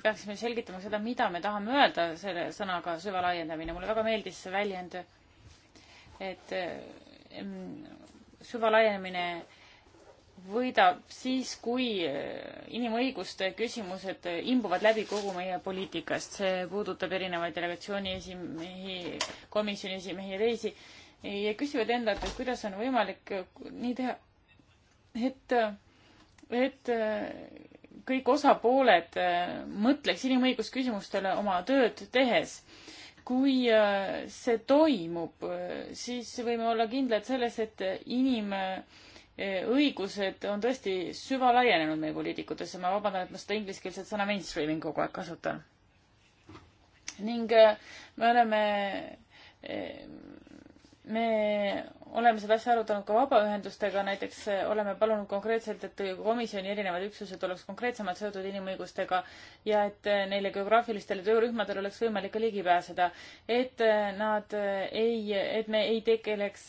peaksime selgitama seda, mida me tahame öelda selle sõnaga süvalaiendamine. mulle väga meeldis see väljend, et äh, süvalaiendamine võidab siis, kui äh, inimõiguste küsimused imbuvad läbi kogu meie poliitikast. see puudutab erinevaid delegatsiooni esimehi, komisjoni esimehi ja teisi ja küsivad endalt, et kuidas on võimalik nii teha, et, et äh, kõik osapooled äh, mõtleks inimõigusküsimustele oma tööd tehes. kui äh, see toimub, siis võime olla kindlad selles, et inimõigused on tõesti süvalaienenud meie poliitikutesse. ma vabandan, et ma seda ingliskeelset sõna mainstreaming kogu aeg kasutan. ning me oleme me oleme seda asja arutanud ka vabaühendustega, näiteks eh, oleme palunud konkreetselt, et komisjoni erinevad üksused oleks konkreetsemalt seotud inimõigustega ja et eh, neile geograafilistele töörühmadele oleks võimalik ka ligi pääseda. et eh, nad ei, et me ei tegeleks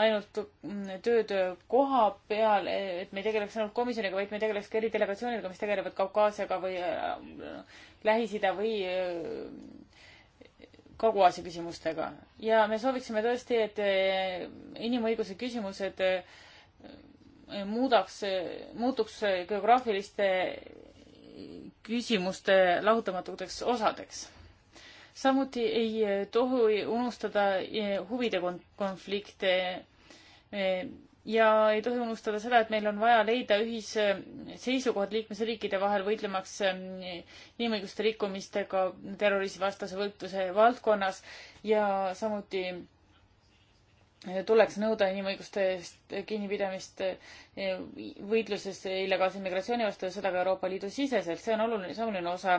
ainult mm, tööd koha peal, et me ei tegeleks ainult komisjoniga, vaid me tegeleks ka eridelegatsioonidega, mis tegelevad Kaukaasiaga või Lähis-Ida või Kagu-Aasia küsimustega ja me sooviksime tõesti, et eh, inimõiguse küsimused eh, muudaks, muutuks geograafiliste küsimuste lahutamatuteks osadeks. samuti ei tohi unustada eh, huvide konflikte ja ei tohi unustada seda, et meil on vaja leida ühisseisukohad liikmesriikide vahel võitlemaks ähm, inimõiguste rikkumistega terrorismivastase võitluse valdkonnas ja samuti tuleks nõuda inimõiguste eest kinnipidamist e, võitluses illegaalse immigratsiooni vastu ja seda ka Euroopa Liidu siseselt. see on oluline, see on oluline osa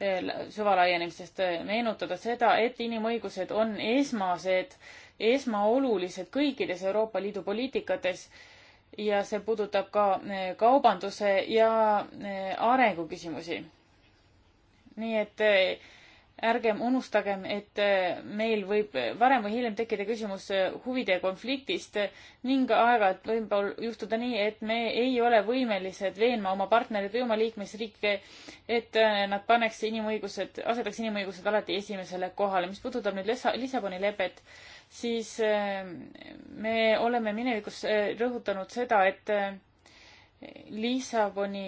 e, süvalaienemisest, meenutada seda, et inimõigused on esmased, esmaolulised kõikides Euroopa Liidu poliitikates ja see puudutab ka e, kaubanduse ja arengu küsimusi. nii et ärgem unustagem, et äh, meil võib varem või hiljem tekkida küsimus äh, huvide konfliktist ning aeg-ajalt võib juhtuda nii, et me ei ole võimelised veenma oma partnereid või oma liikmesriike, et äh, nad paneks inimõigused, asetaks inimõigused alati esimesele kohale. mis puudutab nüüd Lissaboni lepet, siis me oleme minevikus rõhutanud seda, et Lissaboni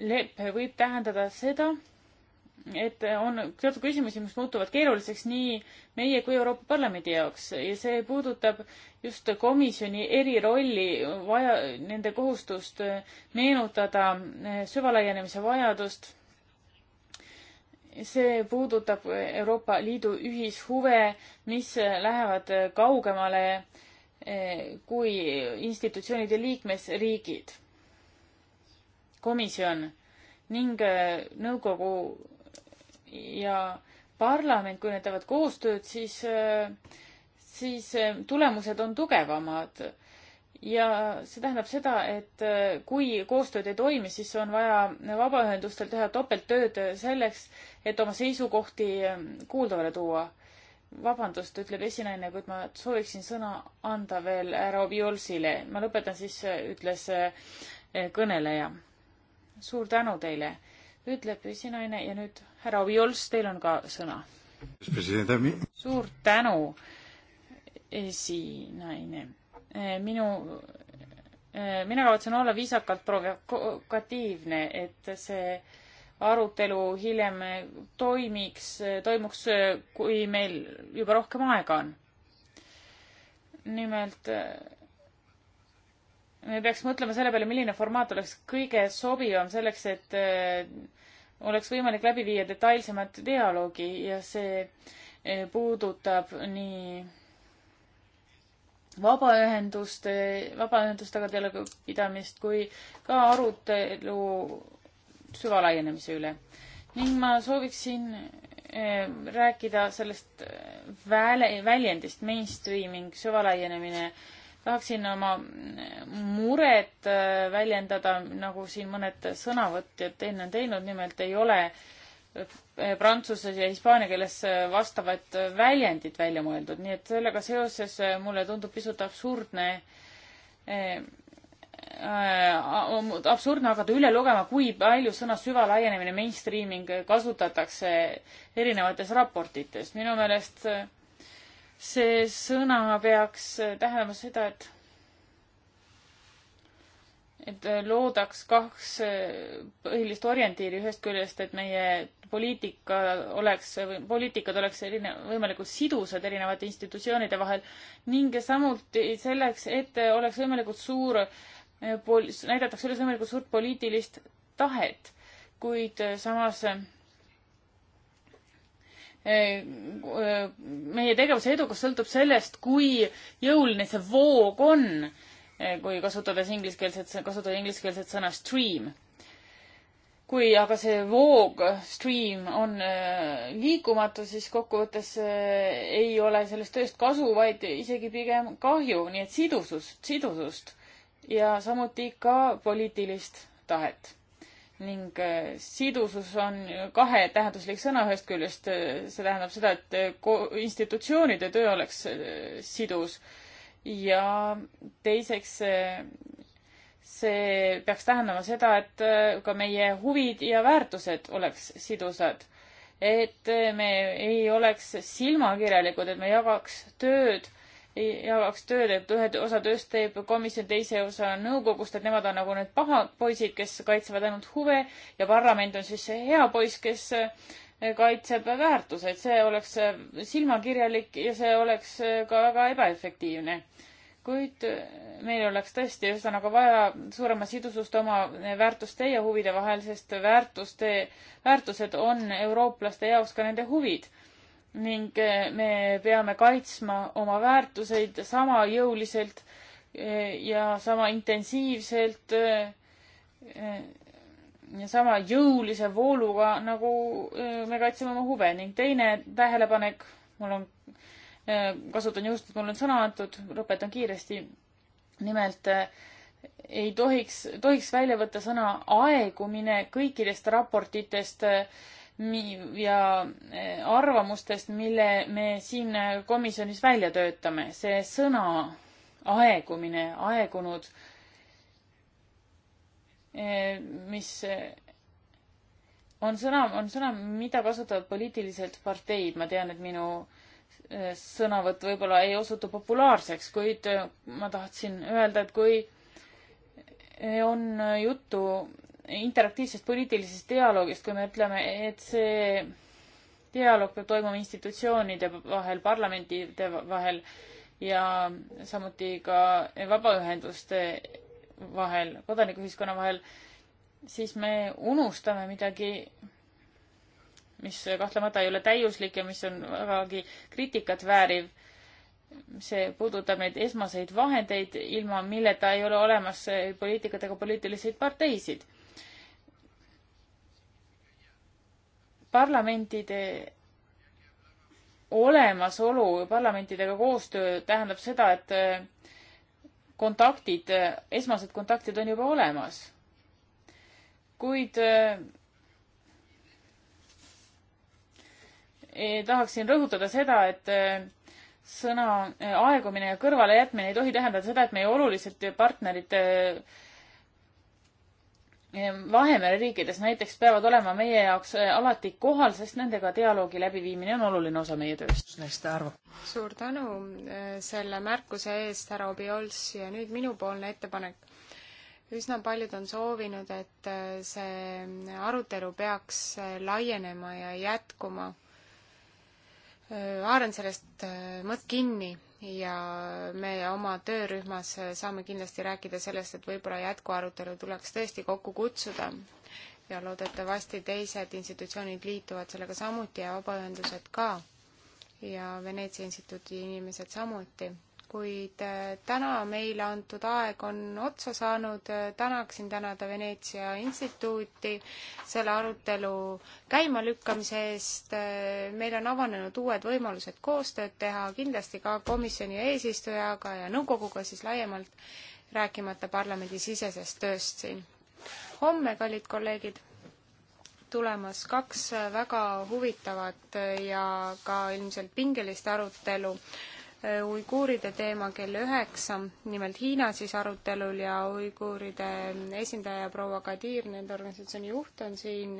lepe võib tähendada seda, et on teatud küsimusi, mis muutuvad keeruliseks nii meie kui Euroopa Parlamendi jaoks ja see puudutab just komisjoni erirolli, vaja, nende kohustust meenutada süvalaienemise vajadust. see puudutab Euroopa Liidu ühishuve, mis lähevad kaugemale eh, kui institutsioonid ja liikmesriigid. komisjon ning eh, nõukogu ja parlament, kui nad teevad koostööd, siis, siis eh, tulemused on tugevamad. ja see tähendab seda, et eh, kui koostööd ei toimi, siis on vaja vabaühendustel teha topelttööd selleks, et oma seisukohti eh, kuuldavale tuua. vabandust, ütleb esinaine, kuid ma sooviksin sõna anda veel härra Obiolsile. ma lõpetan siis, ütles kõneleja. suur tänu teile, ütleb esinaine ja nüüd härra Viols, teil on ka sõna. suur tänu, esinaine. Eh, minu, eh, mina kavatsen olla viisakalt provokatiivne, et see arutelu hiljem toimiks, toimuks, kui meil juba rohkem aega on. nimelt eh, me peaks mõtlema selle peale, milline formaat oleks kõige sobivam selleks, et oleks võimalik läbi viia detailsemat dialoogi ja see eh, puudutab nii vabaühenduste, vabaühendustega dialoogi pidamist kui ka arutelu süvalaienemise üle. ning ma sooviksin eh, rääkida sellest väle, väljendist mainstreaming, süvalaienemine äh, tahaksin oma muret äh, väljendada, nagu siin mõned sõnavõtjad enne on teinud, nimelt ei ole äh, prantsuse ja hispaania keeles äh, vastavad väljendid välja mõeldud, nii et sellega seoses mulle tundub pisut absurdne absurdne hakata üle lugema, kui palju sõna süvalaienemine, mainstreaming kasutatakse erinevates raportites. minu meelest see sõna peaks tähendama seda, et et loodaks kaks põhilist orientiiri, ühest küljest, et meie poliitika oleks, poliitikad oleks erine-, võimalikult sidusad erinevate institutsioonide vahel ning samuti selleks, et oleks võimalikult suur, näidataks üles võimalikult suurt poliitilist tahet, kuid samas meie tegevuse edukus sõltub sellest, kui jõuline see voog on, kui kasutades ingliskeelset, kasutada ingliskeelset sõna stream. kui aga see voog, stream on äh, liikumatu, siis kokkuvõttes äh, ei ole sellest tööst kasu, vaid isegi pigem kahju, nii et sidusust, sidusust ja samuti ka poliitilist tahet ning äh, sidusus on kahetähenduslik sõna ühest küljest, see tähendab seda, et äh, institutsioonide töö oleks äh, sidus ja teiseks see peaks tähendama seda, et ka meie huvid ja väärtused oleks sidusad. et me ei oleks silmakirjalikud, et me jagaks tööd jaoks tööd, et ühe osa tööst teeb komisjon, teise osa nõukogust, et nemad on nagu need pahad poisid, kes kaitsevad ainult huve ja parlament on siis see hea poiss, kes eh, kaitseb väärtuseid, see oleks eh, silmakirjalik ja see oleks eh, ka väga ebaefektiivne. kuid meil oleks tõesti ühesõnaga vaja suuremat sidusust oma väärtuste ja huvide vahel, sest väärtuste, väärtused on eurooplaste jaoks ka nende huvid ning eh, me peame kaitsma oma väärtuseid sama jõuliselt eh, ja sama intensiivselt eh, ja sama jõulise vooluga, nagu me kaitseme oma huve ning teine tähelepanek, mul on, kasutan juhust, et mul on sõna antud, lõpetan kiiresti. nimelt ei tohiks, tohiks välja võtta sõna aegumine kõikidest raportitest äh, ja eh, arvamustest, mille me siin komisjonis välja töötame. see sõna aegumine, aegunud, eh, mis eh, on sõna, on sõna, mida kasutavad poliitiliselt parteid. ma tean, et minu sõnavõtt võib-olla ei osutu populaarseks, kuid ma tahtsin öelda, et kui on juttu interaktiivsest poliitilisest dialoogist, kui me ütleme, et see dialoog peab toimuma institutsioonide vahel, parlamentide vahel ja samuti ka vabaühenduste vahel, kodanikuühiskonna vahel, siis me unustame midagi, mis kahtlemata ei ole täiuslik ja mis on vägagi kriitikat vääriv. see puudutab neid esmaseid vahendeid, ilma milleta ei ole olemas poliitikat ega poliitiliseid parteisid parlamentide olemasolu, parlamentidega koostöö tähendab seda, et eh, kontaktid, eh, esmased kontaktid on juba olemas. kuid eh, eh, tahaksin rõhutada seda, et eh, sõna eh, aegumine ja kõrvalejätmine ei tohi tähendada seda, et meie olulised partnerid eh, Ehm, Vahemere riikides näiteks peavad olema meie jaoks eh, alati kohal, sest nendega dialoogi läbiviimine on oluline osa meie tööst. suur tänu eh, selle märkuse eest, härra Obiols, ja nüüd minupoolne ettepanek. üsna paljud on soovinud, et eh, see arutelu peaks laienema ja jätkuma. haaran sellest mõtt kinni ja me oma töörühmas saame kindlasti rääkida sellest, et võib-olla jätkuarutelu tuleks tõesti kokku kutsuda ja loodetavasti teised institutsioonid liituvad sellega samuti ja vabaühendused ka ja Veneetsia instituudi inimesed samuti kuid äh, täna meile antud aeg on otsa saanud. Äh, tänaksin tänada Veneetsia instituuti selle arutelu käimalükkamise eest. Äh, meil on avanenud uued võimalused koostööd teha kindlasti ka komisjoni eesistujaga ja nõukoguga siis laiemalt, rääkimata parlamendisisesest tööst siin. homme, kallid kolleegid tulemas kaks väga huvitavat ja ka ilmselt pingelist arutelu uiguuride teema kell üheksa, nimelt Hiina siis arutelul ja uiguuride esindaja proua Kadir, nende organisatsiooni juht on siin,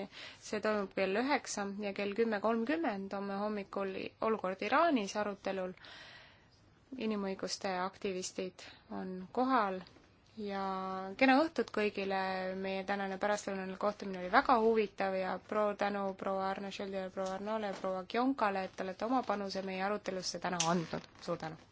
see toimub kell üheksa ja kell kümme kolmkümmend homme hommikul olukord Iraanis arutelul. inimõiguste aktivistid on kohal ja kena õhtut kõigile, meie tänane pärastlõunane kohtumine oli väga huvitav ja proua tänu proua Arne Schöldile, proua Arnole ja proua Kionkale, et te olete oma panuse meie arutelusse täna andnud, suur tänu!